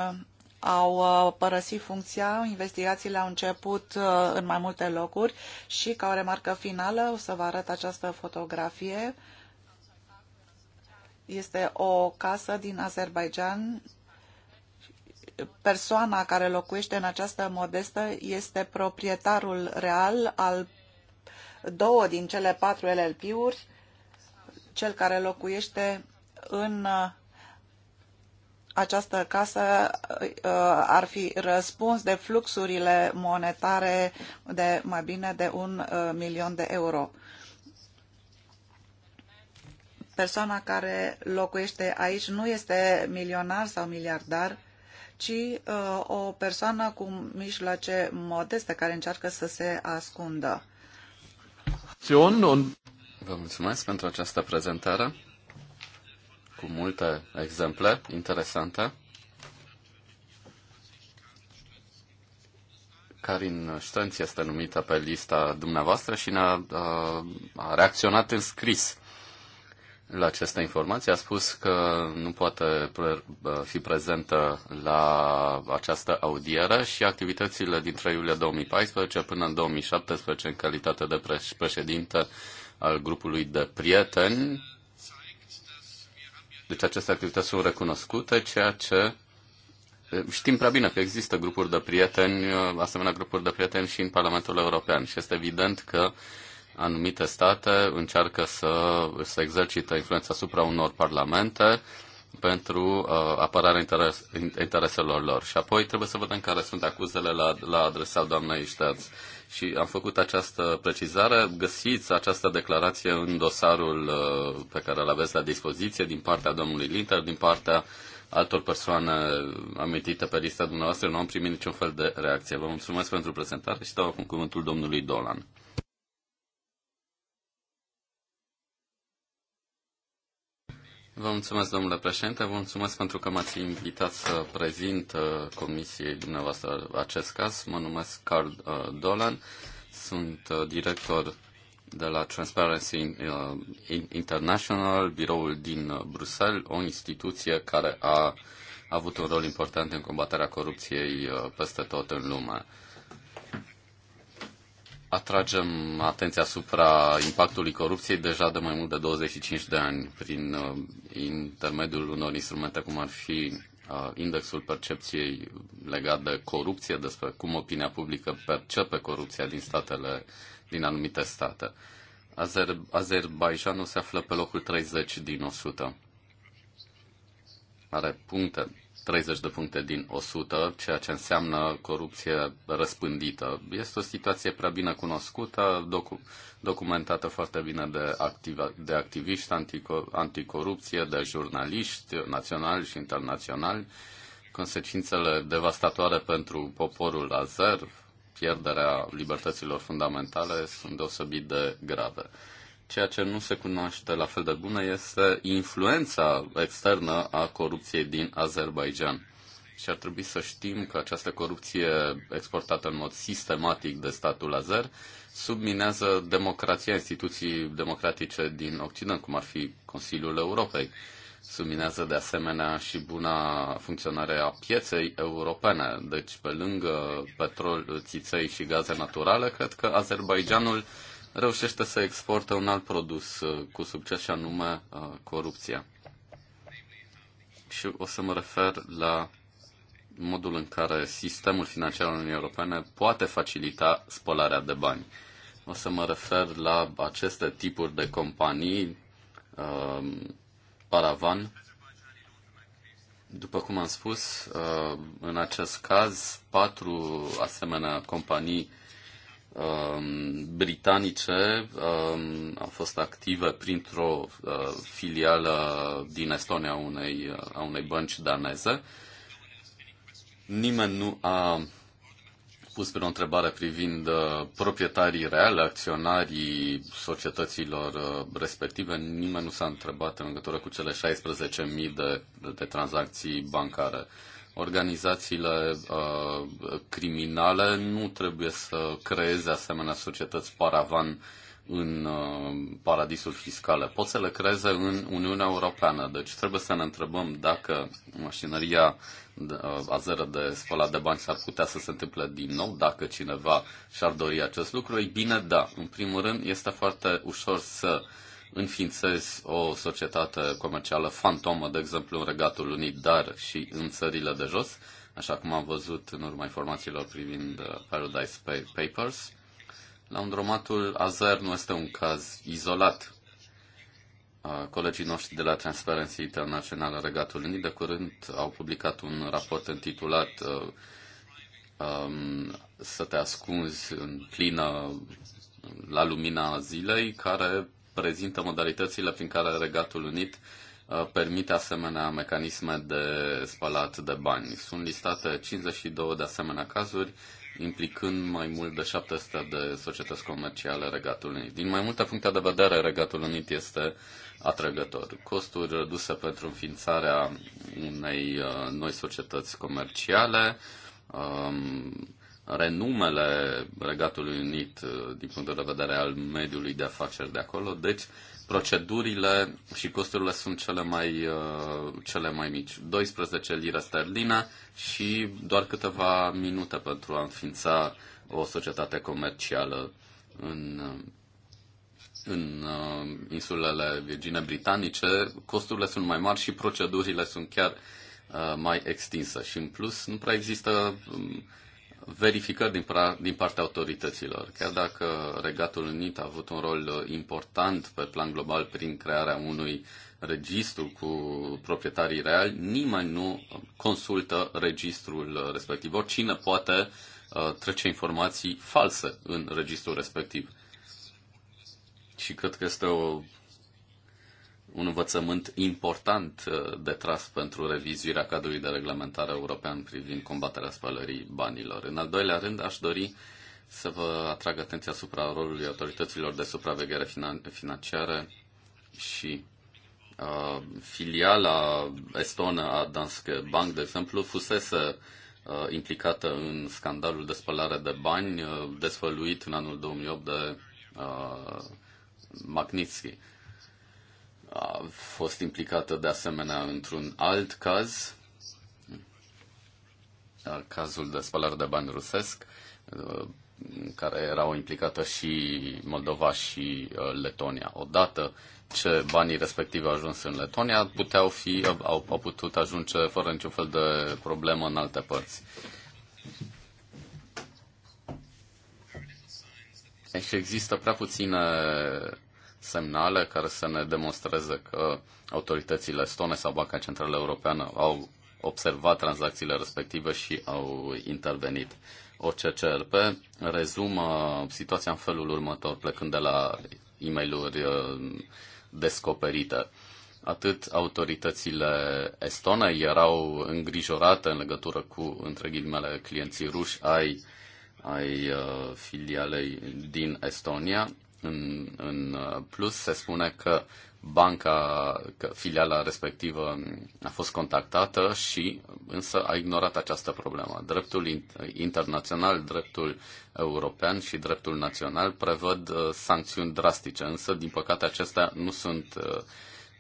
au uh, părăsit funcția, investigațiile au început uh, în mai multe locuri și, ca o remarcă finală, o să vă arăt această fotografie. Este o casă din Azerbaijan. Persoana care locuiește în această modestă este proprietarul real al două din cele patru LLP-uri, cel care locuiește în uh, această casă uh, ar fi răspuns de fluxurile monetare de mai bine de un uh, milion de euro. Persoana care locuiește aici nu este milionar sau miliardar, ci uh, o persoană cu mijloace modeste care încearcă să se ascundă. Vă mulțumesc pentru această prezentare cu multe exemple interesante. Karin Stenț este numită pe lista dumneavoastră și ne-a uh, a reacționat în scris la aceste informații. A spus că nu poate uh, fi prezentă la această audiere și activitățile dintre iulie 2014 până în 2017 în calitate de președinte al grupului de prieteni deci aceste activități sunt recunoscute, ceea ce știm prea bine că există grupuri de prieteni, asemenea grupuri de prieteni și în Parlamentul European și este evident că anumite state încearcă să, să exercite influența asupra unor parlamente pentru uh, apărarea interes, intereselor lor. Și apoi trebuie să vedem care sunt acuzele la, la adresa doamnei Șteaț și am făcut această precizare. Găsiți această declarație în dosarul uh, pe care îl aveți la dispoziție din partea domnului Linter, din partea altor persoane amintite pe lista dumneavoastră. Nu am primit niciun fel de reacție. Vă mulțumesc pentru prezentare și dau acum cuvântul domnului Dolan. Vă mulțumesc, domnule președinte, vă mulțumesc pentru că m-ați invitat să prezint uh, comisiei dumneavoastră acest caz. Mă numesc Carl uh, Dolan, sunt uh, director de la Transparency International, biroul din Bruxelles, o instituție care a avut un rol important în combaterea corupției peste tot în lume atragem atenția asupra impactului corupției deja de mai mult de 25 de ani prin uh, intermediul unor instrumente cum ar fi uh, indexul percepției legat de corupție, despre cum opinia publică percepe corupția din statele, din anumite state. Azer, Azerbaijanul se află pe locul 30 din 100. Are puncte 30 de puncte din 100, ceea ce înseamnă corupție răspândită. Este o situație prea bine cunoscută, docu- documentată foarte bine de, activ- de activiști antico- anticorupție, de jurnaliști naționali și internaționali, consecințele devastatoare pentru poporul azer, pierderea libertăților fundamentale sunt deosebit de grave. Ceea ce nu se cunoaște la fel de bună este influența externă a corupției din Azerbaijan. Și ar trebui să știm că această corupție exportată în mod sistematic de statul azer subminează democrația, instituții democratice din Occident, cum ar fi Consiliul Europei. Subminează de asemenea și buna funcționare a pieței europene. Deci, pe lângă petrol, țiței și gaze naturale, cred că Azerbaijanul reușește să exporte un alt produs uh, cu succes și anume uh, corupția. Și o să mă refer la modul în care sistemul financiar al Uniunii Europene poate facilita spălarea de bani. O să mă refer la aceste tipuri de companii, uh, paravan. După cum am spus, uh, în acest caz, patru asemenea companii Um, britanice um, au fost active printr-o uh, filială din Estonia a unei, a unei bănci daneze. Nimeni nu a pus pe o întrebare privind uh, proprietarii reale, acționarii societăților uh, respective. Nimeni nu s-a întrebat în legătură cu cele 16.000 de, de, tranzacții bancare. Organizațiile uh, criminale nu trebuie să creeze asemenea societăți paravan în uh, paradisul fiscale. Pot să le creeze în Uniunea Europeană. Deci trebuie să ne întrebăm dacă mașinăria uh, azeră de spălat de bani s-ar putea să se întâmple din nou, dacă cineva și-ar dori acest lucru, ei bine, da. În primul rând, este foarte ușor să uh, înființezi o societate comercială fantomă, de exemplu în Regatul Unit, dar și în țările de jos, așa cum am văzut în urma informațiilor privind uh, Paradise Papers. La undromatul Azer nu este un caz izolat. Uh, colegii noștri de la Transparency International Regatul Unit de curând au publicat un raport intitulat uh, um, Să te ascunzi în plină la lumina zilei, care prezintă modalitățile prin care Regatul Unit uh, permite asemenea mecanisme de spălat de bani. Sunt listate 52 de asemenea cazuri, implicând mai mult de 700 de societăți comerciale Regatul Unit. Din mai multe puncte de vedere, Regatul Unit este atrăgător. Costuri reduse pentru înființarea unei uh, noi societăți comerciale, um, renumele Regatului Unit uh, din punct de vedere al mediului de afaceri de acolo, deci procedurile și costurile sunt cele mai, uh, cele mai mici. 12 lire sterline și doar câteva minute pentru a înființa o societate comercială în, uh, în insulele Virgine Britanice. Costurile sunt mai mari și procedurile sunt chiar mai extinse. Și în plus nu prea există um, verificări din, pra- din partea autorităților. Chiar dacă Regatul Unit a avut un rol uh, important pe plan global prin crearea unui registru cu proprietarii reali, nimeni nu consultă registrul respectiv. Oricine poate uh, trece informații false în registrul respectiv. Și cred că este o un învățământ important uh, de tras pentru revizuirea cadrului de reglementare european privind combaterea spălării banilor. În al doilea rând, aș dori să vă atrag atenția asupra rolului autorităților de supraveghere finan- financiară și uh, filiala estonă a Danske Bank, de exemplu, fusese uh, implicată în scandalul de spălare de bani uh, desfăluit în anul 2008 de uh, Magnitsky a fost implicată de asemenea într-un alt caz, cazul de spălare de bani rusesc, în uh, care erau implicată și Moldova și uh, Letonia. Odată ce banii respectivi au ajuns în Letonia, puteau fi, au, au putut ajunge fără niciun fel de problemă în alte părți. Și deci există prea puține semnale care să ne demonstreze că autoritățile estone sau Banca Centrală Europeană au observat tranzacțiile respective și au intervenit. OCCRP rezumă situația în felul următor, plecând de la e mail uh, descoperite. Atât autoritățile estone erau îngrijorate în legătură cu, între ghilimele, clienții ruși ai ai uh, filialei din Estonia, în, în uh, plus, se spune că banca, că filiala respectivă a fost contactată și însă a ignorat această problemă. Dreptul internațional, dreptul european și dreptul național prevăd uh, sancțiuni drastice, însă din păcate acestea nu sunt uh,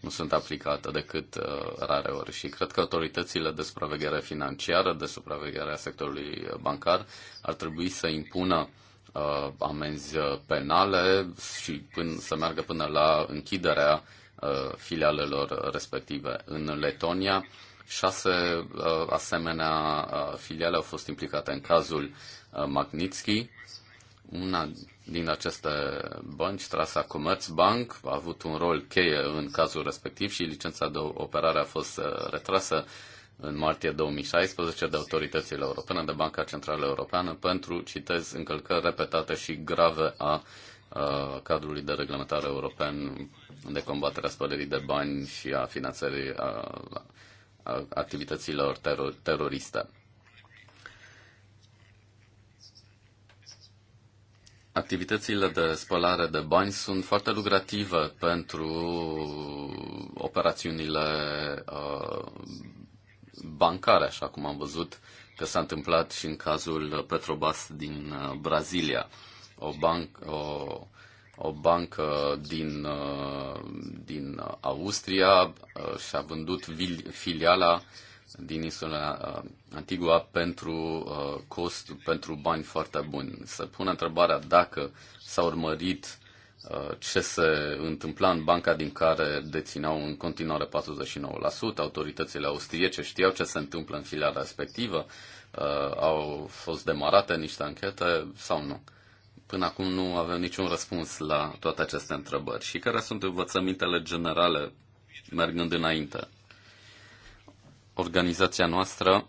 nu sunt aplicate decât rare ori și cred că autoritățile de supraveghere financiară, de supraveghere a sectorului bancar ar trebui să impună uh, amenzi uh, penale și până, să meargă până la închiderea uh, filialelor respective. În Letonia, șase uh, asemenea uh, filiale au fost implicate în cazul uh, Magnitsky. Una din aceste bănci, Trasa Commerzbank, a avut un rol cheie în cazul respectiv și licența de operare a fost uh, retrasă în martie 2016 de autoritățile europene, de Banca Centrală Europeană, pentru, citez, încălcări repetate și grave a, cadrului de reglementare european de combaterea spălării de bani și a finanțării a, a activităților teror, teroriste. Activitățile de spălare de bani sunt foarte lucrative pentru operațiunile uh, bancare, așa cum am văzut că s-a întâmplat și în cazul Petrobas din uh, Brazilia. O, banc, o, o bancă din, uh, din Austria uh, și-a vândut filiala din insula Antigua pentru cost, pentru bani foarte buni. Să pun întrebarea dacă s-a urmărit Uh, ce se întâmpla în banca din care dețineau în continuare 49%. Autoritățile austriece știau ce se întâmplă în filiala respectivă. Uh, au fost demarate niște anchete sau nu? Până acum nu avem niciun răspuns la toate aceste întrebări. Și care sunt învățămintele generale mergând înainte? Organizația noastră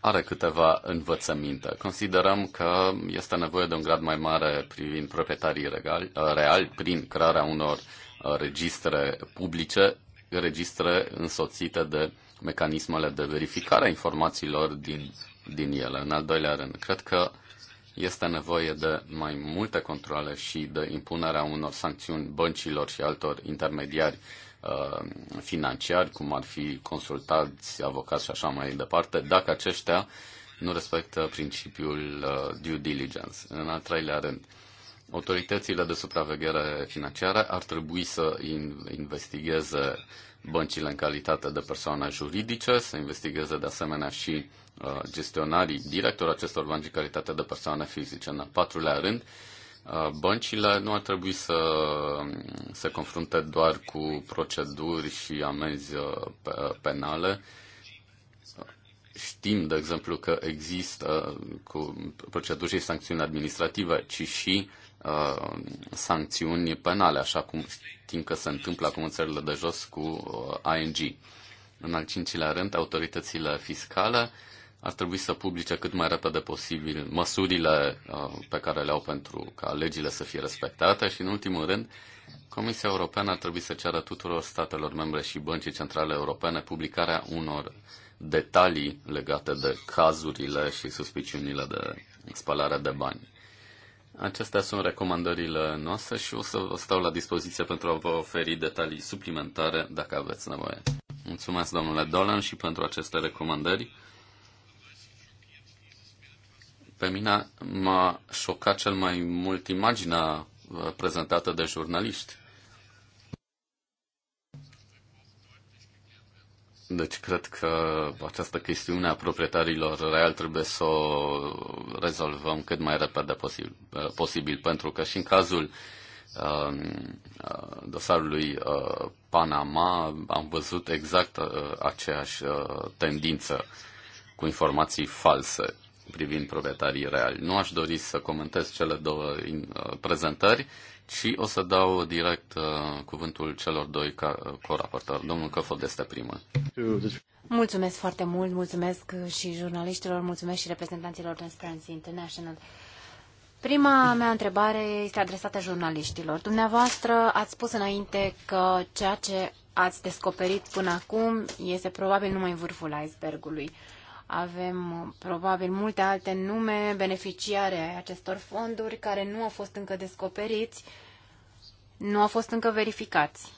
are câteva învățăminte. Considerăm că este nevoie de un grad mai mare privind proprietarii regali, uh, reali prin crearea unor uh, registre publice, registre însoțite de mecanismele de verificare a informațiilor din, din ele. În al doilea rând, cred că este nevoie de mai multe controle și de impunerea unor sancțiuni băncilor și altor intermediari uh, Uh, financiari, cum ar fi consultați, avocați și așa mai departe, dacă aceștia nu respectă principiul uh, due diligence. În al treilea rând, autoritățile de supraveghere financiară ar trebui să investigheze băncile în calitate de persoane juridice, să investigheze de asemenea și uh, gestionarii, directorul acestor bănci în calitate de persoane fizice. În al patrulea rând, uh, Uh, băncile nu ar trebui să um, se confrunte doar cu proceduri și amenzi uh, uh, penale. Știm, de exemplu, că există cu proceduri și sancțiuni administrative, ci și uh, sancțiuni penale, așa cum știm că se întâmplă acum în țările de jos cu ANG. În al cincilea rând, autoritățile fiscale uh, ar trebui să publice cât mai repede posibil măsurile uh, pe care le au pentru ca legile să fie respectate și, în ultimul rând, Comisia Europeană ar trebui să ceară tuturor statelor membre și băncii centrale europene publicarea unor detalii legate de cazurile și suspiciunile de spălare de bani. Acestea sunt recomandările noastre și o să vă stau la dispoziție pentru a vă oferi detalii suplimentare dacă aveți nevoie. Mulțumesc, domnule Dolan, și pentru aceste recomandări. Pe mine m-a șocat cel mai mult imaginea uh, prezentată de jurnaliști. Deci cred că această chestiune a proprietarilor real trebuie să o rezolvăm cât mai repede posibil, uh, posibil pentru că și în cazul um, uh, dosarului Panama am văzut exact aceeași tendință cu informații false privind proprietarii reali. Nu aș dori să comentez cele două uh, prezentări, ci o să dau direct uh, cuvântul celor doi ca uh, coraportori. Domnul Căfod este primul. Mulțumesc foarte mult, mulțumesc și jurnaliștilor, mulțumesc și reprezentanților Transparency International. Prima mea întrebare este adresată jurnaliștilor. Dumneavoastră ați spus înainte că ceea ce ați descoperit până acum este probabil numai vârful icebergului. Uh, avem uh, probabil multe alte nume beneficiare ai acestor fonduri care nu au fost încă descoperiți, nu au fost încă verificați.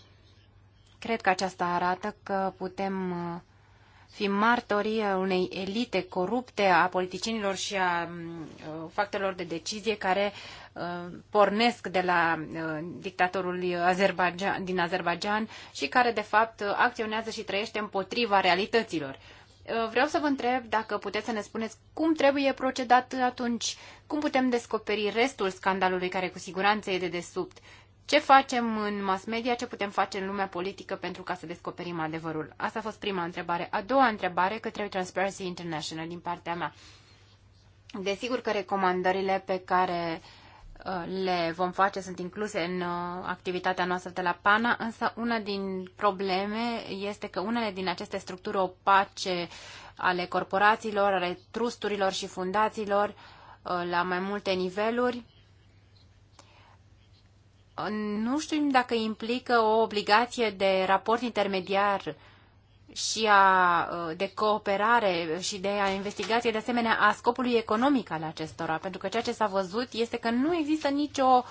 Cred că aceasta arată că putem uh, fi martorii unei elite corupte a politicienilor și a uh, factorilor de decizie care pornesc de la dictatorul Azerbaijan, din Azerbaijan și care, de fapt, acționează și trăiește împotriva realităților. Uh, vreau să vă întreb dacă puteți să ne spuneți cum trebuie procedat atunci, cum putem descoperi restul scandalului care cu siguranță e de desubt, ce facem în mass media, ce putem face în lumea politică pentru ca să descoperim adevărul. Asta a fost prima întrebare. A doua întrebare către Transparency International din partea mea. Desigur că recomandările pe care uh, le vom face, sunt incluse în uh, activitatea noastră de la PANA, însă una din probleme este că unele din aceste structuri opace ale corporațiilor, ale trusturilor și fundațiilor uh, la mai multe niveluri, uh, nu știm dacă implică o obligație de raport intermediar și a, ă, de cooperare și de a investigație, de asemenea, a scopului economic al acestora. Pentru că ceea ce s-a văzut este că nu există nicio,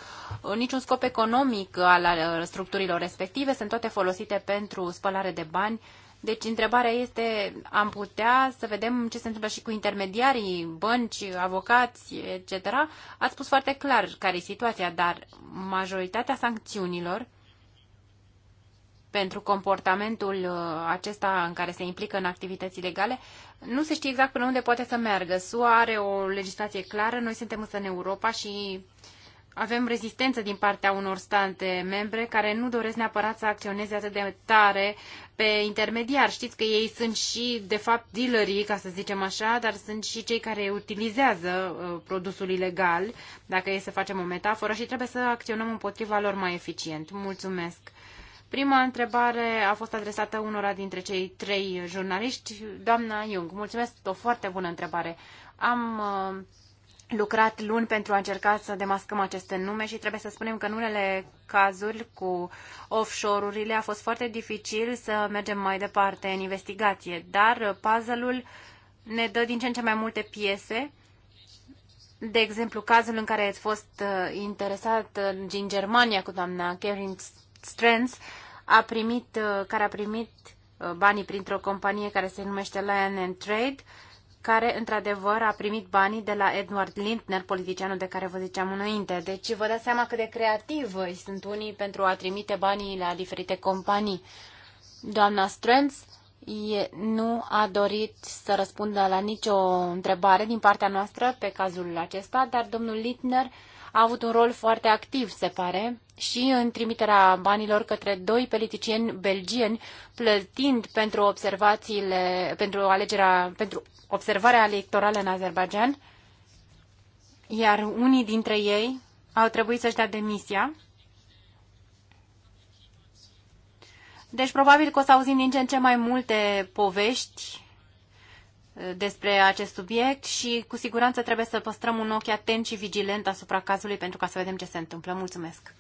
ă, niciun scop economic al structurilor respective, sunt toate folosite pentru spălare de bani. Deci, întrebarea este, am putea să vedem ce se întâmplă și cu intermediarii, bănci, avocați, etc. Ați spus foarte clar care e situația, dar majoritatea sancțiunilor pentru comportamentul uh, acesta în care se implică în activități ilegale, nu se știe exact până unde poate să meargă. SUA are o legislație clară, noi suntem însă în Europa și avem rezistență din partea unor state membre care nu doresc neapărat să acționeze atât de tare pe intermediar. Știți că ei sunt și, de fapt, dealerii, ca să zicem așa, dar sunt și cei care utilizează uh, produsul ilegal, dacă e să facem o metaforă, și trebuie să acționăm împotriva lor mai eficient. Mulțumesc! Prima întrebare a fost adresată unora dintre cei trei jurnaliști. Doamna Jung, mulțumesc, o foarte bună întrebare. Am uh, lucrat luni pentru a încerca să demascăm aceste nume și trebuie să spunem că în unele cazuri cu offshore-urile a fost foarte dificil să mergem mai departe în investigație, dar puzzle-ul ne dă din ce în ce mai multe piese. De exemplu, cazul în care ați fost uh, interesat uh, din Germania cu doamna Catherine Strands a primit, uh, care a primit uh, banii printr-o companie care se numește Lion and Trade, care într-adevăr a primit banii de la Edward Lindner, politicianul de care vă ziceam înainte. Deci vă dați seama cât de creativ sunt unii pentru a trimite banii la diferite companii. Doamna Strands nu a dorit să răspundă la nicio întrebare din partea noastră pe cazul acesta, dar domnul Lindner a avut un rol foarte activ, se pare, și în trimiterea banilor către doi politicieni belgieni, plătind pentru observațiile, pentru alegerea, pentru observarea electorală în Azerbaijan, iar unii dintre ei au trebuit să-și dea demisia. Deci probabil că o să auzim din ce în ce mai multe povești despre acest subiect și cu siguranță trebuie să păstrăm un ochi atent și vigilent asupra cazului pentru ca să vedem ce se întâmplă. Mulțumesc!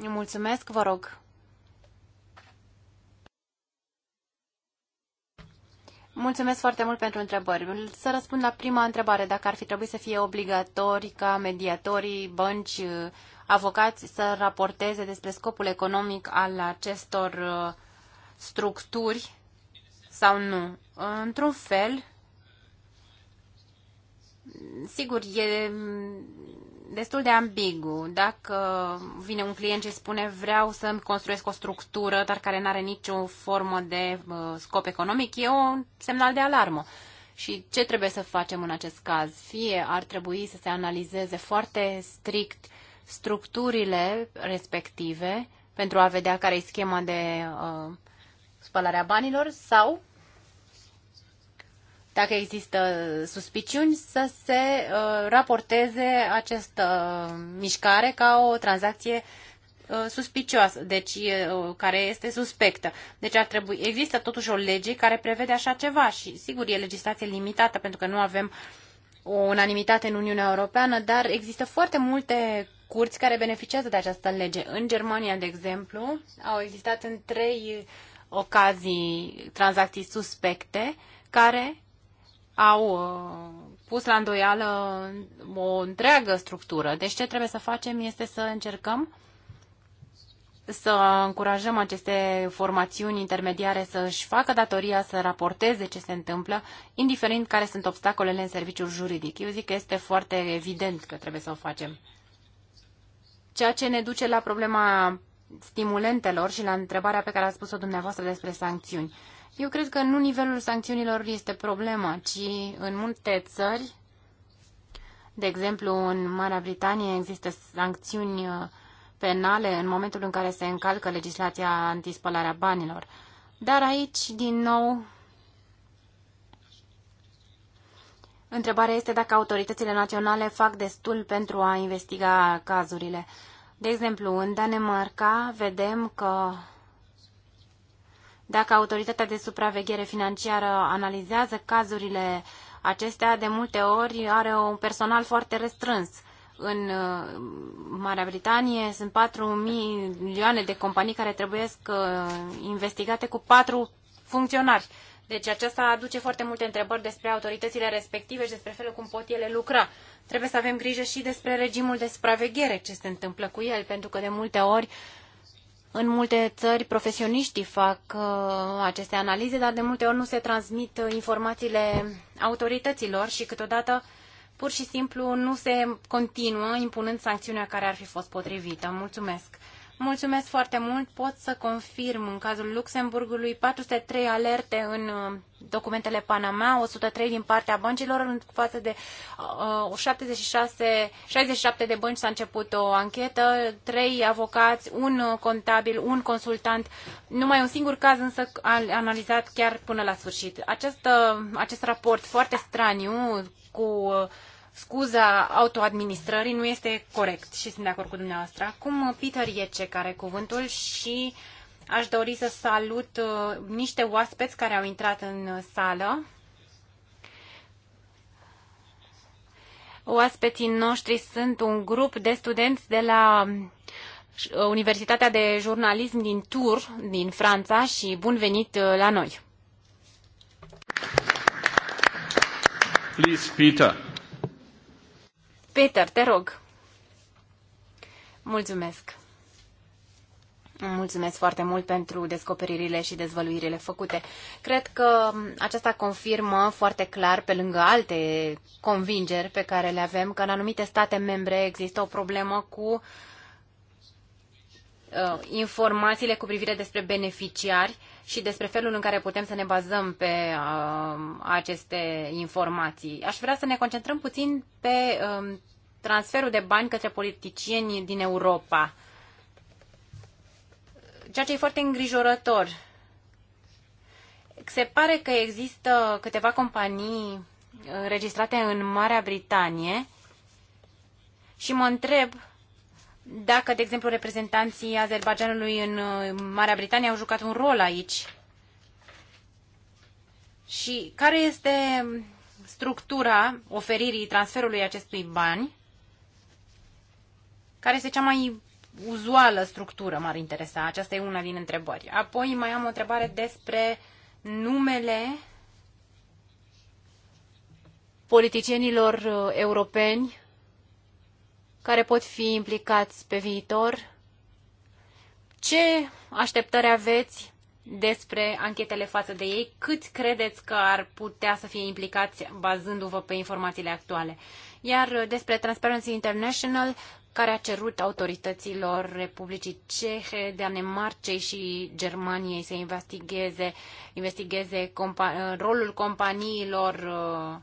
Mulțumesc, vă rog! Mulțumesc foarte mult pentru întrebări. Să răspund la prima întrebare, dacă ar fi trebuit să fie obligatori ca mediatorii, bănci, uh, avocați să raporteze despre scopul economic al acestor uh, structuri sau nu. Într-un fel, sigur, e destul de ambigu. Dacă vine un client și spune vreau să-mi construiesc o structură, dar care nu are nicio formă de uh, scop economic, e un semnal de alarmă. Și ce trebuie să facem în acest caz? Fie ar trebui să se analizeze foarte strict structurile respective pentru a vedea care e schema de uh, spălarea banilor sau dacă există suspiciuni, să se uh, raporteze această uh, mișcare ca o tranzacție uh, suspicioasă, deci uh, care este suspectă. Deci ar trebui, există totuși o lege care prevede așa ceva și sigur e legislație limitată pentru că nu avem o unanimitate în Uniunea Europeană, dar există foarte multe curți care beneficiază de această lege. În Germania, de exemplu, au existat în trei ocazii tranzacții suspecte care au uh, pus la îndoială o întreagă structură. Deci ce trebuie să facem este să încercăm să încurajăm aceste formațiuni intermediare să își facă datoria să raporteze ce se întâmplă, indiferent care sunt obstacolele în serviciul juridic. Eu zic că este foarte evident că trebuie să o facem. Ceea ce ne duce la problema stimulentelor și la întrebarea pe care a spus-o dumneavoastră despre sancțiuni. Eu cred că nu nivelul sancțiunilor este problema, ci în multe țări, de exemplu în Marea Britanie, există sancțiuni uh, penale în momentul în care se încalcă legislația antispălarea banilor. Dar aici, din nou, întrebarea este dacă autoritățile naționale fac destul pentru a investiga cazurile. De exemplu, în Danemarca vedem că dacă autoritatea de supraveghere financiară analizează cazurile acestea, de multe ori are un personal foarte restrâns. În uh, Marea Britanie sunt 4 milioane de companii care trebuie uh, investigate cu 4 funcționari. Deci aceasta aduce foarte multe întrebări despre autoritățile respective și despre felul cum pot ele lucra. Trebuie să avem grijă și despre regimul de supraveghere, ce se întâmplă cu el, pentru că de multe ori uh, în multe țări, profesioniștii fac uh, aceste analize, dar de multe ori nu se transmit uh, informațiile autorităților și câteodată pur și simplu nu se continuă impunând sancțiunea care ar fi fost potrivită. Mulțumesc! Mulțumesc foarte mult. Pot să confirm în cazul Luxemburgului 403 alerte în uh, documentele Panama, 103 din partea băncilor, în față de uh, 76, uh, 67 de bănci s-a început o anchetă, 3 avocați, un uh, contabil, un consultant, numai un singur caz însă analizat chiar până la sfârșit. Acest, uh, acest raport foarte straniu cu uh, scuza autoadministrării nu este corect și sunt de acord cu dumneavoastră. Acum Peter Iece care cuvântul și aș dori să salut uh, niște oaspeți care au intrat în sală. Oaspeții noștri sunt un grup de studenți de la uh, Universitatea de Jurnalism din Tur, din Franța și bun venit uh, la noi. Please, Peter. Peter, te rog. Mulțumesc. Mulțumesc foarte mult pentru descoperirile și dezvăluirile făcute. Cred că aceasta confirmă foarte clar, pe lângă alte convingeri pe care le avem, că în anumite state membre există o problemă cu uh, informațiile cu privire despre beneficiari și despre felul în care putem să ne bazăm pe uh, aceste informații. Aș vrea să ne concentrăm puțin pe uh, transferul de bani către politicieni din Europa, ceea ce e foarte îngrijorător. Se pare că există câteva companii înregistrate în Marea Britanie și mă întreb dacă, de exemplu, reprezentanții Azerbaijanului în uh, Marea Britanie au jucat un rol aici. Și care este structura oferirii transferului acestui bani? Care este cea mai uzuală structură, m-ar interesa. Aceasta e una din întrebări. Apoi mai am o întrebare despre numele politicienilor uh, europeni care pot fi implicați pe viitor. Ce așteptări aveți despre anchetele față de ei? Cât credeți că ar putea să fie implicați bazându-vă pe informațiile actuale? Iar despre Transparency International, care a cerut autorităților Republicii Cehe, Danemarcei și Germaniei să investigheze, investigheze compa- rolul companiilor uh,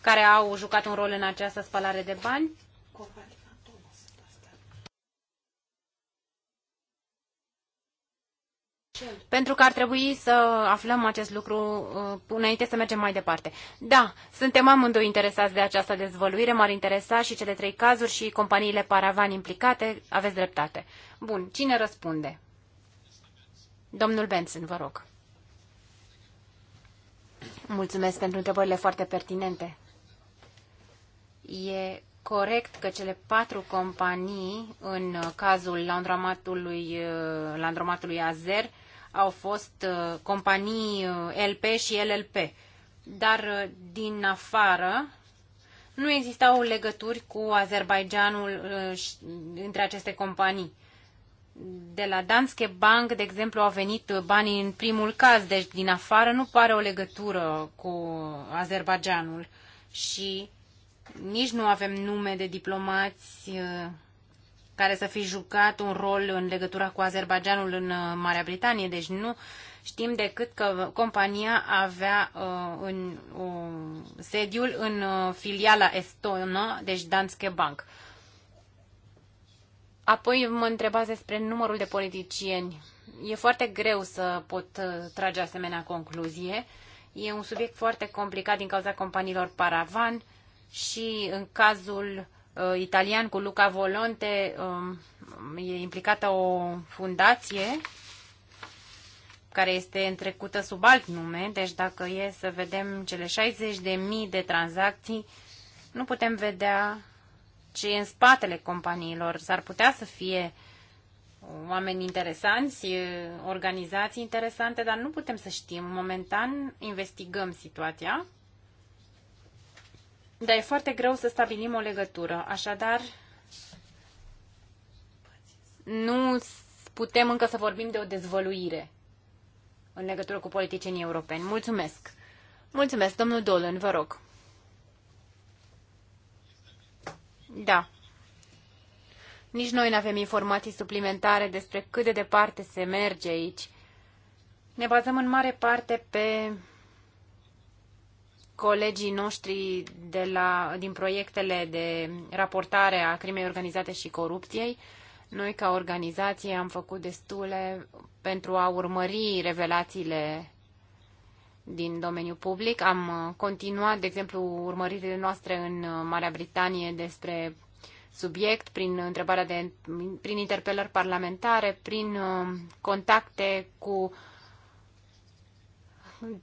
care au jucat un rol în această spălare de bani. Pentru că ar trebui să aflăm acest lucru uh, înainte să mergem mai departe. Da, suntem amândoi interesați de această dezvăluire, m-ar interesa și cele trei cazuri și companiile paravan implicate, aveți dreptate. Bun, cine răspunde? Domnul Benson, vă rog. Mulțumesc pentru întrebările foarte pertinente. E corect că cele patru companii, în cazul landromatului, uh, landromatului Azer, au fost uh, companii uh, LP și LLP. Dar din afară nu existau legături cu Azerbaijanul între aceste companii. De la Danske Bank, de exemplu, au venit banii în primul caz, deci din afară nu pare o legătură cu Azerbaijanul. Și nici nu avem nume de diplomați uh, care să fi jucat un rol în legătura cu Azerbaijanul în uh, Marea Britanie, deci nu știm decât că compania avea uh, în, uh, sediul în uh, filiala estonă, deci Danske Bank. Apoi mă întrebați despre numărul de politicieni. E foarte greu să pot uh, trage asemenea concluzie. E un subiect foarte complicat din cauza companiilor paravan. Uh, și în cazul uh, italian cu Luca Volonte um, e implicată o fundație care este întrecută sub alt nume, deci dacă e să vedem cele 60.000 de tranzacții, nu putem vedea ce e în spatele companiilor. S-ar putea să fie oameni interesanți, organizații interesante, dar nu putem să știm. Momentan investigăm situația dar e foarte greu să stabilim o legătură. Așadar, nu putem încă să vorbim de o dezvăluire în legătură cu politicienii europeni. Mulțumesc! Mulțumesc, domnul Dolan, vă rog. Da. Nici noi nu avem informații suplimentare despre cât de departe se merge aici. Ne bazăm în mare parte pe colegii noștri de la, din proiectele de raportare a crimei organizate și corupției. Noi, ca organizație, am făcut destule pentru a urmări revelațiile din domeniul public. Am continuat, de exemplu, urmăririle noastre în Marea Britanie despre subiect, prin întrebarea de, prin interpelări parlamentare, prin uh, contacte cu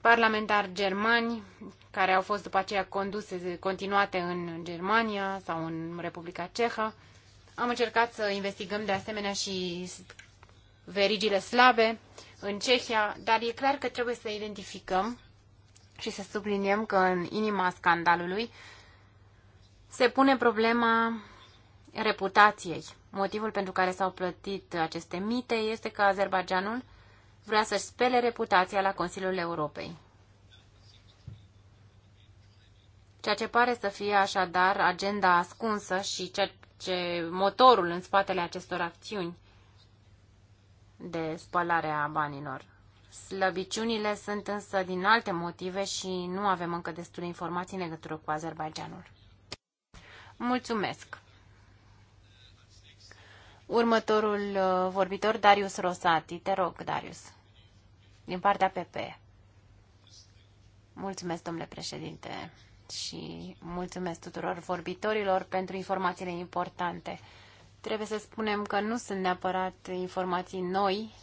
parlamentari germani care au fost după aceea conduse, continuate în Germania sau în Republica Cehă. Am încercat să investigăm de asemenea și verigile slabe în Cehia, dar e clar că trebuie să identificăm și să subliniem că în inima scandalului se pune problema reputației. Motivul pentru care s-au plătit aceste mite este că Azerbaijanul vrea să-și spele reputația la Consiliul Europei. Ceea ce pare să fie așadar agenda ascunsă și ceea ce motorul în spatele acestor acțiuni de spălare a banilor. Slăbiciunile sunt însă din alte motive și nu avem încă destule informații în legătură cu Azerbaijanul. Mulțumesc! Următorul uh, vorbitor, Darius Rosati. Te rog, Darius din partea PP. Mulțumesc, domnule președinte, și mulțumesc tuturor vorbitorilor pentru informațiile importante. Trebuie să spunem că nu sunt neapărat informații noi,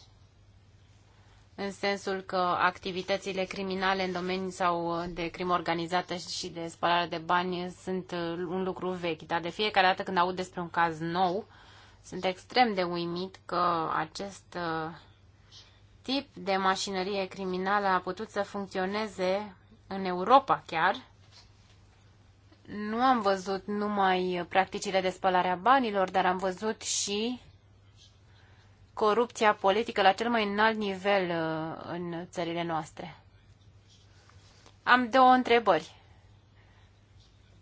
în sensul că activitățile criminale în domeniul sau de crimă organizată și de spălare de bani sunt un lucru vechi, dar de fiecare dată când aud despre un caz nou, sunt extrem de uimit că acest uh, tip de mașinărie criminală a putut să funcționeze în Europa chiar, nu am văzut numai practicile de spălare a banilor, dar am văzut și corupția politică la cel mai înalt nivel uh, în țările noastre. Am două întrebări.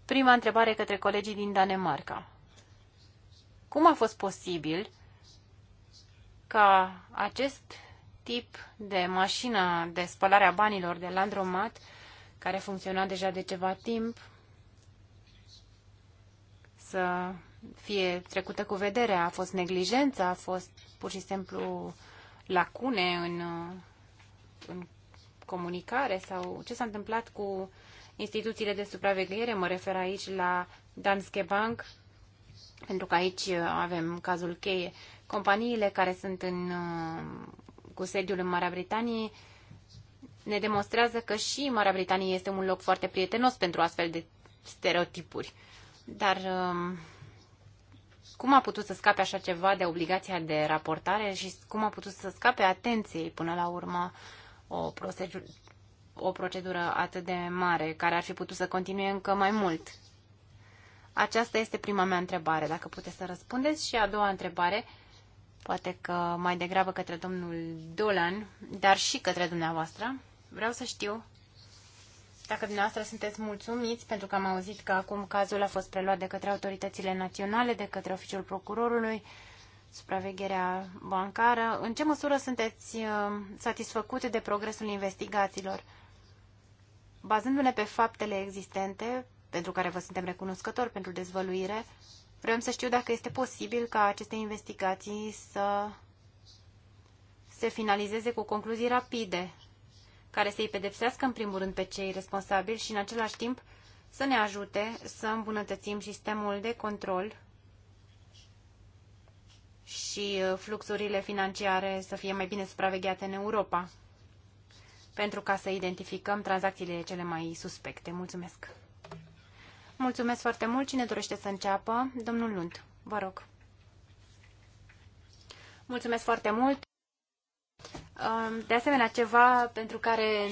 Prima întrebare către colegii din Danemarca. Cum a fost posibil ca acest tip de mașină de spălare a banilor de Landromat, care funcționa deja de ceva timp, să fie trecută cu vedere. A fost neglijență, a fost pur și simplu lacune în, în comunicare sau ce s-a întâmplat cu instituțiile de supraveghere. Mă refer aici la Danske Bank, pentru că aici avem cazul cheie. Companiile care sunt în cu sediul în Marea Britanie ne demonstrează că și Marea Britanie este un loc foarte prietenos pentru astfel de stereotipuri. Dar um, cum a putut să scape așa ceva de obligația de raportare și cum a putut să scape atenției până la urmă o, procedură, o procedură atât de mare, care ar fi putut să continue încă mai mult? Aceasta este prima mea întrebare, dacă puteți să răspundeți. Și a doua întrebare, poate că mai degrabă către domnul Dolan, dar și către dumneavoastră. Vreau să știu dacă dumneavoastră sunteți mulțumiți, pentru că am auzit că acum cazul a fost preluat de către autoritățile naționale, de către oficiul procurorului, supravegherea bancară. În ce măsură sunteți uh, satisfăcute de progresul investigațiilor? Bazându-ne pe faptele existente, pentru care vă suntem recunoscători pentru dezvăluire, Vrem să știu dacă este posibil ca aceste investigații să se finalizeze cu concluzii rapide, care să-i pedepsească în primul rând pe cei responsabili și în același timp să ne ajute să îmbunătățim sistemul de control și uh, fluxurile financiare să fie mai bine supravegheate în Europa pentru ca să identificăm tranzacțiile cele mai suspecte. Mulțumesc! Mulțumesc foarte mult. Cine dorește să înceapă? Domnul Lund, vă rog. Mulțumesc foarte mult. De asemenea, ceva pentru care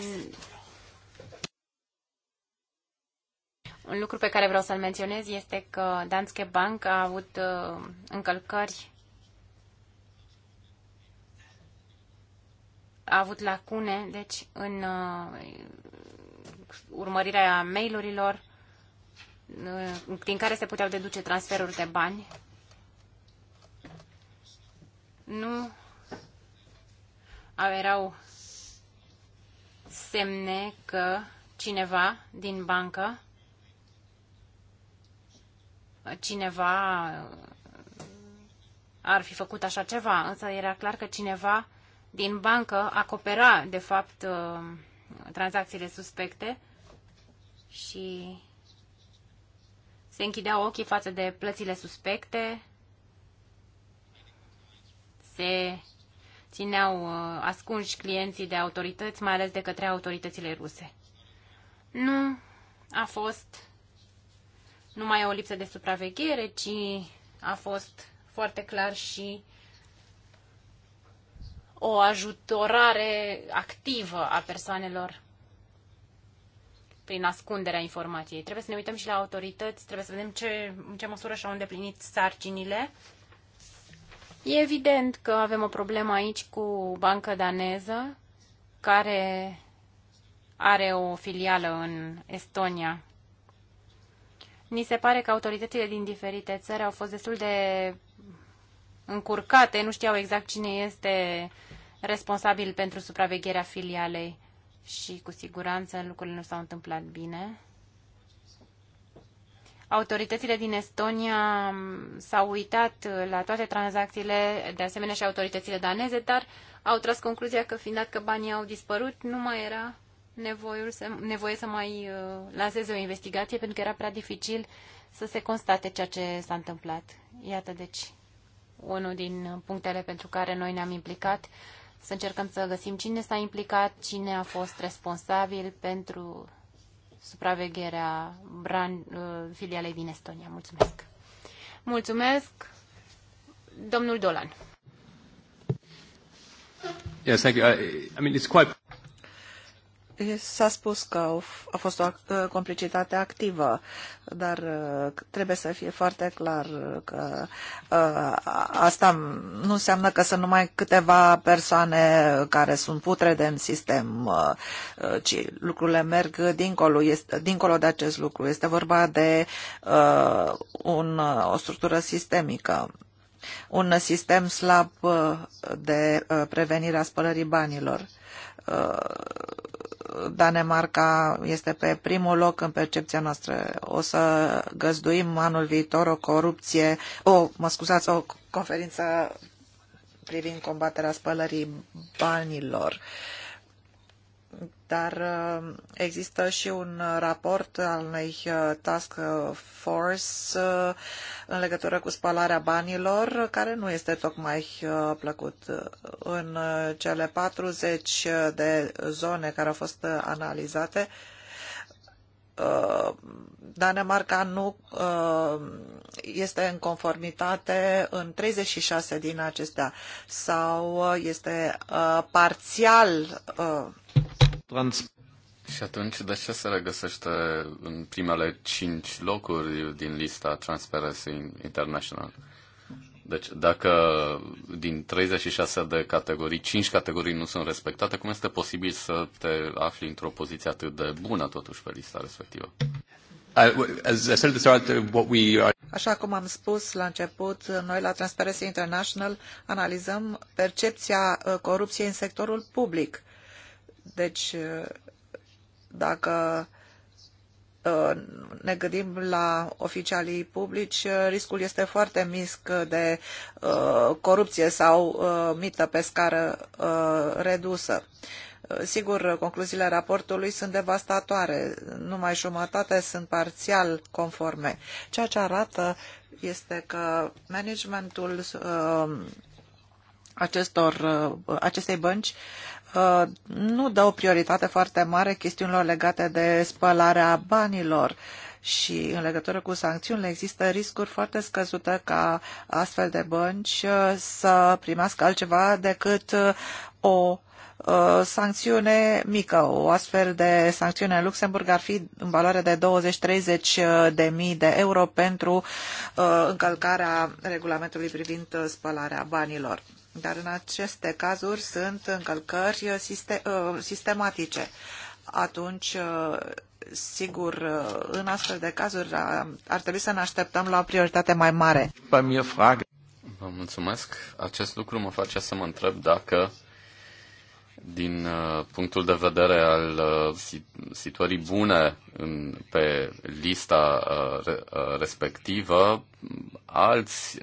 Un lucru pe care vreau să-l menționez este că Danske Bank a avut uh, încălcări, a avut lacune, deci în uh, urmărirea mailurilor Uh, din care se puteau deduce transferuri de bani, nu erau semne că cineva din bancă, cineva uh, ar fi făcut așa ceva, însă era clar că cineva din bancă acopera, de fapt, uh, tranzacțiile suspecte și se închideau ochii față de plățile suspecte, se țineau uh, ascunși clienții de autorități, mai ales de către autoritățile ruse. Nu a fost numai o lipsă de supraveghere, ci a fost foarte clar și o ajutorare activă a persoanelor prin ascunderea informației. Trebuie să ne uităm și la autorități, trebuie să vedem ce, în ce măsură și-au îndeplinit sarcinile. E evident că avem o problemă aici cu banca daneză, care are o filială în Estonia. Ni se pare că autoritățile din diferite țări au fost destul de încurcate, nu știau exact cine este responsabil pentru supravegherea filialei și cu siguranță lucrurile nu s-au întâmplat bine. Autoritățile din Estonia mm, s-au uitat la toate tranzacțiile, de asemenea și autoritățile daneze, dar au tras concluzia că, fiind dat că banii au dispărut, nu mai era nevoiul să, nevoie să mai uh, lanseze o investigație, pentru că era prea dificil să se constate ceea ce s-a întâmplat. Iată, deci, unul din punctele pentru care noi ne-am implicat să încercăm să găsim cine s-a implicat, cine a fost responsabil pentru supravegherea bran, uh, filialei din Estonia. Mulțumesc! Mulțumesc, domnul Dolan. Yes, thank you. I, I mean, it's quite... S-a spus că a fost o complicitate activă, dar uh, trebuie să fie foarte clar că uh, asta nu înseamnă că sunt numai câteva persoane care sunt putrede în sistem, uh, ci lucrurile merg dincolo, este, dincolo de acest lucru. Este vorba de uh, un, o structură sistemică un sistem slab de prevenire a spălării banilor Danemarca este pe primul loc în percepția noastră. O să găzduim anul viitor o corupție, o, mă scuzați, o conferință privind combaterea spălării banilor. Uh, dar uh, există și un raport al unei uh, task force uh, în legătură cu spalarea banilor, care nu este tocmai plăcut. În cele 40 de zone care au fost analizate, Danemarca nu este în conformitate în 36 din acestea sau este parțial Trans- și atunci, de ce se regăsește în primele cinci locuri din lista Transparency International? Deci, dacă din 36 de categorii, 5 categorii nu sunt respectate, cum este posibil să te afli într-o poziție atât de bună, totuși, pe lista respectivă? Așa cum am spus la început, noi la Transparency International analizăm percepția uh, corupției în sectorul public deci, dacă uh, ne gândim la oficialii publici, uh, riscul este foarte mic de uh, corupție sau mită pe scară redusă. Sigur, concluziile raportului sunt devastatoare. Numai jumătate sunt parțial conforme. Ceea ce arată este că managementul acestor, acestei bănci Uh, nu dă o prioritate foarte mare chestiunilor legate de spălarea banilor și în legătură cu sancțiunile există riscuri foarte scăzute ca astfel de bănci uh, să primească altceva decât uh, o sancțiune mică. O astfel de sancțiune în Luxemburg ar fi în valoare de 20-30 de mii de euro pentru încălcarea regulamentului privind spălarea banilor dar în aceste cazuri sunt încălcări ă, sistematice. Atunci, ă, sigur, ă, în astfel de cazuri ar trebui să ne așteptăm la o prioritate mai mare. Vă mulțumesc. Acest lucru mă face să mă întreb dacă din uh, punctul de vedere al uh, situării bune în, pe lista uh, respectivă, alți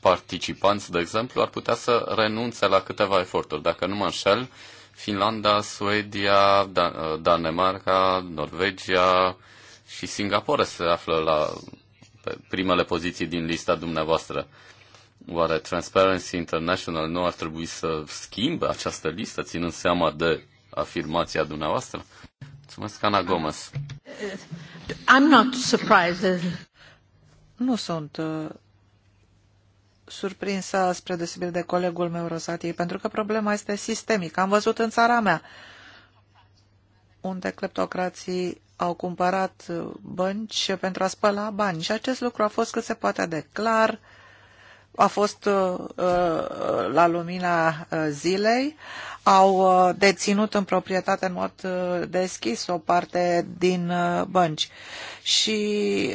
participanți, de exemplu, ar putea să renunțe la câteva eforturi. Dacă nu mă înșel, Finlanda, Suedia, Dan- Danemarca, Norvegia și Singapore se află la primele poziții din lista dumneavoastră. Oare Transparency International nu ar trebui să schimbe această listă, ținând seama de afirmația dumneavoastră? Mulțumesc, Ana Gomez. I'm not surprised. Nu sunt uh, surprinsă spre deosebire de colegul meu Rosatie, pentru că problema este sistemică. Am văzut în țara mea unde cleptocrații au cumpărat uh, bănci pentru a spăla bani și acest lucru a fost cât se poate de clar uh, a fost uh, uh la lumina uh, zilei, au uh, deținut în proprietate în mod deschis o parte din bănci și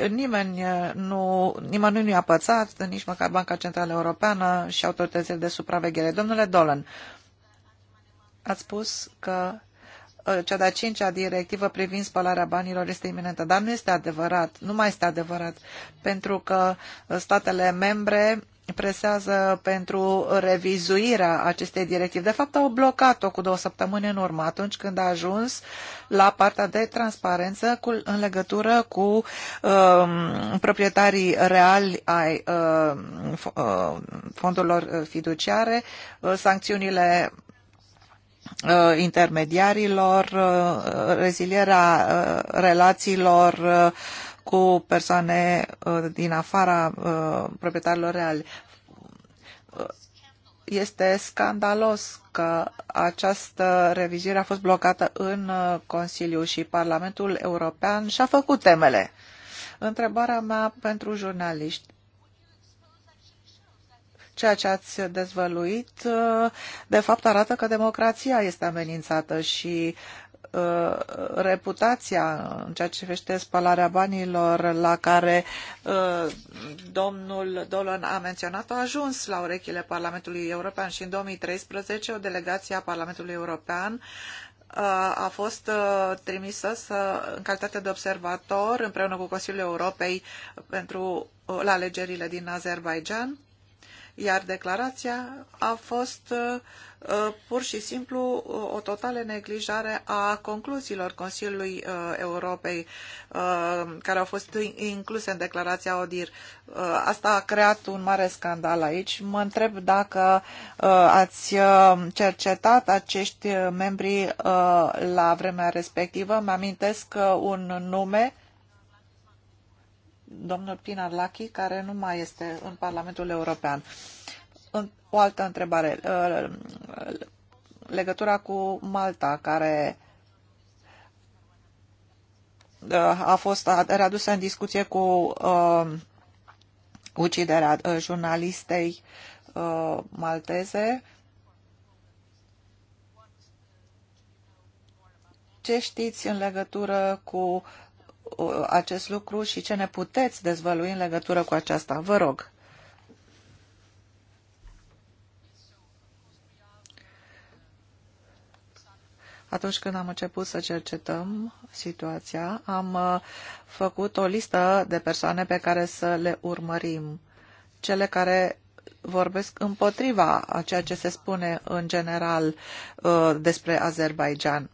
nimeni nu, nimănui nu i-a pățat, nici măcar Banca Centrală Europeană și autoritățile de supraveghere. Domnule Dolan, ați spus că cea de-a cincea directivă privind spălarea banilor este iminentă, dar nu este adevărat, nu mai este adevărat, pentru că statele membre presează pentru revizuirea acestei directive. De fapt, au blocat-o cu două săptămâni în urmă, atunci când a ajuns la partea de transparență cu, în legătură cu um, proprietarii reali ai um, um fondurilor fiduciare, uh, sancțiunile uh, intermediarilor, uh, rezilierea relațiilor cu persoane uh, din afara uh, proprietarilor reali. Uh, este scandalos că această revizire a fost blocată în Consiliu și Parlamentul European și-a făcut temele. Întrebarea mea pentru jurnaliști ceea ce ați dezvăluit, de fapt arată că democrația este amenințată și Uh, reputația în ceea ce privește spălarea banilor la care uh, domnul Dolan a menționat a ajuns la urechile Parlamentului European și în 2013 o delegație a Parlamentului European uh, a fost trimisă să, în calitate de observator împreună cu Consiliul Europei pentru, la alegerile din Azerbaijan iar declarația a fost uh, uh, pur și simplu uh, o totală neglijare a concluziilor Consiliului Europei care au fost incluse în declarația ODIR. Asta a creat un mare scandal aici. Mă întreb dacă ați cercetat acești membri la vremea respectivă. Mă amintesc un nume domnul Pinar Lachi, care nu mai este în Parlamentul European. O altă întrebare. Legătura cu Malta, care uh, a fost readusă în discuție cu uh, uciderea uh, jurnalistei malteze. Ce știți în legătură cu Uh, acest lucru și ce ne puteți dezvălui în legătură cu aceasta. Vă rog. Atunci când am început să cercetăm situația, am uh, făcut o listă de persoane pe care să le urmărim. Cele care vorbesc împotriva a ceea ce se spune în general uh, despre Azerbaijan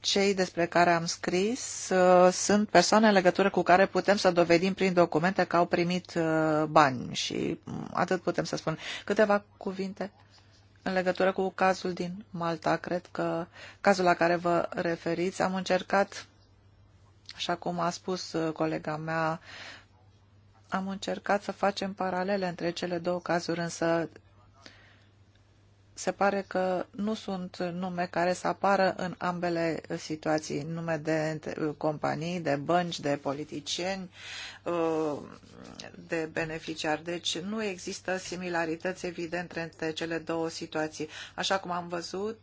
cei despre care am scris uh, sunt persoane în legătură cu care putem să dovedim prin documente că au primit uh, bani și mm, atât putem să spun. Câteva cuvinte în legătură cu cazul din Malta, cred că cazul la care vă referiți, am încercat, așa cum a spus uh, colega mea, am încercat să facem paralele între cele două cazuri, însă se pare că nu sunt nume care să apară în ambele situații, nume de companii, de bănci, de politicieni, de beneficiari. Deci nu există similarități evidente între cele două situații. Așa cum am văzut,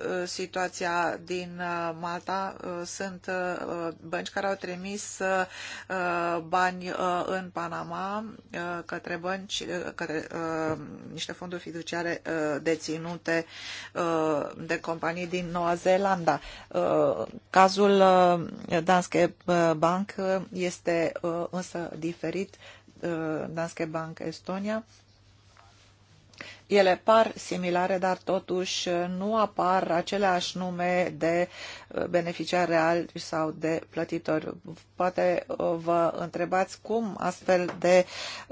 Uh, situația din uh, Malta. Uh, sunt bănci care au trimis bani în Panama către bănci, către niște fonduri fiduciare deținute de companii din Noua Zeelandă. Cazul Danske Bank este însă diferit Danske Bank Estonia ele par similare, dar totuși nu apar aceleași nume de uh, beneficiari reali sau de plătitori. Poate uh, vă întrebați cum astfel de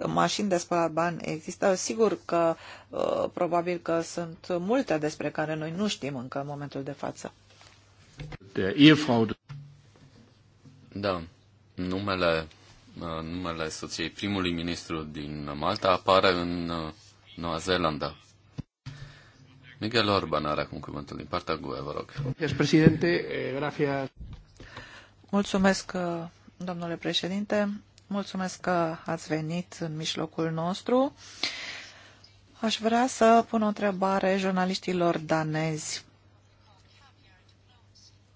mașini de spălat bani există. Sigur că uh, probabil că sunt multe despre care noi nu știm încă în momentul de față. Da, numele, numele soției primului ministru din Malta apare în Noua Zeelandă. Miguel Orban are acum cuvântul din partea GUE, vă rog. Eh, Mulțumesc, eh, domnule președinte. Mulțumesc că ați venit în mijlocul nostru. Aș vrea să pun o întrebare jurnaliștilor danezi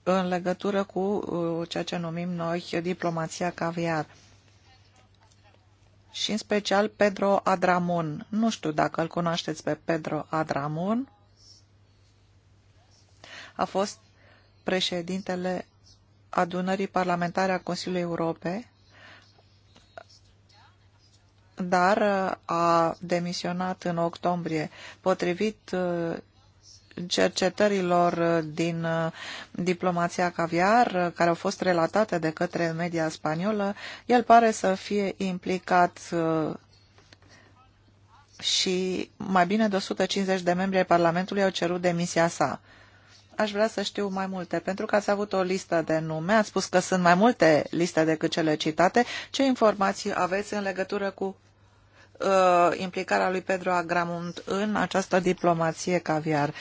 în legătură cu eh, ceea ce numim noi diplomația caviar și în special Pedro Adramon. Nu știu dacă îl cunoașteți pe Pedro Adramon. A fost președintele adunării parlamentare a Consiliului Europei, dar uh, a demisionat în octombrie. Potrivit uh, cercetărilor uh, din uh, diplomația caviar, uh, care au fost relatate de către media spaniolă, el pare să fie implicat și mai bine de 150 de membri ai Parlamentului au cerut demisia sa. Aș vrea să știu mai multe, pentru că ați avut o listă de nume, ați spus că sunt mai multe liste decât cele citate. Ce informații aveți în legătură cu Uh, implicarea lui Pedro Agramunt în această diplomație caviar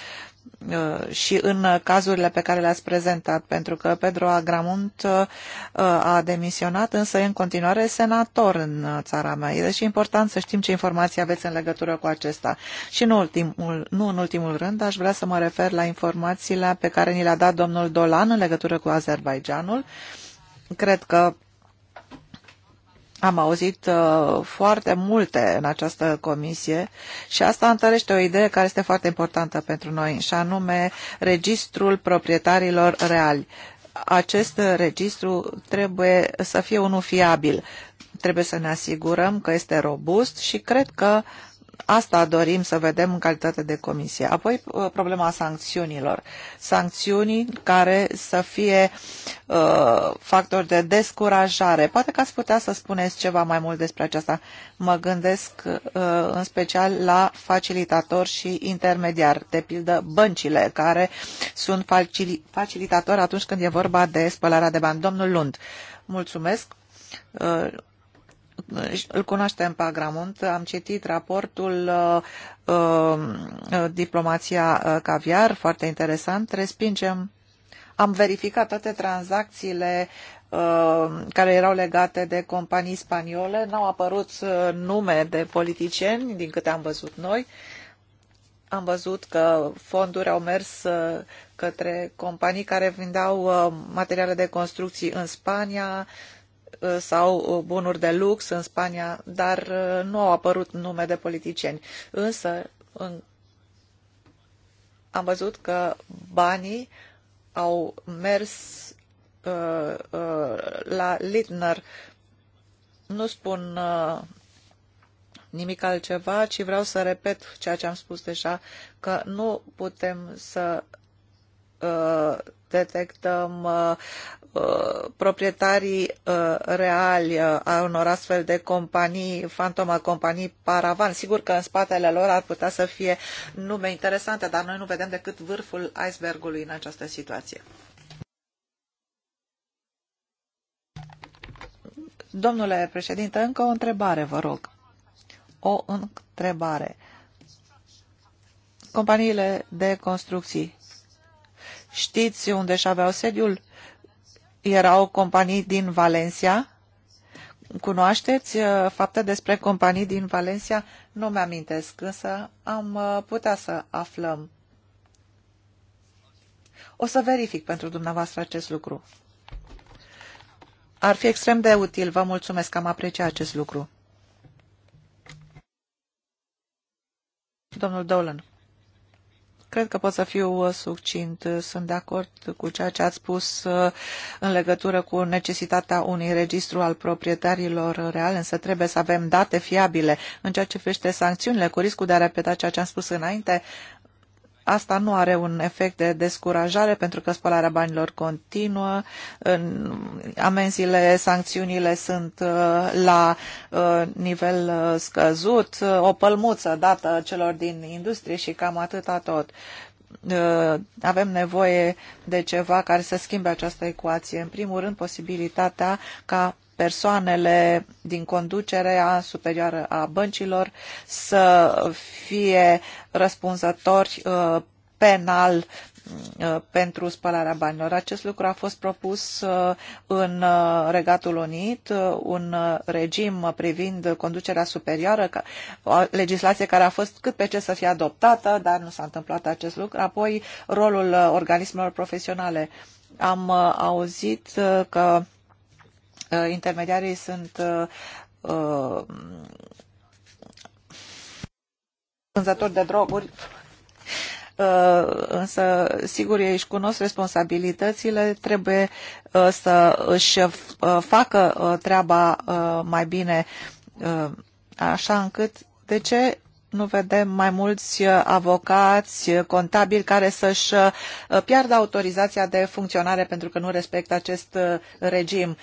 uh, și în cazurile pe care le-ați prezentat, pentru că Pedro Agramunt uh, a demisionat, însă e în continuare senator în țara mea. E deci important să știm ce informații aveți în legătură cu acesta. Și în ultimul, nu în ultimul rând, aș vrea să mă refer la informațiile pe care ni le-a dat domnul Dolan în legătură cu Azerbaijanul. Cred că am auzit uh, foarte multe în această comisie și asta întărește o idee care este foarte importantă pentru noi, și anume registrul proprietarilor reali. Acest registru trebuie să fie unul fiabil. Trebuie să ne asigurăm că este robust și cred că Asta dorim să vedem în calitate de comisie. Apoi uh, problema sancțiunilor. Sancțiuni care să fie uh, factor de descurajare. Poate că ați putea să spuneți ceva mai mult despre aceasta. Mă gândesc uh, în special la facilitator și intermediar, de pildă băncile care sunt facil facilitatori atunci când e vorba de spălarea de bani. Domnul Lund, mulțumesc. Uh, deci, îl cunoaștem pe Agramunt, am citit raportul uh, uh Diplomația uh, Caviar, foarte interesant, respingem, am verificat toate tranzacțiile uh, care erau legate de companii spaniole, n-au apărut uh, nume de politicieni, din câte am văzut noi, am văzut că fonduri au mers către companii care vindeau materiale de construcții în Spania, Uh, sau uh, bunuri de lux în Spania, dar uh, nu au apărut nume de politicieni. Însă în... am văzut că banii au mers uh, uh, la Littner. Nu spun uh, nimic altceva, ci vreau să repet ceea ce am spus deja, că nu putem să detectăm uh, uh, proprietarii uh, reali a unor astfel de companii, fantoma companii paravan. Sigur că în spatele lor ar putea să fie nume interesante, dar noi nu vedem decât vârful icebergului în această situație. Domnule președinte, încă o întrebare, vă rog. O întrebare. Companiile de construcții Știți unde și aveau sediul? Era o companie din Valencia. Cunoașteți uh, fapte despre companii din Valencia? Nu mi-amintesc, însă am uh, putea să aflăm. O să verific pentru dumneavoastră acest lucru. Ar fi extrem de util. Vă mulțumesc, am apreciat acest lucru. Domnul Dolan. Cred că pot să fiu uh, succint. Sunt de acord cu ceea ce ați spus uh, în legătură cu necesitatea unui registru al proprietarilor reale, însă trebuie să avem date fiabile în ceea ce privește sancțiunile, cu riscul de a repeta ceea ce am spus înainte. Asta nu are un efect de descurajare pentru că spălarea banilor continuă, amenziile, sancțiunile sunt uh, la uh, nivel uh, scăzut, o pălmuță dată celor din industrie și cam atâta tot avem nevoie de ceva care să schimbe această ecuație. În primul rând, posibilitatea ca persoanele din conducerea superioară a băncilor să fie răspunzători uh, penal uh, pentru spălarea banilor. Acest lucru a fost propus uh, în Regatul Unit, un regim privind conducerea superioară, o legislație care a fost cât pe ce să fie adoptată, dar nu s-a întâmplat acest lucru. Apoi, rolul organismelor profesionale. Am auzit că Uh, intermediarii sunt uh, uh, vânzători de droguri, însă, sigur, ei își cunosc responsabilitățile, trebuie să își facă treaba mai bine, așa încât de ce nu vedem mai mulți uh, avocați, uh, contabili care să-și uh, piardă autorizația de funcționare pentru că nu respectă acest regim.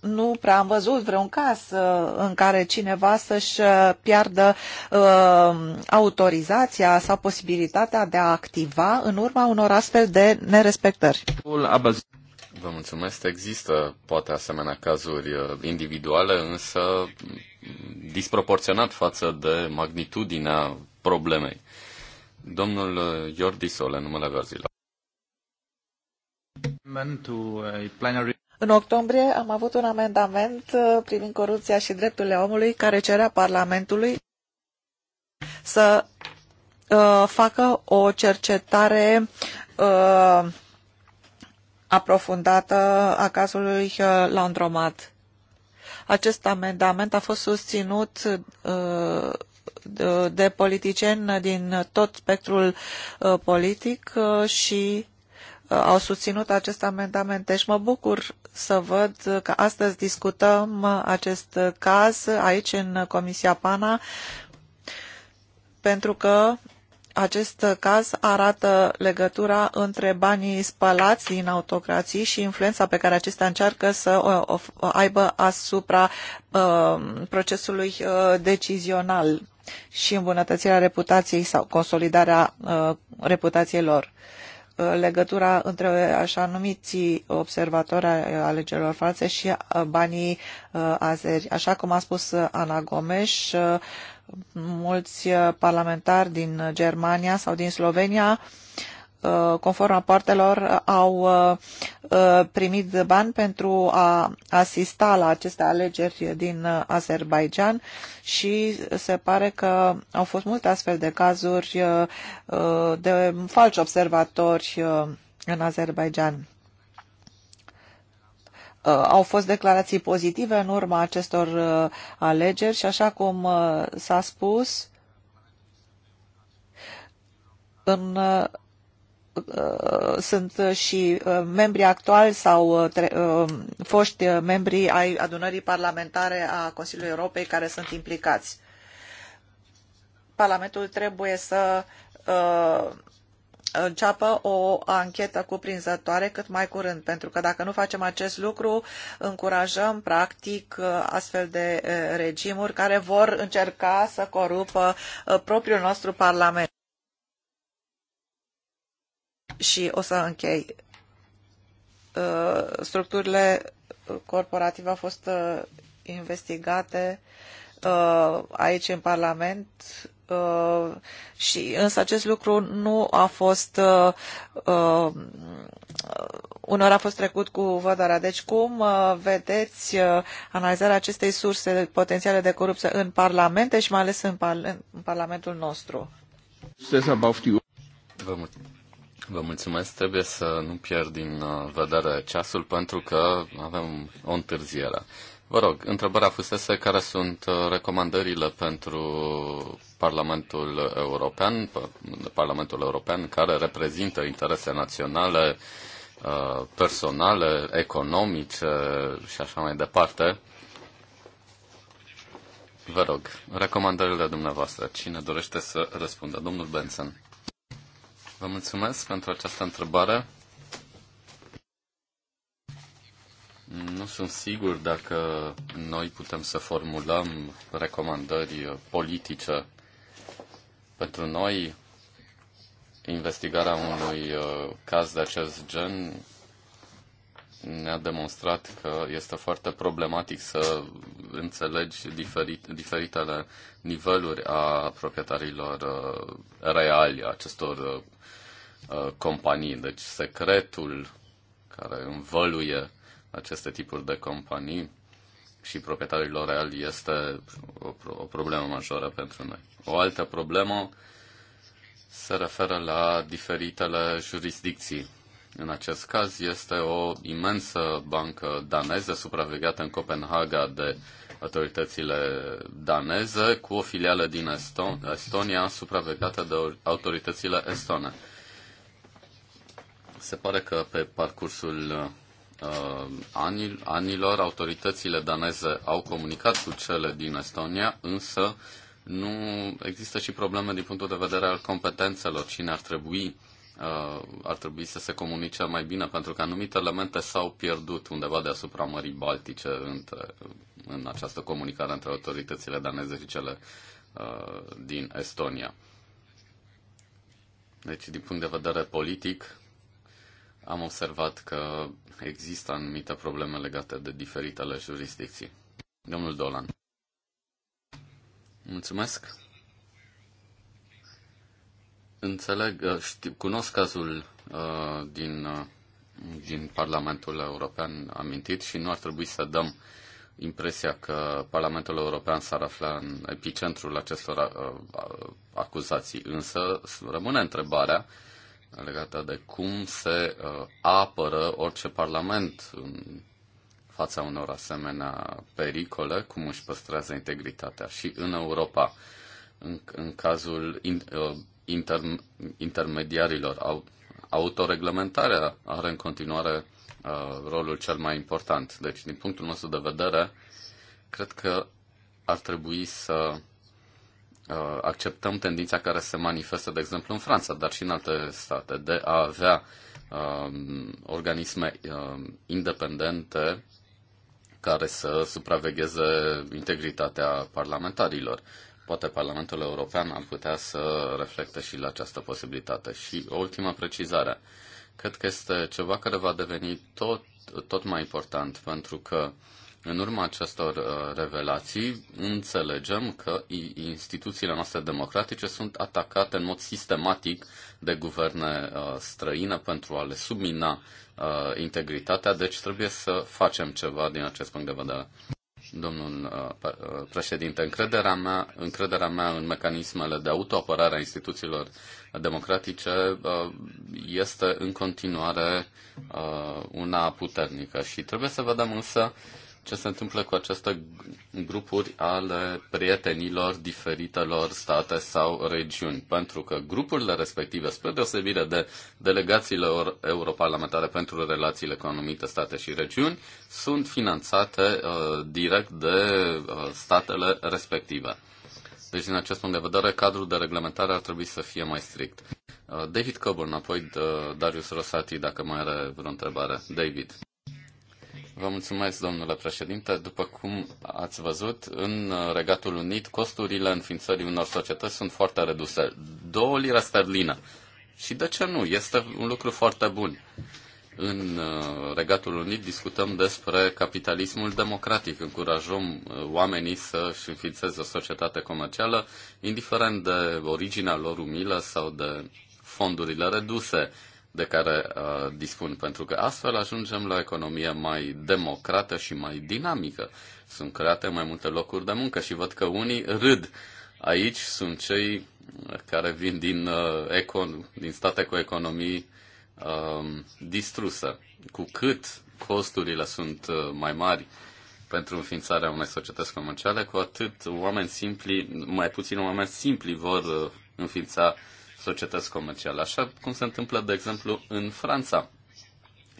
Nu prea am văzut vreun caz în care cineva să-și piardă autorizația sau posibilitatea de a activa în urma unor astfel de nerespectări. Vă mulțumesc. Există poate asemenea cazuri uh, individuale, însă mm, disproporționat față de magnitudinea problemei. Domnul uh, Jordi Sole, numele verzilor. În octombrie am avut un amendament uh, privind corupția și drepturile omului care cerea Parlamentului să uh, facă o cercetare uh, aprofundată a cazului uh, Laundromat. Acest amendament a fost susținut uh, de politicieni din tot spectrul uh, politic și au susținut acest amendament. Deci mă bucur să văd că astăzi discutăm acest caz aici în Comisia PANA pentru că acest caz arată legătura între banii spălați din autocrații și influența pe care acestea încearcă să o aibă asupra uh, procesului uh, decizional și îmbunătățirea reputației sau consolidarea uh, reputației lor. Uh, legătura între așa numiți observatori ale alegerilor false și uh, banii uh, azeri. Așa cum a spus Ana Gomes, mulți uh, parlamentari din Germania sau din Slovenia, uh, conform rapoartelor, au uh, primit bani pentru a asista la aceste alegeri din Azerbaijan și se pare că au fost multe astfel de cazuri de falși observatori în Azerbaijan. Uh, au fost declarații pozitive în urma acestor uh, alegeri și așa cum uh, s-a spus în sunt și membri actuali sau foști membri ai adunării parlamentare a Consiliului Europei care sunt implicați. Parlamentul trebuie să înceapă o anchetă cuprinzătoare cât mai curând, pentru că dacă nu facem acest lucru, încurajăm practic astfel de eh, regimuri care vor încerca să corupă eh, propriul nostru Parlament. Și o să închei. Eh, structurile corporative au fost investigate aici în Parlament Uh, și însă acest lucru nu a fost uh, uh, unor a fost trecut cu vădarea. Deci cum uh, vedeți uh, analizarea acestei surse potențiale de corupție în parlamente și mai ales în, par în parlamentul nostru? Vă mulțumesc. Vă mulțumesc. Trebuie să nu pierd din uh, vedere ceasul pentru că avem o întârziere. Vă rog, întrebarea fusese care sunt uh, recomandările pentru Parlamentul European, Parlamentul European care reprezintă interese naționale, uh, personale, economice și așa mai departe. Vă rog, recomandările dumneavoastră. Cine dorește să răspundă? Domnul Benson. Vă mulțumesc pentru această întrebare. Nu sunt sigur dacă noi putem să formulăm recomandări politice. Pentru noi, investigarea unui uh, caz de acest gen ne-a demonstrat că este foarte problematic să înțelegi diferit, diferitele niveluri a proprietarilor uh, reali a acestor uh, companii. Deci secretul care învăluie aceste tipuri de companii și proprietarilor reali este o, o problemă majoră pentru noi. O altă problemă se referă la diferitele jurisdicții. În acest caz este o imensă bancă daneză supravegheată în Copenhaga de autoritățile daneze cu o filială din Eston- Estonia supravegată de autoritățile estone. Se pare că pe parcursul Uh, anil, anilor, autoritățile daneze au comunicat cu cele din Estonia, însă nu există și probleme din punctul de vedere al competențelor. Cine ar trebui, uh, ar trebui să se comunice mai bine, pentru că anumite elemente s-au pierdut undeva deasupra Mării Baltice între, în această comunicare între autoritățile daneze și cele uh, din Estonia. Deci, din punct de vedere politic, am observat că există anumite probleme legate de diferitele jurisdicții. Domnul Dolan. Mulțumesc. Înțeleg, uh, știu, cunosc cazul uh, din, uh, din Parlamentul European amintit și nu ar trebui să dăm impresia că Parlamentul European s-ar afla în epicentrul acestor uh, uh acuzații. Însă rămâne întrebarea uh, legată de cum se uh, apără orice parlament în fața unor asemenea pericole, cum își păstrează integritatea și în Europa, în, în cazul in, uh, inter, intermediarilor, au, autoreglementarea are în continuare uh, rolul cel mai important. Deci, din punctul nostru de vedere, cred că ar trebui să Uh, acceptăm tendința care se manifestă, de exemplu, în Franța, dar și în alte state, de a avea um, organisme um, independente care să supravegheze integritatea parlamentarilor. Poate Parlamentul European ar putea să reflecte și la această posibilitate. Și o ultimă precizare. Cred că este ceva care va deveni tot, tot mai important, pentru că uh, în urma acestor uh, revelații, înțelegem că instituțiile noastre democratice sunt atacate în mod sistematic de guverne uh, străine pentru a le submina uh, integritatea, deci trebuie să facem ceva din acest punct de vedere. Domnul președinte, încrederea mea, încrederea mea în mecanismele de autoapărare a instituțiilor democratice este în continuare una puternică și trebuie să vedem însă ce se întâmplă cu aceste grupuri ale prietenilor diferitelor state sau regiuni. Pentru că grupurile respective, spre deosebire de delegațiile europarlamentare pentru relațiile cu anumite state și regiuni, sunt finanțate uh, direct de uh, statele respective. Deci, din acest punct de vedere, cadrul de reglementare ar trebui să fie mai strict. Uh, David Coburn, apoi uh, Darius Rosati, dacă mai are vreo întrebare. David. Vă mulțumesc, domnule președinte. După cum ați văzut, în Regatul Unit, costurile înființării unor societăți sunt foarte reduse. Două lire sterline. Și de ce nu? Este un lucru foarte bun. În uh, Regatul Unit discutăm despre capitalismul democratic. Încurajăm uh, oamenii să-și înființeze o societate comercială, indiferent de originea lor umilă sau de fondurile reduse de care uh, dispun, pentru că astfel ajungem la o economie mai democrată și mai dinamică. Sunt create mai multe locuri de muncă și văd că unii râd. Aici sunt cei uh, care vin din, uh, econ, din state cu economii uh, distruse. Cu cât costurile sunt uh, mai mari pentru înființarea unei societăți comerciale, cu atât oameni simpli, mai puțin oameni simpli vor uh, înființa uh, societăți comerciale, așa cum se întâmplă, de exemplu, în Franța,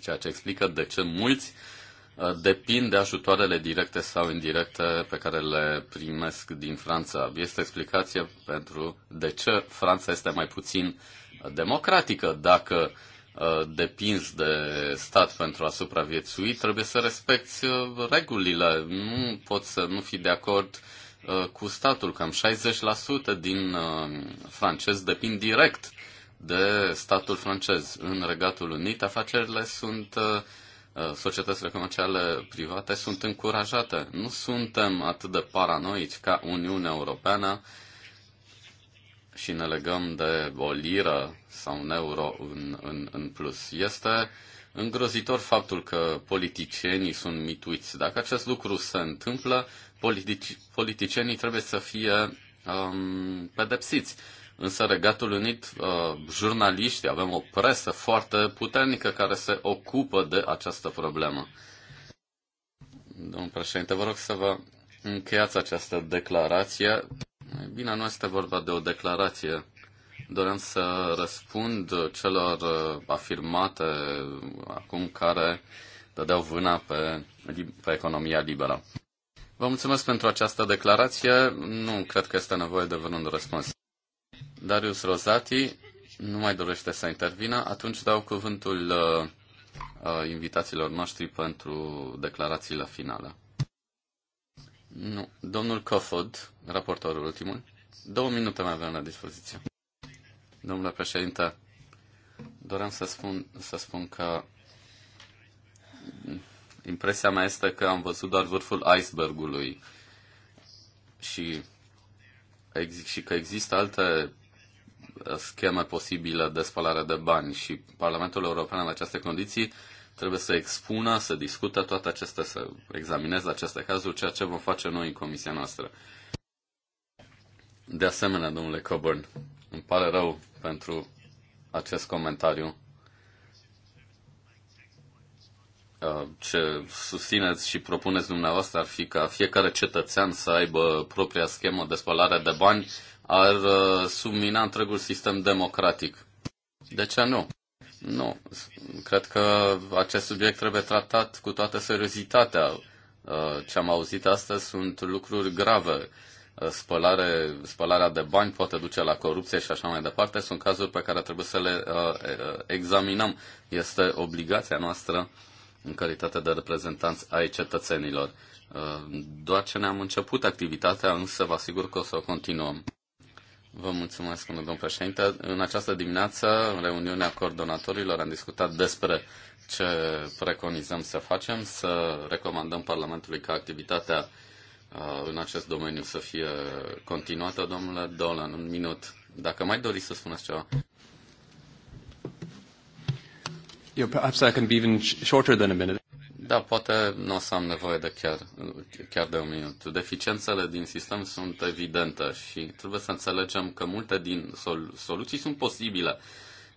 ceea ce explică de ce mulți uh, depind de ajutoarele directe sau indirecte pe care le primesc din Franța. Este explicație pentru de ce Franța este mai puțin uh, democratică. Dacă uh, depinzi de stat pentru a supraviețui, trebuie să respecti regulile. Nu poți să nu fii de acord uh, Uh, cu statul. Cam 60% din uh, francez depind direct de statul francez. În Regatul Unit, afacerile sunt, uh, societățile comerciale private sunt încurajate. Nu suntem atât de paranoici ca Uniunea Europeană și ne legăm de o liră sau un euro în, în, în plus. Este îngrozitor faptul că politicienii sunt mituiți. Dacă acest lucru se întâmplă, politici, politicienii trebuie să fie um, pedepsiți. Însă Regatul Unit, uh, jurnaliștii, avem o presă foarte puternică care se ocupă de această problemă. Domnul președinte, vă rog să vă încheiați această declarație. Bine, nu este vorba de o declarație. Doream să răspund celor uh, afirmate uh, acum care dădeau vâna pe, pe economia liberă. Vă mulțumesc pentru această declarație. Nu cred că este nevoie de vreun răspuns. Darius Rozati nu mai dorește să intervină. Atunci dau cuvântul uh, uh, invitațiilor noștri pentru declarațiile finale. Nu. Domnul Cofod, raportorul ultimul. Două minute mai avem la dispoziție. Domnule președinte, doream să spun, să spun că impresia mea este că am văzut doar vârful icebergului și, și că există alte uh, scheme posibile de spălare de bani și Parlamentul European în aceste condiții trebuie să expună, să discute toate acestea, să examineze aceste cazuri, ceea ce vom face noi în comisia noastră. De asemenea, domnule Coburn, îmi pare rău pentru acest comentariu Uh, ce susțineți și propuneți dumneavoastră ar fi ca fiecare cetățean să aibă propria schemă de spălare de bani, ar uh, submina întregul sistem democratic. De ce nu? Nu. Cred că acest subiect trebuie tratat cu toată seriozitatea. Uh, ce am auzit astăzi sunt lucruri grave. Spălare, spălarea de bani poate duce la corupție și așa mai departe. Sunt cazuri pe care trebuie să le examinăm. Este obligația noastră în calitate de reprezentanți ai cetățenilor. Uh, doar ce ne-am început activitatea, însă vă asigur că o să o continuăm. Vă mulțumesc, domnul președinte. În această dimineață, în reuniunea coordonatorilor, am discutat despre ce preconizăm să facem, să recomandăm Parlamentului ca activitatea uh, în acest domeniu să fie continuată. Domnule Dolan, un minut. Dacă mai doriți să spuneți ceva. Eu, perhaps I can be even shorter than a minute. Da, poate nu o să am nevoie de chiar, chiar de un minut. Deficiențele din sistem sunt evidente și trebuie să înțelegem că multe din sol- soluții sunt posibile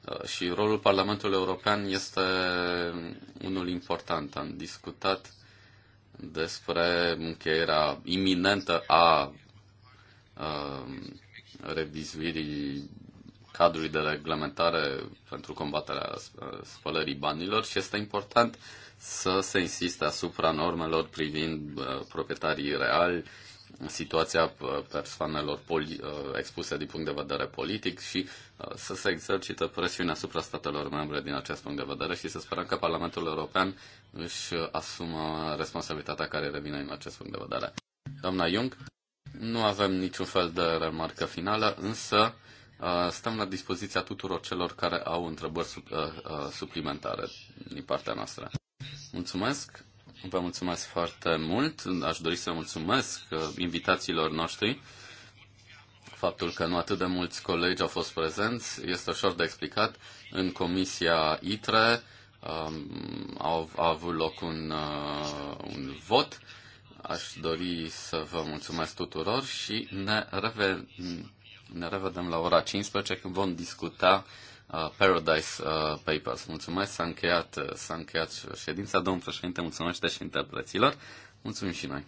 uh, și rolul Parlamentului European este unul important. Am discutat despre încheierea iminentă a, a uh, revizuirii cadrului de reglementare pentru combaterea uh, spălării banilor și este important să se insiste asupra normelor privind uh, proprietarii reali, situația uh, persoanelor poli, expuse din punct de vedere politic și să se exercită presiune asupra statelor membre din acest punct de vedere și să sperăm că Parlamentul European își asumă responsabilitatea care revine în acest punct de vedere. Doamna Jung, nu avem niciun fel de remarcă finală, însă Uh, stăm la dispoziția tuturor celor care au întrebări uh, uh, suplimentare din partea noastră. Mulțumesc! Vă mulțumesc foarte mult. Aș dori să mulțumesc invitațiilor noștri. Faptul că nu atât de mulți colegi au fost prezenți este ușor de explicat. În comisia ITRE um, au, a avut loc un, un vot. Aș dori să vă mulțumesc tuturor și ne revenim. Ne revedem la ora 15 când vom discuta uh, Paradise uh, Papers. Mulțumesc, s-a încheiat, uh, s-a încheiat ședința. Domnul președinte, mulțumesc și interpreților. Mulțumim și noi.